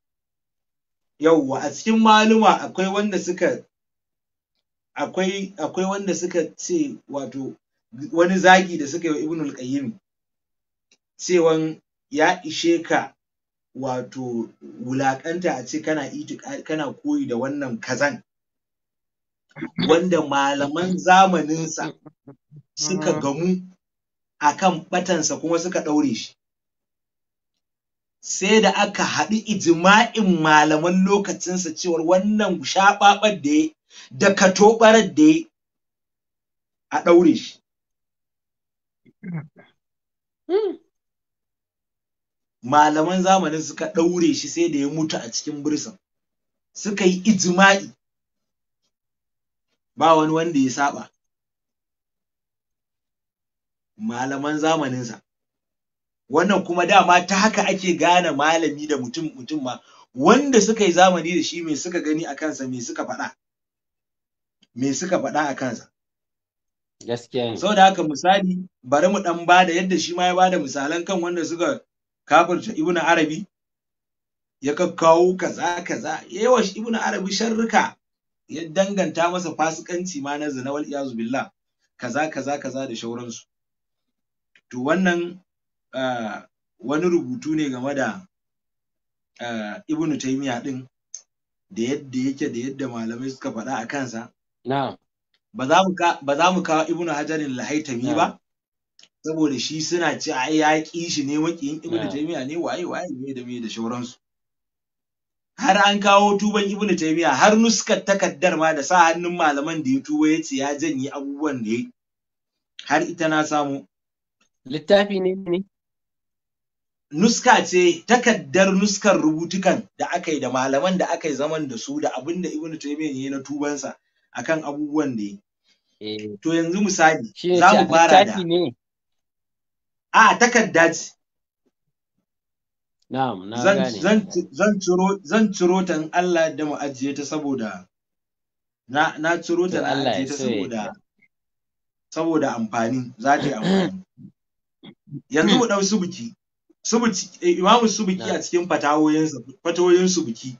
yauwa a cikin maluma akwai wanda suka akwai akwai wanda suka ce wato wani zagi da suka yi wa ibnu al-qayyim cewan ya ishe ka wato wulaƙanta a ce kana kana koyi da wannan kazan wanda malaman zamaninsa suka mm-hmm. gamu a kan ɓatansa kuma suka ɗaure shi sai da aka haɗu ijima'in malaman lokacinsa cewar wannan shaɓaɓar da ya da katoɓarar da ya a ɗaure shi mm. malaman zamanin suka ɗaure shi sai da ya mutu a cikin bursin suka yi ijima'i ba wani wanda ya saba malaman zamaninsa wannan kuma dama ta haka ake gane malami da mutum mutum ma wanda suka yi zamani da shi me suka gani a kansa me suka faɗa me suka faɗa a kansa gaskiya ne saboda haka misali bari mu dan da yadda shi ma ya bada misalan kan wanda suka kafirta ibn arabi ya kakkawo kaza kaza yawa ibn arabi sharrika ya danganta masa fasikanci ma na zina wal iyazu billah kaza kaza kaza da shauransu to wannan wani rubutu ne game da ibn taymiya din da yadda yake da yadda malamai suka faɗa a kansa ba za mu kawo ibn hajarin lahaitami ba saboda shi suna ci ai ya ƙi shi ne maƙiyin ibnu taymiya ne waye waye ne da me da shauransu har an kawo tuban ibnu taymiya har nuskar takaddar ma da sa hannun malaman da ya tuba ya ce ya janye abubuwan da ya har ita na samu littafi ne ne nuska ce takaddar nuskar rubutukan da aka yi da malaman da aka yi zaman da su da abin da ibnu taymiya ne na tubansa akan abubuwan da ya eh. to yanzu misali za mu fara da a takarda ce na'am na gane zan ciro zan ciro ta in Allah da mu ajiye ta saboda na na ciro ta na ajiye ta saboda saboda amfani za ta yi amfani yanzu mu dau subuki subuki eh, imamu subuki a cikin fatawoyinsa fatawoyin subuki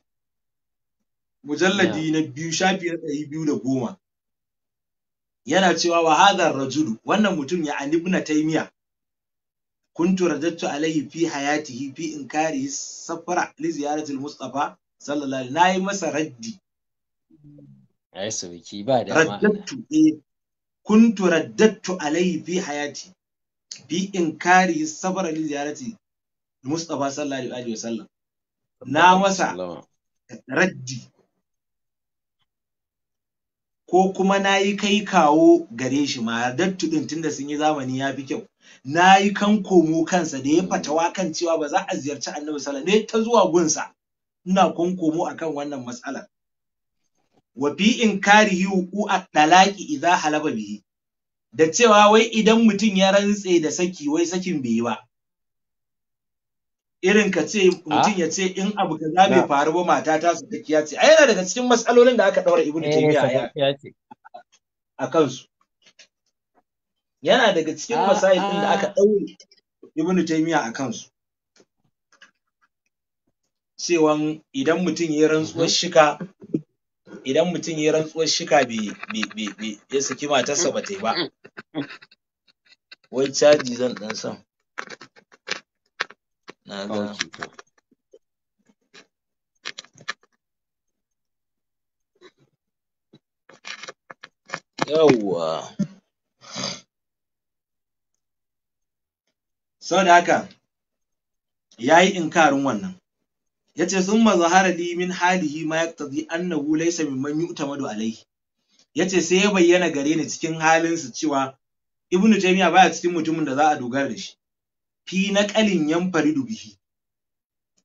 mujalladi na biyu shafi na ɗari biyu da goma yana cewa wa hadar rajulu wannan mutum ya anibna taimiya كنت رددت عليه في حياته في إنكاره السفر لزيارة المصطفى صلى الله عليه وسلم ناي مسا رددت إيه كنت رددت عليه في حياتي في إنكاره السفر لزيارة المصطفى صلى الله عليه وسلم na سردي raddi ko kuma na yi kai kawo gare shi ma dattu ɗin tunda sun yi zamani ya fi kyau na yi kan komo kansa da ya fatawa kan cewa ba za a ziyarci annabi sallallahu alaihi ta zuwa gunsa ina kan komo akan wannan matsalar wa in karihi wuqu at-talaqi idza halaba bihi da cewa wai idan mutum ya rantse da saki wai sakin bai yi ba irin ka ce mutum ya ce in abu kaza bai faru ba mata ta su take ya ce ai yana daga cikin matsalolin da aka daura ibnu eh, taymiya ya ce a kansu yana daga cikin ah, masail da ah. aka ɗaure ibn taymiya a kansu cewan idan mutum ya rantsuwar mhm. shika idan mutum ya rantsuwar shika bai ya saki matarsa ba ta yi ba wai caji zan ɗan san na ga yawwa saboda haka ya yi inkarin wannan ya ce sun mazahara li min halihi ma tazi annahu laysa mimman yu'tamadu alaihi ya ce sai ya bayyana gare ni cikin halinsu cewa ibnu jami'a baya cikin mutumin da za a dogara da shi fi na qalin yan faridu bihi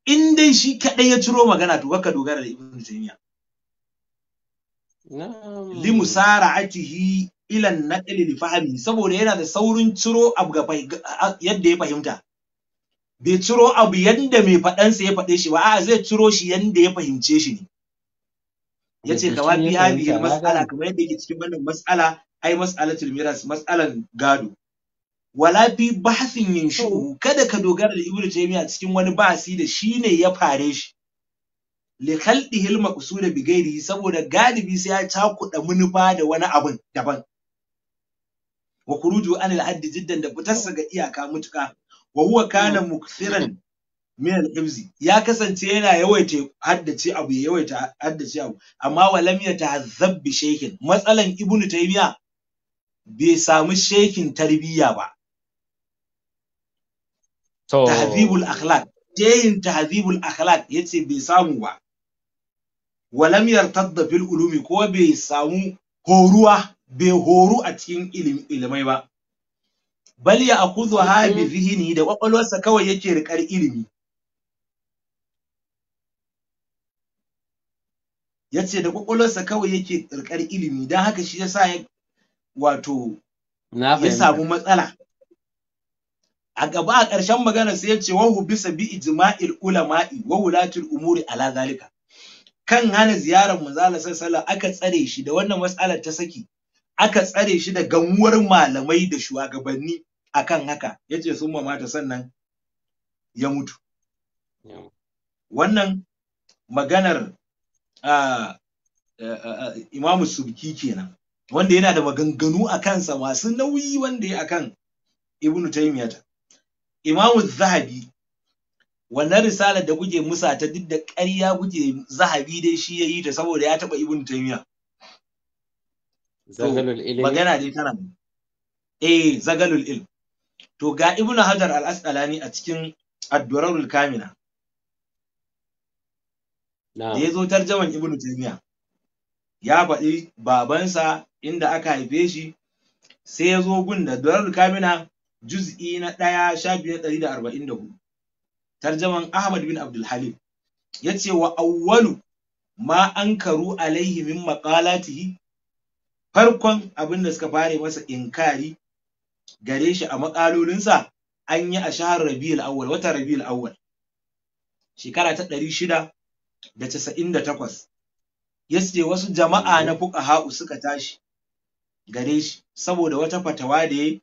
in dai shi kadai ya ciro magana to baka dogara da ibnu taymiya li musara'atihi ilan na li fahmi saboda yana da saurin ciro abu ga yadda ya fahimta bai ciro abu yadda mai faɗansa ya faɗe shi ba a'a zai ciro shi yadda ya fahimce shi ne ce kama biya hadhihi mas'ala kamar yadda yake cikin wannan mas'ala ai mas'alatul miras mas'alan gado wala fi yin yanshu kada ka dogara da ibnu taymiya cikin wani basi da shi ne ya fare shi li khalqihi al maqsuda bi bigairi, saboda galibi sai ya cakuɗa munufa da wani abun daban wa kuruju anil haddi jiddan da fitarsa ga iyaka mutuka wa huwa kana mm. mukthiran min al ya kasance yana yawaita haddace abu ya yawaita haddace abu amma wa lam yatahazzab bi shaykhin matsalan ibnu taymiya bai samu shekin tarbiyya ba to tahzibul akhlaq tayin tahzibul akhlaq yace bai samu ba wa lam yartadda bil ulumi ko bai samu horuwa bai horu a cikin ilimai ba bal ya akudhu ha bi zihni da kwakwalwarsa kawai yake rikar ilimi yace da kwakwalwarsa kawai yake rikar ilimi dan haka shi yasa ya wato ya samu matsala a gaba a ƙarshen magana sai ya ce wahu bisa bi ijma'il ulama'i wa wulatul umuri ala zalika kan hana ziyarar manzala sallallahu aka tsare shi da wannan mas'alar ta saki aka tsare shi da gamuwar malamai da shugabanni kan haka ya ce sun mamata sannan ya mutu wannan maganar imamu subki kenan wanda yana da maganganu a kansa masu nauyi wanda ya akan ibnu taymiyata imamu zahabi wannan risalar da kuke musa ta duk da ƙarya kuke zahabi dai shi ya yi ta saboda ya taɓa ibnu taymiya zagalul ilmi magana dai tana eh zagalul ilm to ga ibnu hajar al-asqalani a cikin ad-durarul kamina da ya zo tarjaman ibnu taymiya ya faɗi babansa inda aka haife shi sai ya zo gun da durarul kamina juz'i na ɗaya sha biyu na ɗari da arba'in da hudu tarjaman ahmad bin abdul halim ya ce wa awwalu ma ankaru alaihi min maqalatihi farkon abin da suka fare masa inkari gare shi a makalolinsa an yi a shahar rabiul awwal watan rabiul awwal shekara ta ɗari shida da casa'in da takwas ya wasu jama'a na fuka ha'u suka tashi gare shi saboda wata fatawa da ya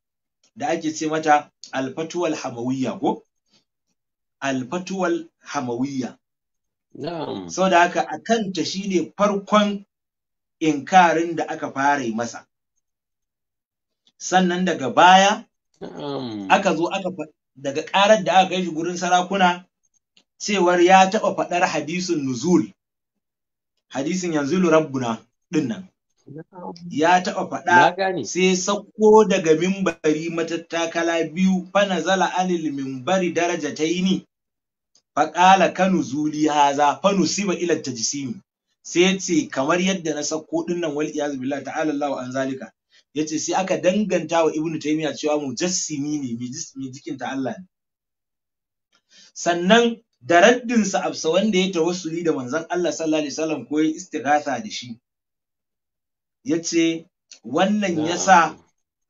da ake ce mata alfatuwal hamawiyya ko alfatuwal hamawiyya Na'am. Saboda haka a kanta shine farkon inkarin da aka fara masa sannan daga baya aka zo aka daga ƙarar da aka kai shi gurin sarakuna cewar ya taɓa faɗar hadisin nuzul hadisin yanzu rabbuna ɗin nan ya taɓa faɗa sai sauko daga mimbari matattakala biyu fana zala anil mimbari daraja ta yi ni faƙala kanu zuli haza fanu siba ila tajisimi sai ya ce kamar yadda na sako dinnan wal iyaz billah ta'ala Allahu an zalika yace sai aka danganta wa ibnu taymiya cewa mujassimi ne mai jikin ta Allah ne sannan da raddin sa afsa wanda ya tawassuli da manzon Allah sallallahu alaihi wasallam ko ya istighatha da shi yace wannan yasa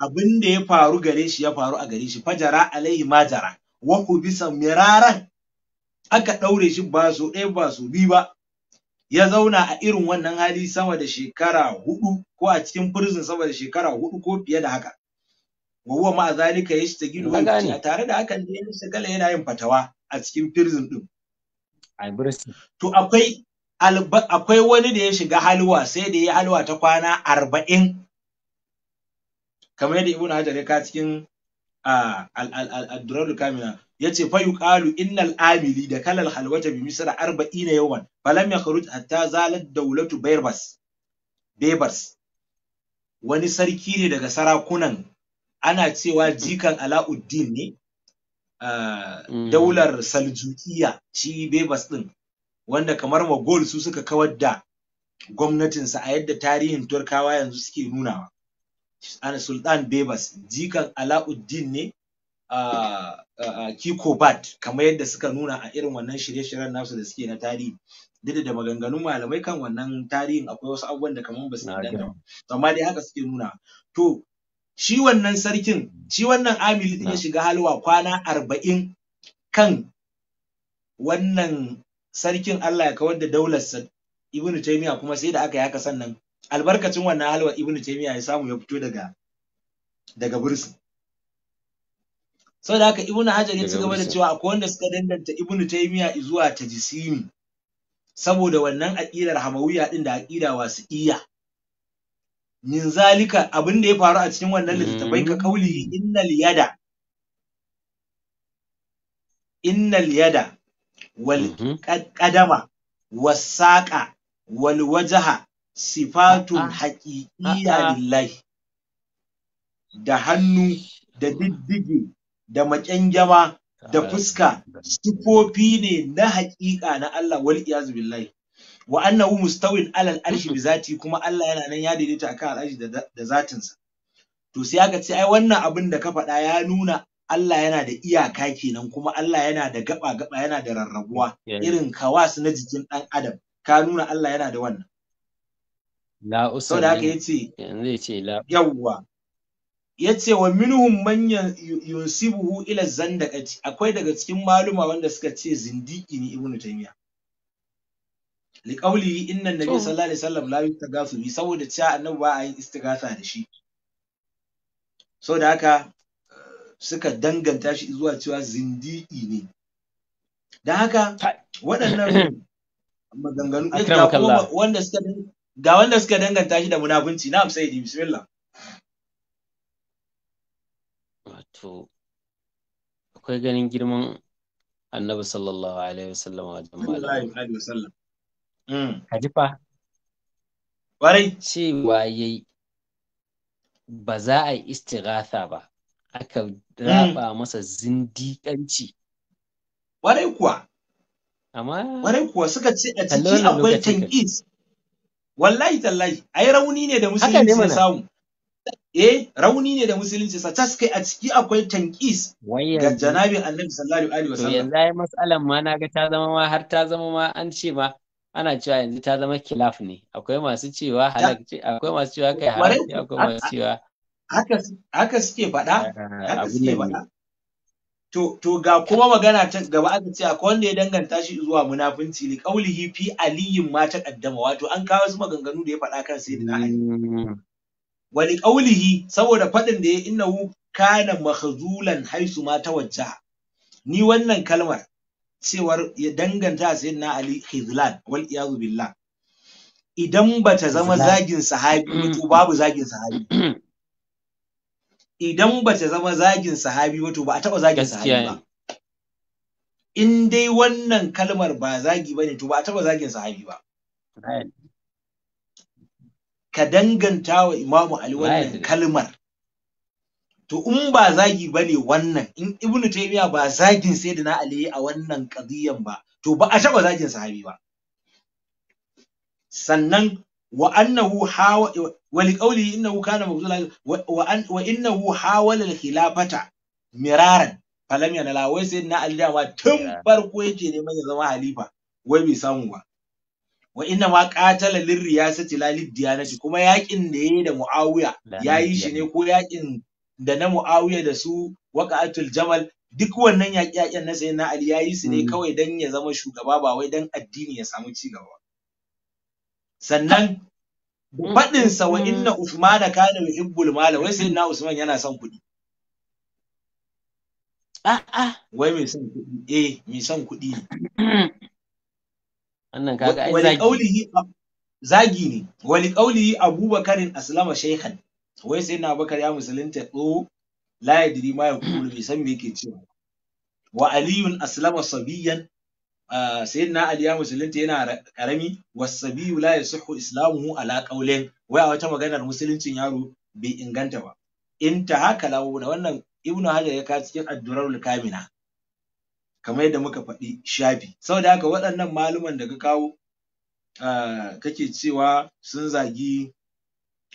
abin da ya faru gare shi ya faru a gare shi fajara alaihi majara wa bisa miraran aka daure shi ba so ɗaya ba so biyu ba ya zauna a irin wannan hali sama da shekara hudu ko a cikin prison sama da shekara hudu ko fiye da haka wa huwa ma zalika yastagilu a tare da hakan ne shagala yana yin fatawa a cikin prison din to akwai akwai wani da ya shiga halwa sai da ya halwa ta kwana arba'in kamar yadda ibnu hajar ya ka cikin ah, al-durarul yace fa yuqalu innal amili da kalal halwata bi misra 40 yawan falam yakhruj hatta zalat dawlatu berbers wani sarki ne daga sarakunan ana cewa jikan alauddin ne mm. daular saljukiya shi bebers din wanda kamar magol su suka kawar da gwamnatinsa a yadda tarihin turkawa yanzu suke nunawa ana sultan bebas jikan alauddin ne Kiko Bad kamar yadda suka nuna a irin wannan shirye-shiryen nasu da suke na tarihi duk da maganganun malamai kan wannan tarihin akwai wasu abubuwan da kamar ba su inganta amma dai haka suke nuna to shi wannan sarkin shi wannan amili din ya shiga halwa kwana arba'in kan wannan sarkin Allah ya kawar da daularsa Ibn Taymiyyah kuma sai da aka yi haka sannan albarkacin wannan halwa Ibn Taymiyyah ya samu ya fito daga daga bursu saboda haka ibnu hajar ya ci gaba da cewa akwai wanda suka danganta ibnu taymiya zuwa tajsimi saboda wannan aqidar hamawiya din da aqida iya min zalika abin da ya faru a cikin wannan littattafai ka kauli mm. innal yada innal yada wal mm-hmm. qadama wasaqa wal wajha sifatun ah, ah. haqiqiyya lillahi da hannu da diddige da maƙyangyama da fuska sifofi ne na haƙiƙa na Allah wal iyazu billahi wa annahu mustawin alal arshi bi zati kuma Allah yana nan ya daidaita akan al'arshi da zatinsa to sai aka ce ai wannan abin da ka faɗa ya nuna Allah yana da iyaka kenan kuma Allah yana da gaba gaba yana da rarrabuwa irin kawas na jikin ɗan adam ka nuna Allah yana da wannan la usani haka yace yanzu yace la yawwa Ya ce wa minhum man yunsibuhu ila zandaqati akwai daga cikin maluma wanda suka ce zindiki ne ibnu taymiya li qawlihi inna an-nabiy sallallahu alaihi wasallam la yustaghathu bi saboda cewa annabi ba a yin istighatha da shi so da haka eh, suka danganta shi zuwa cewa zindiki ne da haka waɗannan [coughs] maganganu ga wanda suka danganta shi da munafunci na amsa yi bismillah to akwai ganin girman annabi sallallahu alaihi wasallam a jama'a ka ji fa ƙwarai cewa yayi ba za a yi istighatha ba aka hmm. raba masa zindiƙanci warai kuwa amma ƙwarai kuwa suka ce a ciki akwai tankis wallahi tallahi ai rauni ne da musulunci ya samu eh rauni ne da musulunci sa taskai a ciki akwai tankis ga janabin annabi sallallahu alaihi wasallam to yanzu ai mas'alan ma naga ta zama ma har ta zama ma an ce ma ana cewa yanzu ta zama kilaf ne akwai masu cewa halakci akwai masu cewa kai halakci akwai masu cewa haka haka suke faɗa eh, haka suke faɗa to to ga kuma magana ta gaba aka ce akwai wanda ya danganta shi zuwa munafunci li qawlihi fi aliyin ma ta qaddama wato an kawo su maganganu da ya faɗa kan sayyidina ali mm. wali liqaulihi saboda fadin da ya innahu kana mahzulan haisu ma tawajja ni wannan kalmar cewar ya danganta sayyidina ali khizlan wal iyazu billah idan bata zama zagin sahabi mm. to babu zagin sahabi mm. idan bata zama zagin sahabi ba to ba a taba zagin sahabi ba in dai wannan kalmar ba zagi bane to ba a taba zagin sahabi ba ka danganta wa imamu ali wannan kalmar to in ba zagi ba ne wannan in ibnu taymiya ba zagin na ali a wannan qadiyan ba to ba a taɓa zagin sahabi ba sannan wa annahu hawa wa liqawli innahu kana mabzula wa wa innahu hawala al-khilafata miraran falam yanala wai sayyidina ali ma tun farko yake neman ya zama halifa wai bai samu ba wa inna ma qatala lirriyasati la liddiyanati kuma yakin da yayi da Muawiya yayi shi ne ko yakin da na Muawiya da su waqa'atul jamal duk wannan yaki yakin na sayyidina Ali yayi su ne hmm. kawai dan ya zama shugaba ba wai dan addini ya samu ci gaba sannan hmm. faɗin sa wa hmm. inna Uthmana kana yuhibbul mala wai sayyidina Usman yana son kuɗi a'a ah, ah. wai mai son kuɗi eh mai son kuɗi [clears throat] wannan kaga ai zagi qawlihi zagi ne wali qawlihi abubakarin aslama shaykhan wai sai na bakar ya musulunta tso la yadri ma yaqulu bai san me yake cewa wa aliyun aslama sabiyan sayyidina ali ya musulunta yana karami wasabiyu la yasihhu islamuhu ala qawlin wai a wata maganar musuluncin yaro bai inganta ba in ta haka lawo da wannan ibnu hajar ya kawo cikin addurarul kamina kamar yadda muka faɗi shafi saboda haka waɗannan maluman da ka kawo kake cewa sun zagi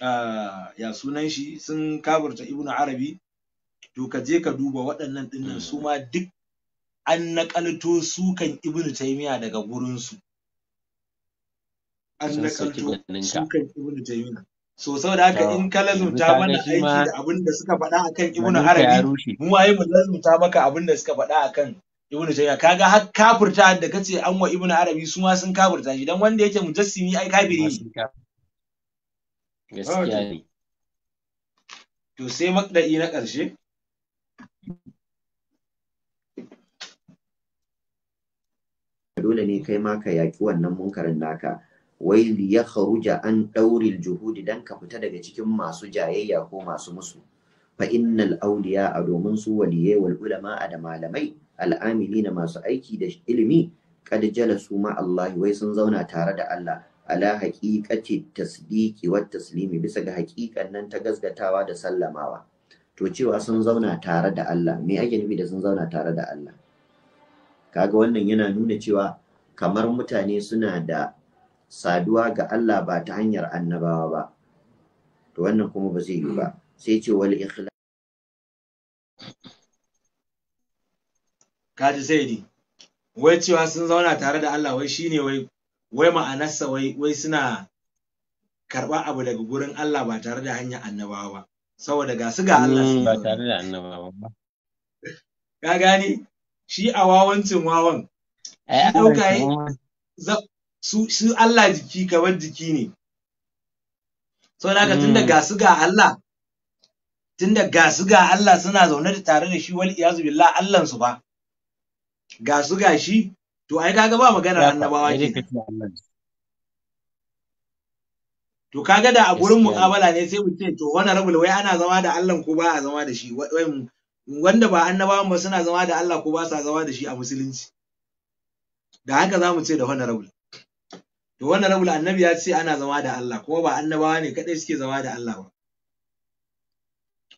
uh, ya sunan shi sun kaburta ibnu arabi to ka je ka duba waɗannan ɗinnan su ma duk an naƙalto sukan ibnu taimiya daga gurinsu an naƙalto sukan ibnu taimiya so saboda haka in ka lazumta mana aiki da abin da suka faɗa akan ibnu arabi mu ma yi mu lazumta maka abin da suka faɗa akan ibnu taymiya kaga har kafirta da kace an wa ibnu arabi su ma sun kafirta shi dan wanda yake mujassimi ai kafiri ne gaskiya ne to sai makdai na karshe dole ne kai ma ka yaki wannan munkarin naka wai ya kharuja an dauril juhudi dan ka fita daga cikin masu jayayya ko masu musu fa innal awliya a domin su waliyai wal ulama da malamai na masu aiki da ilimi kad jalasu ma Allah wai sun zauna tare da Allah ala haqiqati tasdiqi wa taslimi bisa ga haqiqan nan ta gazgatawa da sallamawa to cewa sun zauna tare da Allah me ake nufi da sun zauna tare da Allah kaga wannan yana nuna cewa kamar mutane suna da saduwa ga Allah ba ta hanyar annabawa ba to wannan kuma ba zai yi ba sai ce wal ikhlas kaji saidi wai cewa sun zauna tare da Allah wai shine wai wai ma'anarsa wai wai suna karɓa abu daga gurin Allah ba tare da hanyar annabawa ba saboda ga su ga Allah hmm, ba tare da annabawa ba ka gani shi a wawancin wawan shi su su Allah jiki kamar jiki ne saboda tun da hmm. ga su ga Allah da ga su ga Allah suna zaune tare da shi wal iyazu billah Allah su ba ga su ga shi to ai kaga ba maganar annabawa ke to kaga da a gurin muƙabala ne sai mu ce to rabul wai ana zama da Allah ko ba a zama da shi wanda ba annabawan ba suna zama da Allah ko ba sa zama da shi a musulunci da haka za mu ce da rabul to rabul annabi ya ce ana zama da Allah ko ba annabawa ne kadai suke zama da Allah ba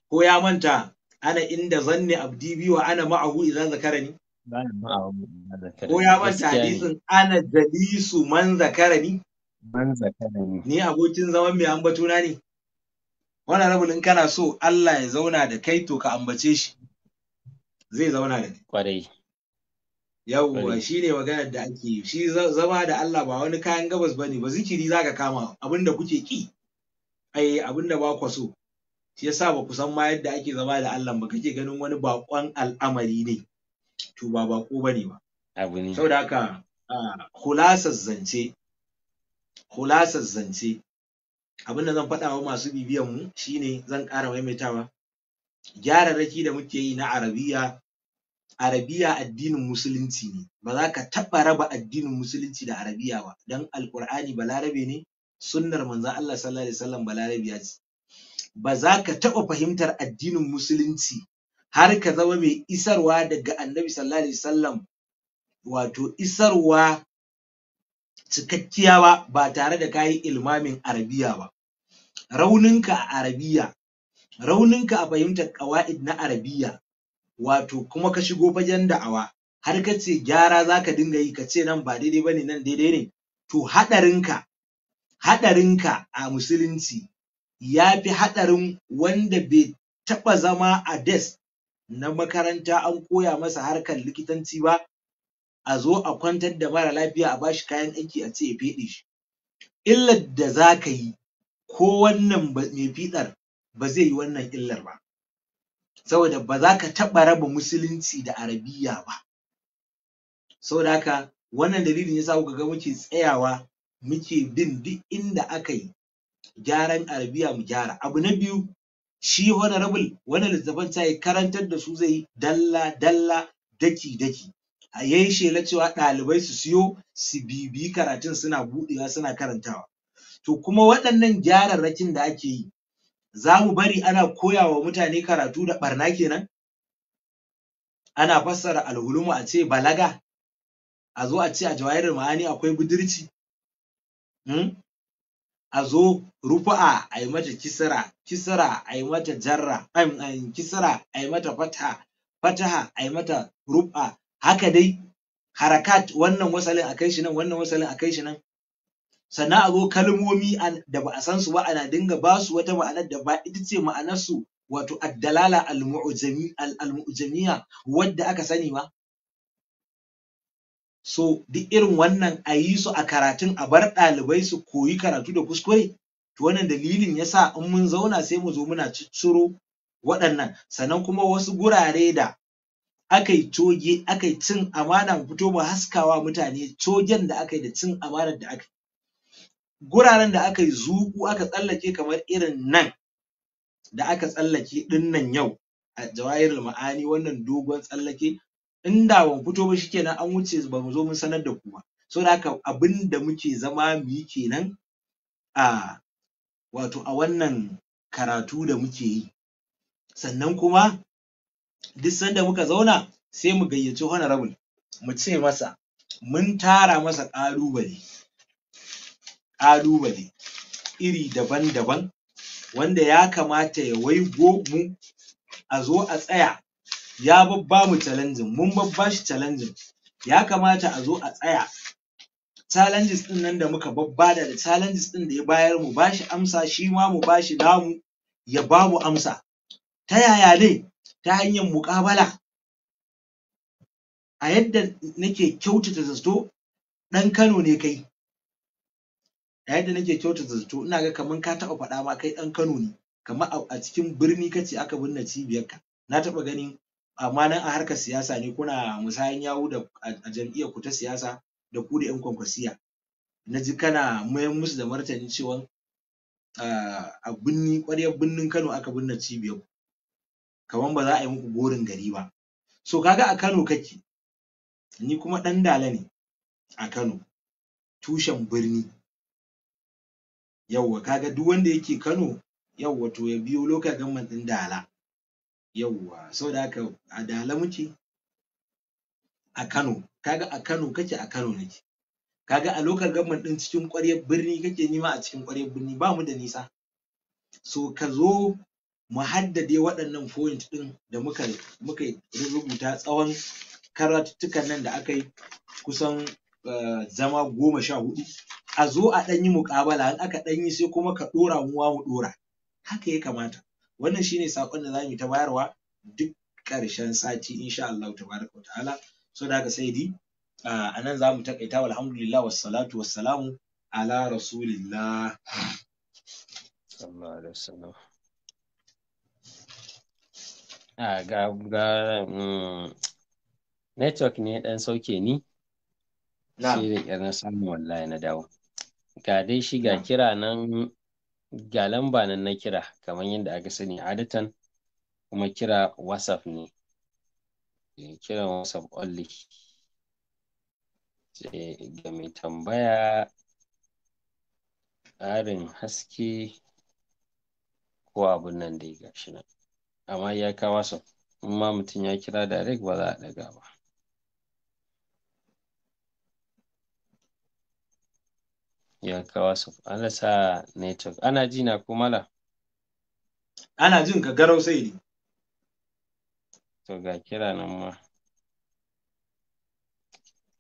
ko ya manta ana inda zanni abdi bi wa ana ma'ahu idan zakarani Ah. Ko ya ɓace hadisin ana jalisu man zakarani? Man zakarani. Ni abokin zaman mai ambatuna ne. Wannan rabin kana so Allah ya zauna da kai to ka ambace shi. Zai zauna da kai. Kwarai. Yawwa shi ne maganar da ake yi. Shi zama da Allah ba wani kayan gabas ba ne ba zikiri za ka kama abin da kuke ki. Ai abin da ba kwa so. Shi yasa ba ku san ma yadda ake zama da Allah ba kake ganin wani baƙon al'amari ne. to ba bako ba ne ba abu ne hulasar zance hulasar zance abin da zan faɗa wa masu bibiyan mu shine zan ƙara maimaitawa raki da muke yi na arabiya arabiya addinin musulunci ne ba za ka taɓa raba addinin musulunci da arabiya ba don alƙur'ani balarabe ne sunnar manzan Allah sallallahu alaihi wasallam balarabiya ce ba za ka taɓa fahimtar addinin musulunci har ka zama mai isarwa daga annabi sallallahu alaihi wasallam wato isarwa cikakkiya ba ba tare da kayi ilmamin arabiya ba rauninka a arabiya rauninka a fahimtar ƙawa'id na arabiya wato kuma ka shigo fagen da'awa har ka ce gyara za ka dinga yi ka ce nan ba daidai ba ne nan daidai ne to haɗarinka ka a musulunci ya fi haɗarin wanda bai taɓa zama a des na makaranta an koya masa harkar likitanci ba a zo a kwantar da mara lafiya a bashi kayan aiki a ce ya feɗe shi illar da za ka yi ko wannan mai fiɗar ba zai yi wannan illar ba saboda ba za ka taɓa raba musulunci da arabiya ba saboda haka wannan dalilin ya sa kuka ga muke tsayawa muke bin duk inda aka yi gyaran arabiya mu gyara abu na biyu shi honorable wani littattafan ta yi karantar da su zai dalla dalla daki daki a yayi shela cewa ɗalibai su siyo su bibi karatun suna buɗewa suna karantawa to kuma waɗannan gyararrakin da ake yi za mu bari ana koya wa mutane karatu da ɓarna kenan ana fassara alhulumu a ce balaga a zo a ce a jawahir ma'ani akwai budurci hmm? a zo rufa'a a yi mata Kisara, Kisara a yi mata jarra Kisara a yi mata fata fataha a yi mata rufa haka dai harakat wannan wasalin a kai shi nan wannan wasalin a kai shi nan sannan a zo kalmomi da ba a san su ba ana dinga ba su wata ma'anar da ba ita ce ma'anar su wato addalala al-mu'jamiya wadda aka sani ba so duk irin wannan a yi su a karatun a bar ɗalibai su koyi karatu da kuskure to wannan dalilin ya sa in mun zauna sai mu zo muna cicciro waɗannan sannan kuma wasu gurare da aka yi coge aka yi cin amana mu fito mu haskawa mutane cogen da aka yi da cin amanar da aka yi guraren da aka yi zuku aka tsallake kamar irin nan da aka tsallake ɗin nan yau a jawahirul ma'ani wannan dogon tsallake inda ba mu fito ba shikenan an wuce ba mu zo mun sanar da ku ba saboda haka abin da muke zama mu yi kenan a wato a wannan karatu da muke yi sannan kuma duk sanda muka zauna sai mu gayyaci honorable mu ce masa mun tara masa ƙalubale ƙalubale iri daban-daban wanda ya kamata ya waigo mu a zo a tsaya ya babba mu challenging mun babba shi challenging ya kamata a zo a tsaya challenges ɗin nan da muka babba da challenges ɗin da ya bayar mu ba shi amsa shi ma mu ba shi namu ya ba mu amsa ta yaya ne ta hanyar muƙabala a yadda nake kyautata zato ɗan Kano ne kai a yadda nake kyautata zato ina ga kaman ka taɓa faɗa ma kai ɗan Kano ne kamar a cikin birni kace aka binne cibiyar ka, na taɓa ganin amma nan a harkar siyasa ne kuna musayan yawu da a jam'iyyar ku ta siyasa da ku da 'yan kwankwasiya na ji kana mayar musu da martani cewa a binni ƙwaryar birnin Kano aka binne cibiyar kaman ba za a yi muku gorin gari ba so kaga a Kano kake ni kuma ɗan Dala ne a Kano tushen birni yawwa kaga duk wanda yake Kano yawwa to ya biyo lokacin government ɗin Dala yawwa saboda haka a Dala muke a Kano ka a Kano kake a Kano nake ka a local government ɗin cikin ƙwaryar birni kake nima a cikin ƙwaryar birni ba mu da nisa so ka zo mu haddade waɗannan point ɗin da muka muka rubuta tsawon karatuttukan nan da aka yi kusan eh, zama goma sha hudu. a zo a ɗan yi muƙabala in aka ɗan yi sai kuma ka ɗora mu wa mu ɗora haka ya kamata wannan shine sakon da zamu ta bayarwa duk ƙarshen sati insha Allah tabaraka wa ta'ala so da haka sai di a nan zamu takaita alhamdulillah wassalatu wassalamu ala rasulillah Allah alaihi wasallam a ga ga mm, network ne dan sauke ni sai da na samu wallahi na dawo ga dai shi ga kira nan ga lamba nan na kira kamar yadda aka sani adatan kuma kira whatsapp ne eh, Kira whatsapp only ga mai tambaya tsarin haske ko abun nan dai gashi nan amma ya kawo whatsapp in ma mutum ya kira direct ba za a ɗaga ba kawo su Allah sa network. Ana ji na ko mala? Ana jin ka garau sai ne. To ga kira nan ma.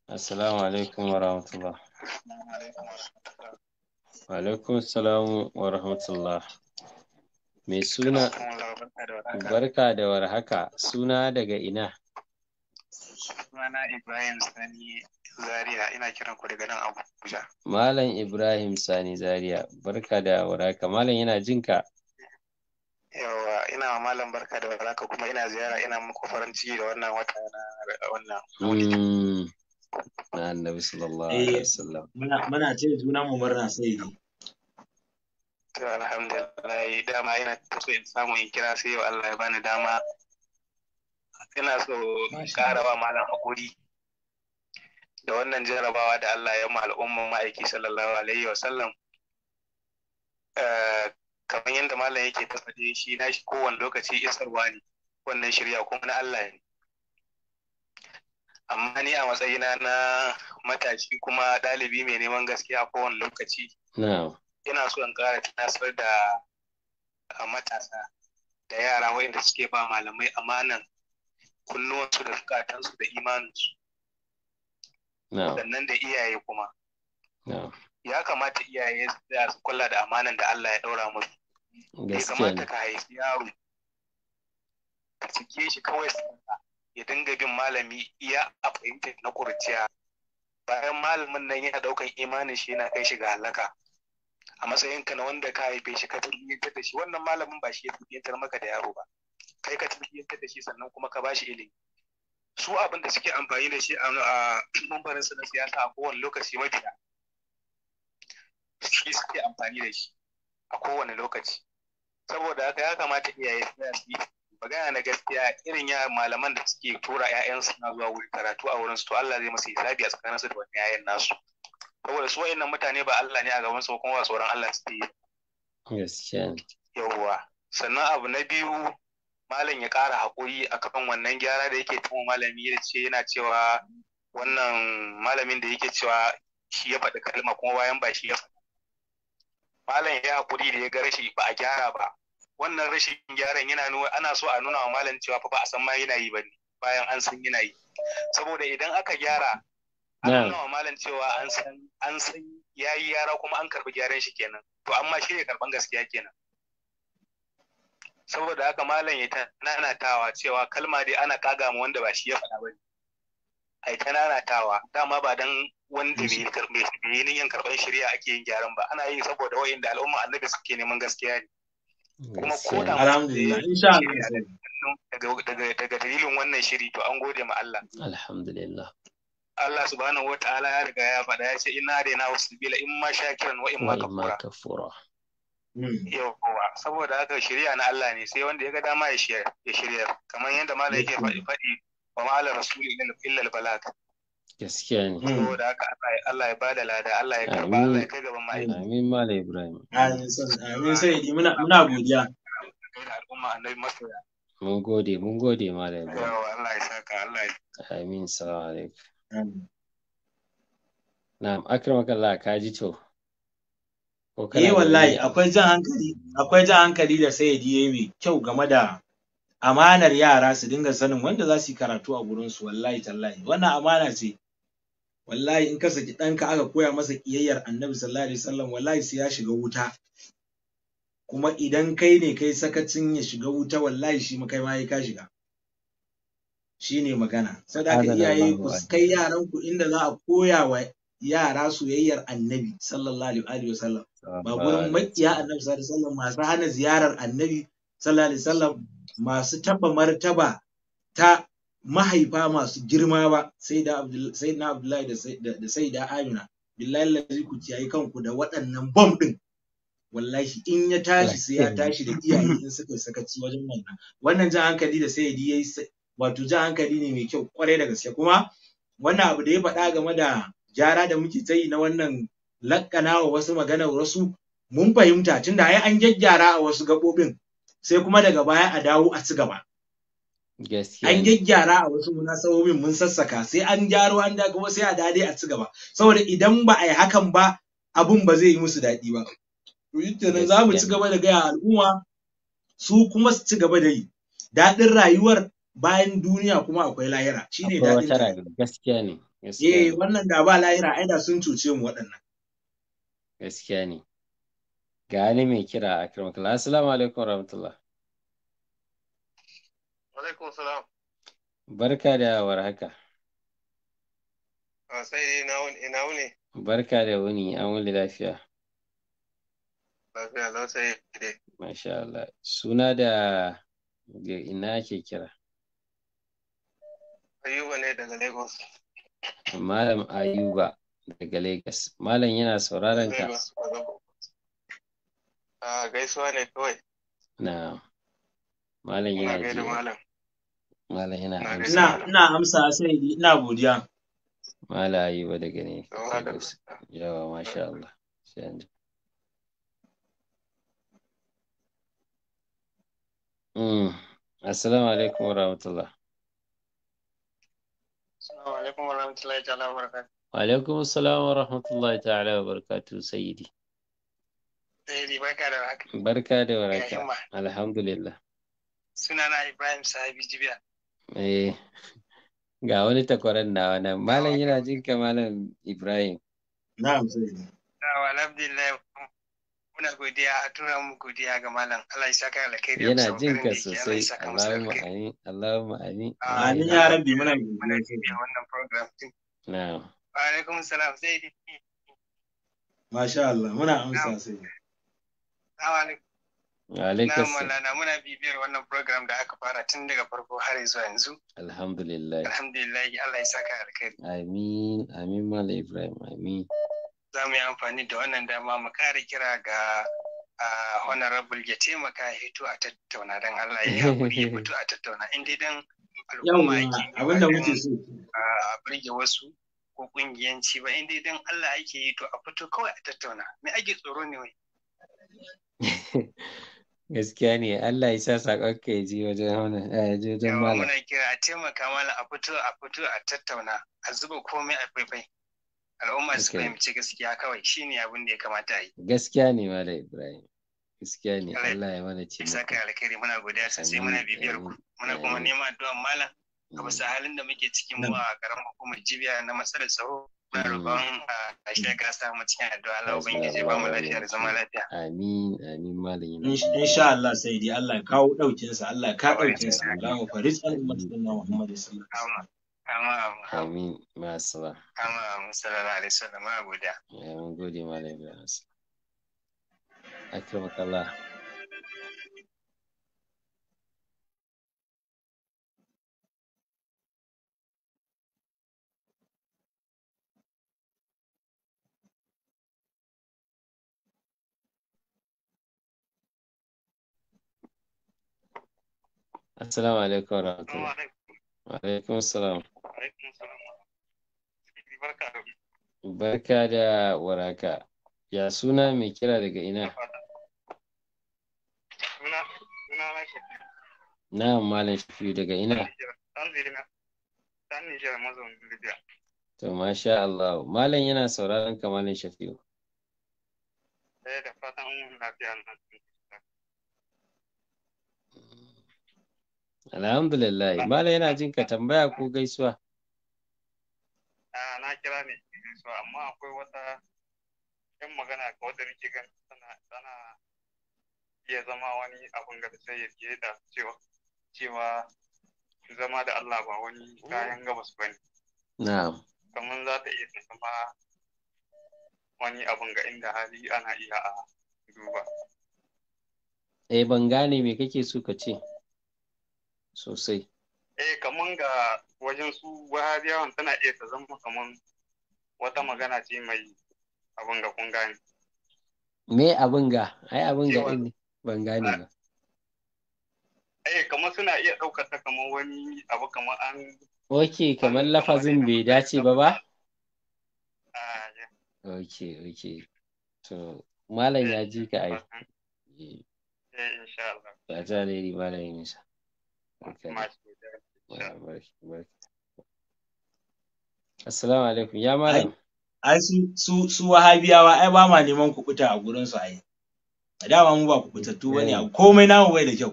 Assalamu alaikum wa rahmatullah. Wa alaikum salam wa rahmatullah. Me suna barka da warhaka suna daga ina? suna Ibrahim Sani Zaria ina kiran ku daga nan Abuja. Malam Ibrahim Sani Zaria, barka da waraka. Malam yana jin ka. Yawa, ina malam barka da waraka kuma ina ziyara ina muku farin ciki da wannan wata na wannan. Mm. Na Annabi sallallahu alaihi eh, wasallam. Muna muna ce juna mu murna sai To alhamdulillah dama ina so in samu in kira sai yau Allah ya bani dama. Ina so ƙara wa malam hakuri. da wannan jarabawa da Allah ya ma al'umman ma'aiki sallallahu alaihi wa sallam eh, kamar yadda malam yake faɗi shi na shi kowane lokaci isarwa ne wannan shirya kuma na Allah ne amma ni a matsayina na matashi kuma ɗalibi mai neman gaskiya kowane lokaci Ina so in ƙara tunasar da matasa da yara waɗanda suke ba malamai amanan kunnuwansu da zukatansu da imaninsu sannan da iyaye kuma ya kamata iyaye su kula da amanan da Allah ya ɗaura musu Ya kamata ka haifi yaro ka cike shi kawai su ya dinga bin malami iya a fahimta na kurciya bayan malamin nan yana ɗaukan imanin shi yana kai shi ga halaka a matsayinka na wanda ka haife shi ka tarbiyyantar da shi wannan malamin ba shi ya tarbiyyantar maka da yaro ba kai ka tarbiyyantar da shi sannan kuma ka ba shi ilimi su abin da suke amfani da shi a mambarin su na siyasa a kowane lokaci mabiya shi suke amfani da shi a kowane lokaci saboda haka ya kamata iyaye suna su magana na gaskiya irin ya malaman da suke tura 'ya'yansu na zuwa wurin karatu a wurin su to Allah zai masa hisabi a tsakaninsu da wani 'ya'yan nasu saboda su wa'annan mutane ba Allah ne a gaban su kuma ba tsoron Allah suke yi yawwa sannan abu na biyu malam ya ƙara haƙuri akan wannan gyara da yake tuma malami ya ce yana cewa wannan malamin da yake cewa shi ya faɗi kalma kuma bayan ba shi ya faɗi malam ya haƙuri da ya ga rashi ba a gyara ba wannan rashin gyaran yana nuna ana so a nuna wa malam cewa fa ba a san ma yana yi ba ne bayan an san yana yi saboda idan aka gyara an nuna wa malam cewa an san an san yayi yara kuma an karɓi gyaran shi kenan to amma shi ne karɓan gaskiya kenan saboda haka malam ya ta nanatawa cewa kalma dai ana kaga ma wanda ba shi ya faɗa ba ai ta nanatawa dama ba dan wanda mai yin yin karban shari'a ake yin gyaran ba ana yi saboda da al'umma annabi suke neman gaskiya ne kuma ko da alhamdulillah daga dalilin wannan shiri to an gode ma Allah alhamdulillah Allah subhanahu wa ta'ala ya riga ya faɗa ya ce ina dai na wasu bila in ma shakiran wa in ma kafura Hmm. yawwa saboda haka shirya na Allah ne sai wanda ya ga dama ya shirya kamar yadda mala yake hmm. faɗi faɗi wa mala rasuli illa albalag gaskiya ne hmm. saboda haka Allah ya bada lada Allah ya karba Allah ya kai gaban ma'aikata amin mala ibrahim amin sai di muna muna godiya al'umma annabi masoya mun gode mun gode mala ibrahim Allah ya saka Allah ya amin salamu alaikum na'am Allah ka ji to eh wallahi akwai jan hankali akwai jan hankali da sayyidi yayi mai kyau game da amanar yara su dinga sanin wanda za su yi karatu a gurin su wallahi tallahi wannan amana ce wallahi in ka saki ɗanka aka koya masa ƙiyayyar annabi sallallahu alaihi wasallam wallahi sai ya shiga wuta kuma idan kai ne kai sakacin ya shiga wuta wallahi shi kai ma ka shiga shine magana sadaka iyaye ku kai yaran ku inda za a koya wa yara soyayyar annabi sallallahu alaihi wasallam ba gurin makiya annabi sallallahu alaihi wasallam masu hana ziyarar annabi sallallahu alaihi wasallam masu taba martaba ta mahaifa masu girma ba sai da abdullahi da sai da amina billahi lazi ku ciyayi kanku da waɗannan bom din wallahi in ya tashi sai ya tashi da iyaye in suka sakaci wajen wannan wannan jan hankali da sai ya yi wato jan hankali ne mai kyau kwarai da gaske kuma wannan abu da ya faɗa game da jara da muke ta yi na wannan Laƙana wa wasu maganar wasu mun fahimta tunda ai an gyaggyara a wasu gaɓoɓin sai kuma daga baya a dawo a ci gaba. An gyaggyara a wasu munasabobin mun sassaka sai an gyaro an da kuma sai a dade a ci gaba saboda idan ba a yi hakan ba abun ba zai yi musu daɗi ba. To za mu ci gaba da gaya al'umma su kuma su ci gaba da yi. Daɗin rayuwar bayan duniya kuma akwai lahira shine daɗin. Akwai wata gaskiya ne. Eh wannan da ba lahira ai da sun cuce mu waɗannan. gaskiya ne gani mai kira a kirmakala assalamu alaikum rahmatullah alaikum salam barka da haka a sai dai ina wuni barka da wuni an wuli lafiya lafiya lau sai dai masha Allah suna da ina ke kira ayuba ne daga lagos malam ayuba daga Lagos. Malam yana sauraron ka. A gaisuwa ne kawai. Na. Malam yana ji. Malam yana amsa. Ina amsa sai yi ina godiya. Malam Ayuba daga ne. Yawa masha Allah. Sai hmm. Assalamu alaikum wa rahmatullah. Assalamu alaikum wa rahmatullahi ta'ala wa barakatuh. Alaikum salam rahmatullahi ta'ala wa barakatu sayyidi. Sayyidi barka da warhaka. Barka da warhaka. Eh, ga wani takwaran nawa nan. Malam yana jin Malam Ibrahim. Yana jin sosai. Allahumma amin. Allahumma amin. Amin alaikum salam sai Masha Allah, muna amsa sai. Alaikum Maulana muna bibiyar wannan program da aka fara tun daga farko har zuwa yanzu. Alhamdulillah. Alhamdulillah Allah ya saka alkhairi. Amin, amin Malam Ibrahim, amin. Za mu yi amfani da wannan dama mu ƙara kira ga honorable ya taimaka hito a tattauna don Allah ya haƙuri ya fito a tattauna in dai al'umma yake. Abin da muke so. A burge wasu ko kungiyanci ba inda idan Allah ake yi to a fito kawai a tattauna me ake tsoro ne wai [laughs] gaskiya ne Allah ya sa sakon ka ya ji wajen wannan eh, je wajen malam muna kira a taimaka malam a fito a fito a tattauna a zuba komai a faifai al'umma su fahimci gaskiya kawai shine abin da ya kamata a yi gaskiya ne malam Ibrahim gaskiya ne Allah ya mana ce saka alkhairi muna godiya sosai muna bibiyar ku muna kuma neman addu'an malam a bisa mm. halin da muke cikin mu a karamar hukumar jibiya na matsalar tsaro na mm. roƙon a shi ka sa mu cikin addu'a Allah ubangiji ba mu lafiya da zama lafiya amin amin malam insha Allah sai dai Allah kawo daukin sa Allah ka daukin sa Allah mu faris al-ummat Muhammad sallallahu alaihi wasallam amin masala amin sallallahu alaihi wasallam ma amin gode malam Ibrahim akramakallah Assalamu alaikum wa rahmatullahi. Wa alaikum assalam. Barka da waraka. Ya suna mai kira daga ina? Na Malam Shafi'u daga ina? Ta Nijar mazaunin Libya. To masha Allah. Malam yana sauraron ka Malam Shafi'u. Eh, Alhamdulillah. Malam yana jin ka tambaya ko gaisuwa? na kira ne gaisuwa amma akwai wata yan magana ga wanda nake gan tana iya zama wani abin ga sai ya ke da cewa cewa zama da Allah ba wani kayan gabas bane. Na'am. Kamar za ta iya zama wani abin ga inda hali ana iya a duba. Eh ban gane me kake so ka ce. sosai eh kaman ga wajen su wahabiyawan tana iya ta zama kaman wata magana ce mai abin ga kun gane me abin ga ai abin ga ne ban gane ba eh kamar suna iya ɗaukar ta kamar wani abu kamar an ok kamar lafazin bai dace ba ba ah, ok ok to malam ya eh, ji ka ai eh, eh insha Allah ba ta da malam ya nisa Okay. Assalamu alaikum. Ya malam. Ai su su su wahabiyawa ai ba ma neman kubuta a gurin su ai. A dama mu ba kubutattu bane a eh. komai namu bai da kyau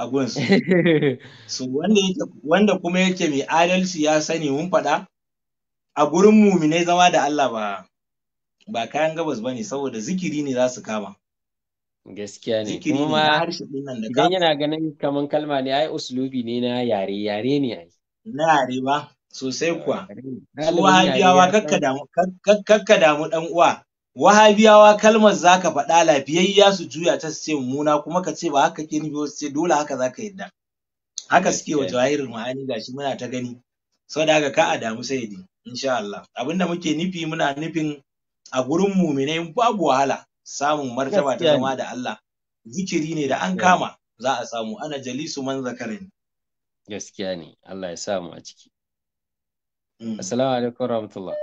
a gurin su. [laughs] So wanda yake wanda kuma yake mai adalci ya sani mun faɗa a gurin ne zama da Allah ba ba kayan gabas bane saboda zikiri ne za su kama. Gaskiya ne. kuma ne Idan yana ganin kaman kalma ne ai uslubi ne na yare yare ne ai. Na yare ba sosai kuwa. Su wahabiyawa kakka damu ɗan uwa. Wahabiyawa kalmar za ka faɗa lafiyayya su juya ta su ce mummuna kuma ka ce ba haka ke nufi su ce dole haka za ka yadda. Haka suke wa jawahirin ma'ani gashi muna ta gani. Saboda haka ka a damu sai dai insha Allah. Abinda muke nufi muna nufin a gurin muminai babu wahala samun martaba ta zama da Allah zikiri ne da an kama za a samu ana jalisu man zakarin gaskiya ne Allah ya samu a ciki mm. assalamu alaikum rahmatullah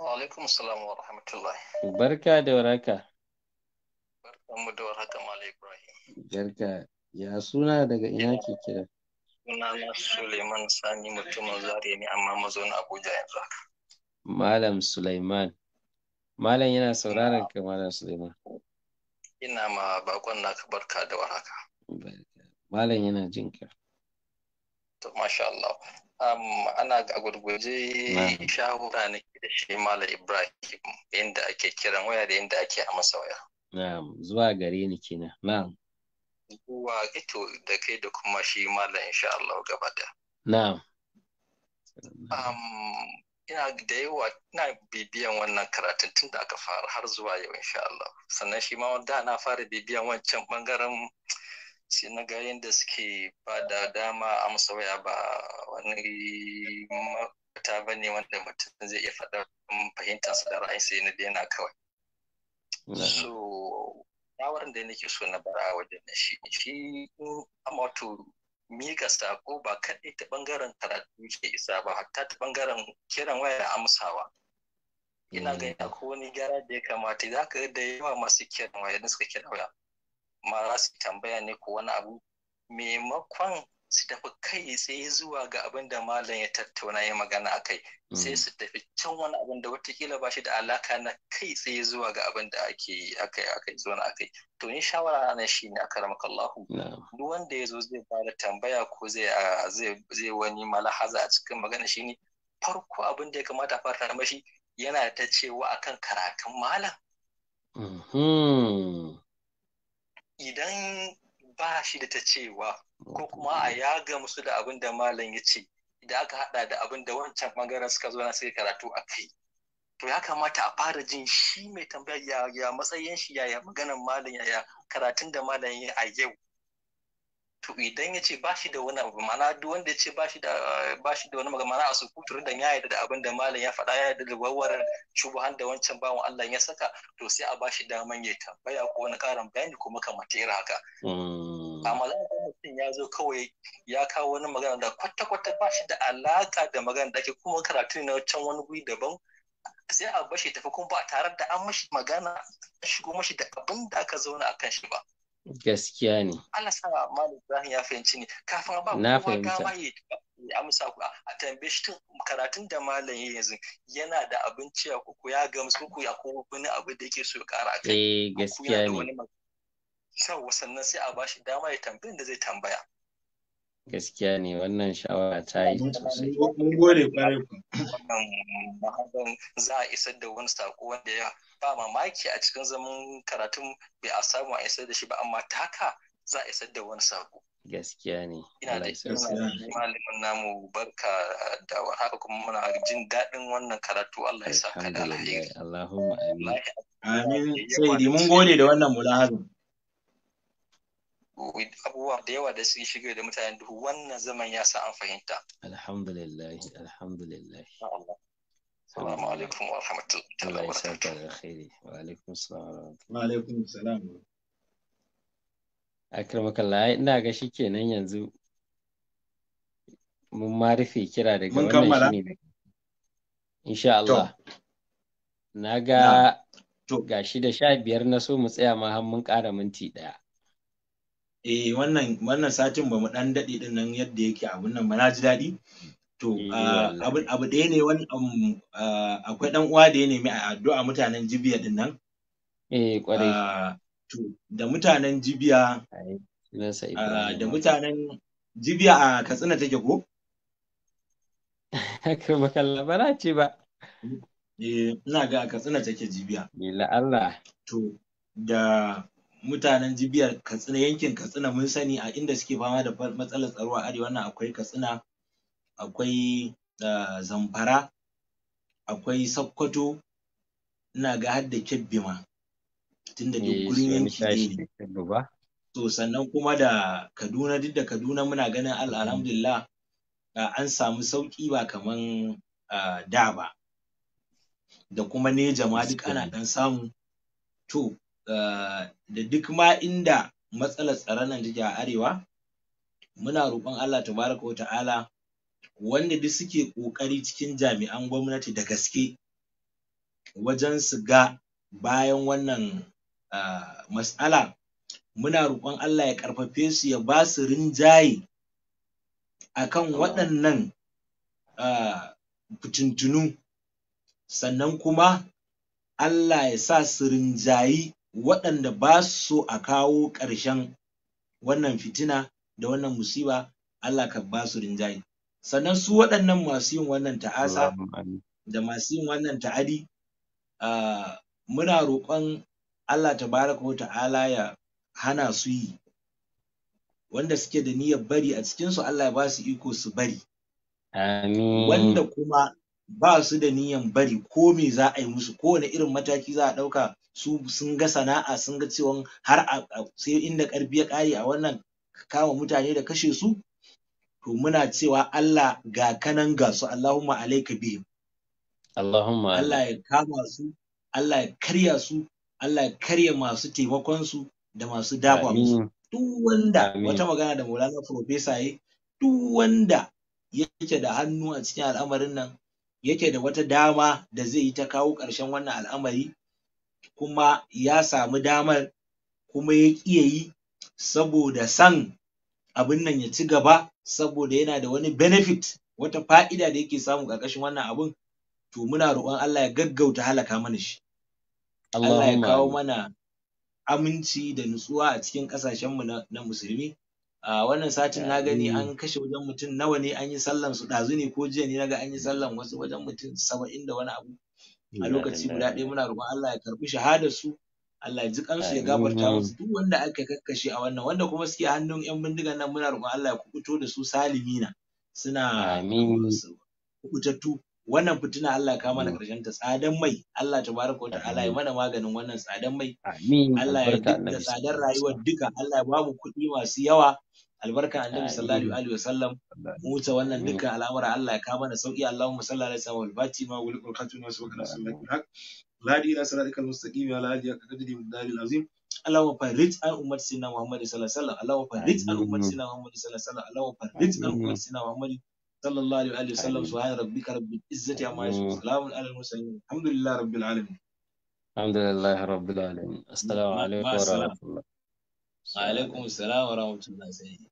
wa alaikum assalam wa rahmatullah barka da waraka barkanmu da warhaka malai ibrahim barka ya suna daga ina ke kira na Suleiman Sani mutumin zariya ne amma mazauna Abuja yanzu haka. Malam Suleiman Malam yana sauraron ka Malam Suleiman. Ina ma bakon naka barka da warhaka. Malam yana jin ka. To masha Allah. Um, ana a gurguje shahura ne da shi Malam Ibrahim inda ake kiran waya da inda ake a masa waya. Na'am, zuwa gare ni kenan. Na'am. Zuwa ito eh da kai da kuma shi Malam insha Allah gaba da. Na'am. Um, ina da yawa ina bibiyan wannan karatun tun da aka fara har zuwa yau insha Allah sannan shi ma da na fara bibiyan wancan bangaren sai na ga yadda suke ba da dama amsa waya ba wani mata ba ne wanda mutum zai iya faɗa su da ra'ayin sai na daina kawai so shawarar da nake so na bara wajen shi shi amma wato mika sako ba kaɗai ta ɓangaren karatu ke isa ba hatta ta ɓangaren kiran waya da amsawa ina mm. ga ko wani gyara da ya kamata za ka da yawa masu kiran waya da suka kira waya ma za su tambaya ne ko wani abu maimakon su tafi kai sai zuwa ga abin da malam ya tattauna ya magana a kai sai mm. su tafi can wani abin da watakila ba shi da alaka na kai tsaye zuwa ga abin da ake yi akai akai zuwa akai to ni shawara na shi ne a karamaka Allahu duk wanda ya zo zai ba da tambaya ko zai zai wani malahaza a cikin magana shi ne farko abin da ya kamata a fara mashi yana ta cewa akan karatun malam mm-hmm. idan ba shi da ta cewa ko kuma a ya musu da abin da malam ya ce da aka hada da abin da wancan bangaren suka zo na suka karatu a kai to ya kamata a fara jin shi mai tambayar ya matsayin shi yaya maganan malam yaya karatun da malam ya a yau to idan ya ce ba shi da wani abu mana duk wanda ya ce ba shi da wani magana mana a sukutur da ya yarda da abin da malam ya faɗa ya yarda da warwarar shubuhan da wancan bawan Allah ya saka to sai a ba shi daman ya tambaya ko wani karin bayani ko makamata irin haka hmm. amma za ka mutum ya zo kawai ya kawo wani magana da kwata-kwata ba shi da alaka da magana da ake kuma karatu na can wani guri daban sai a bashi tafi kuma ba tare da an mashi magana shigo mashi da abin da aka zauna a kan shi ba gaskiya ne ana sa malam ibrahim ya fahimci ne kafin ba na fahimta amsa ku a tambaye shi karatun da malam ya yanzu yana da abin ciya ku ya gamsu ku ya ko wani abu da yake so ya kara kai eh gaskiya ne sau wasannan sai a bashi dama ya tambayin da zai tambaya gaskiya ne wannan shawara ta yi sosai mun gode kwarai ku za a isar da wani sako wanda ya ba mamaki a cikin zaman karatun bai a samu a isar da shi ba amma ta haka za a isar da wani sako gaskiya ne ina da malamin namu barka da haka kuma muna jin daɗin wannan karatu Allah ya sa ka da Allahumma amin Sai sai mun gode da wannan mulahazin abubuwa da yawa da suke shigar da mutane duhu wannan zaman ya sa an fahimta alhamdulillah alhamdulillah السلام عليكم ورحمة الله وبركاته الله يسعدك خيري وعليكم السلام ورحمة الله وعليكم السلام أكرمك الله ina ga shi kenan yanzu mun ma rufe kira daga wannan shi ne insha Allah na ga ga shi da sha biyar na so mu tsaya ma har mun ƙara minti ɗaya eh wannan wannan satin ba mu ɗan daɗi ɗin nan yadda yake abun nan ba na ji daɗi To, eh, ah, abu ɗaya ne wani um, ah, akwai ɗan uwa da ya nemi a addu'a mutanen jibiya din nan? Eh, ah, to, da mutanen jibiya, da mutanen jibiya a katsina take ko? [laughs] Haka makalla ce ba. Eh, ina ga a katsina take jibiya. Bila Allah. To, da mutanen jibiyar katsina yankin katsina mun sani a inda suke fama da matsalar tsaro a arewa nan akwai katsina akwai eh, Zamfara akwai Sokoto ina ga har da Kebbi ma tunda duk eh, gurin yanki ne to sannan kuma da Kaduna duk da Kaduna muna ganin alhamdulillah an samu sauƙi ba kaman da ba da kuma Neja ma duk ana ɗan samu to da duk ma inda matsalar tsaron nan take a arewa muna roƙon Allah tabaraka wa ta'ala wanda duk suke ƙoƙari cikin jami'an gwamnati da gaske wajen su ga bayan wannan uh, ah, matsala muna roƙon Allah ya ƙarfafe su ya ba su rinjaye akan waɗannan uh, fitintunu sannan kuma Allah ya sa su rinjayi waɗanda ba su so a kawo ƙarshen wannan fitina da wannan musiba Allah ka ba su rinjaye sannan su waɗannan masu yin wannan ta'asa da masu yin wannan ta'adi muna roƙon Allah tabaraka wa ta'ala ya hana su yi wanda suke da niyyar bari a cikinsu Allah ya ba su iko su bari wanda kuma ba su da niyyar bari ko me za a yi musu Ko kowane irin mataki za a ɗauka su sun ga sana'a sun ga cewa har sai inda ƙarfi ya ƙare a wannan kama mutane da kashe su to muna cewa Allah ga kanan ga su Allahumma alaika bi Allahumma Allah ya kama su Allah ya karya su Allah ya karya masu taimakon su da masu dafa musu duk wanda wata magana da Maulana Professor yi duk wanda yake da hannu a cikin al'amarin nan yake da wata dama da zai yi ta kawo ƙarshen wannan al'amari kuma ya samu damar kuma ya ƙi yi saboda san Abun nan ya ci gaba saboda yana da wani benefit wata fa'ida da yake samu ƙarƙashin wannan abun to muna roƙon Allah ya gaggauta halaka mana shi Allah ya kawo mana aminci da nutsuwa a cikin ƙasashenmu na, na musulmi a wannan satin na gani an kashe wajen mutum nawa ne an yi sallan su ɗazu ne ko jiya ne naga an yi sallan wasu wajen mutum saba'in da wani abu a lokaci guda ɗaya muna roƙon Allah ya karɓi shahadar su Allah ya ji kansu ya gafarta musu duk wanda aka kakkashe a wannan wanda kuma suke hannun yan bindigan nan muna roƙon Allah ya kubuto da su salimina suna kubutattu wannan fitina Allah ya kama da ƙarshen ta tsadan mai Allah tabaraka wa ta'ala ya mana maganin wannan tsadan mai Allah ya da tsadar rayuwar duka Allah ya ba mu kuɗi masu yawa Albarkan, annabi sallallahu alaihi wasallam mu ta wannan dukkan al'amura Allah ya kama mana sauki Allahumma salli ala sayyidina al-fatima wa al-qur'an wa sallallahu alaihi wa sallam ladi ila siratikal mustaqim ya ladi ka kaddi min dalil azim Allahumma farij an sayyidina Muhammad sallallahu alaihi wasallam Allahumma farij an sayyidina Muhammad sallallahu alaihi wasallam Allahumma farij an ummati sayyidina Muhammad sallallahu alaihi wasallam subhana rabbika rabbil izzati amma yasifun salamun alal mursalin alhamdulillahi rabbil alamin alhamdulillahi rabbil alamin assalamu alaikum wa rahmatullah wa alaikum assalam wa rahmatullah sayyidi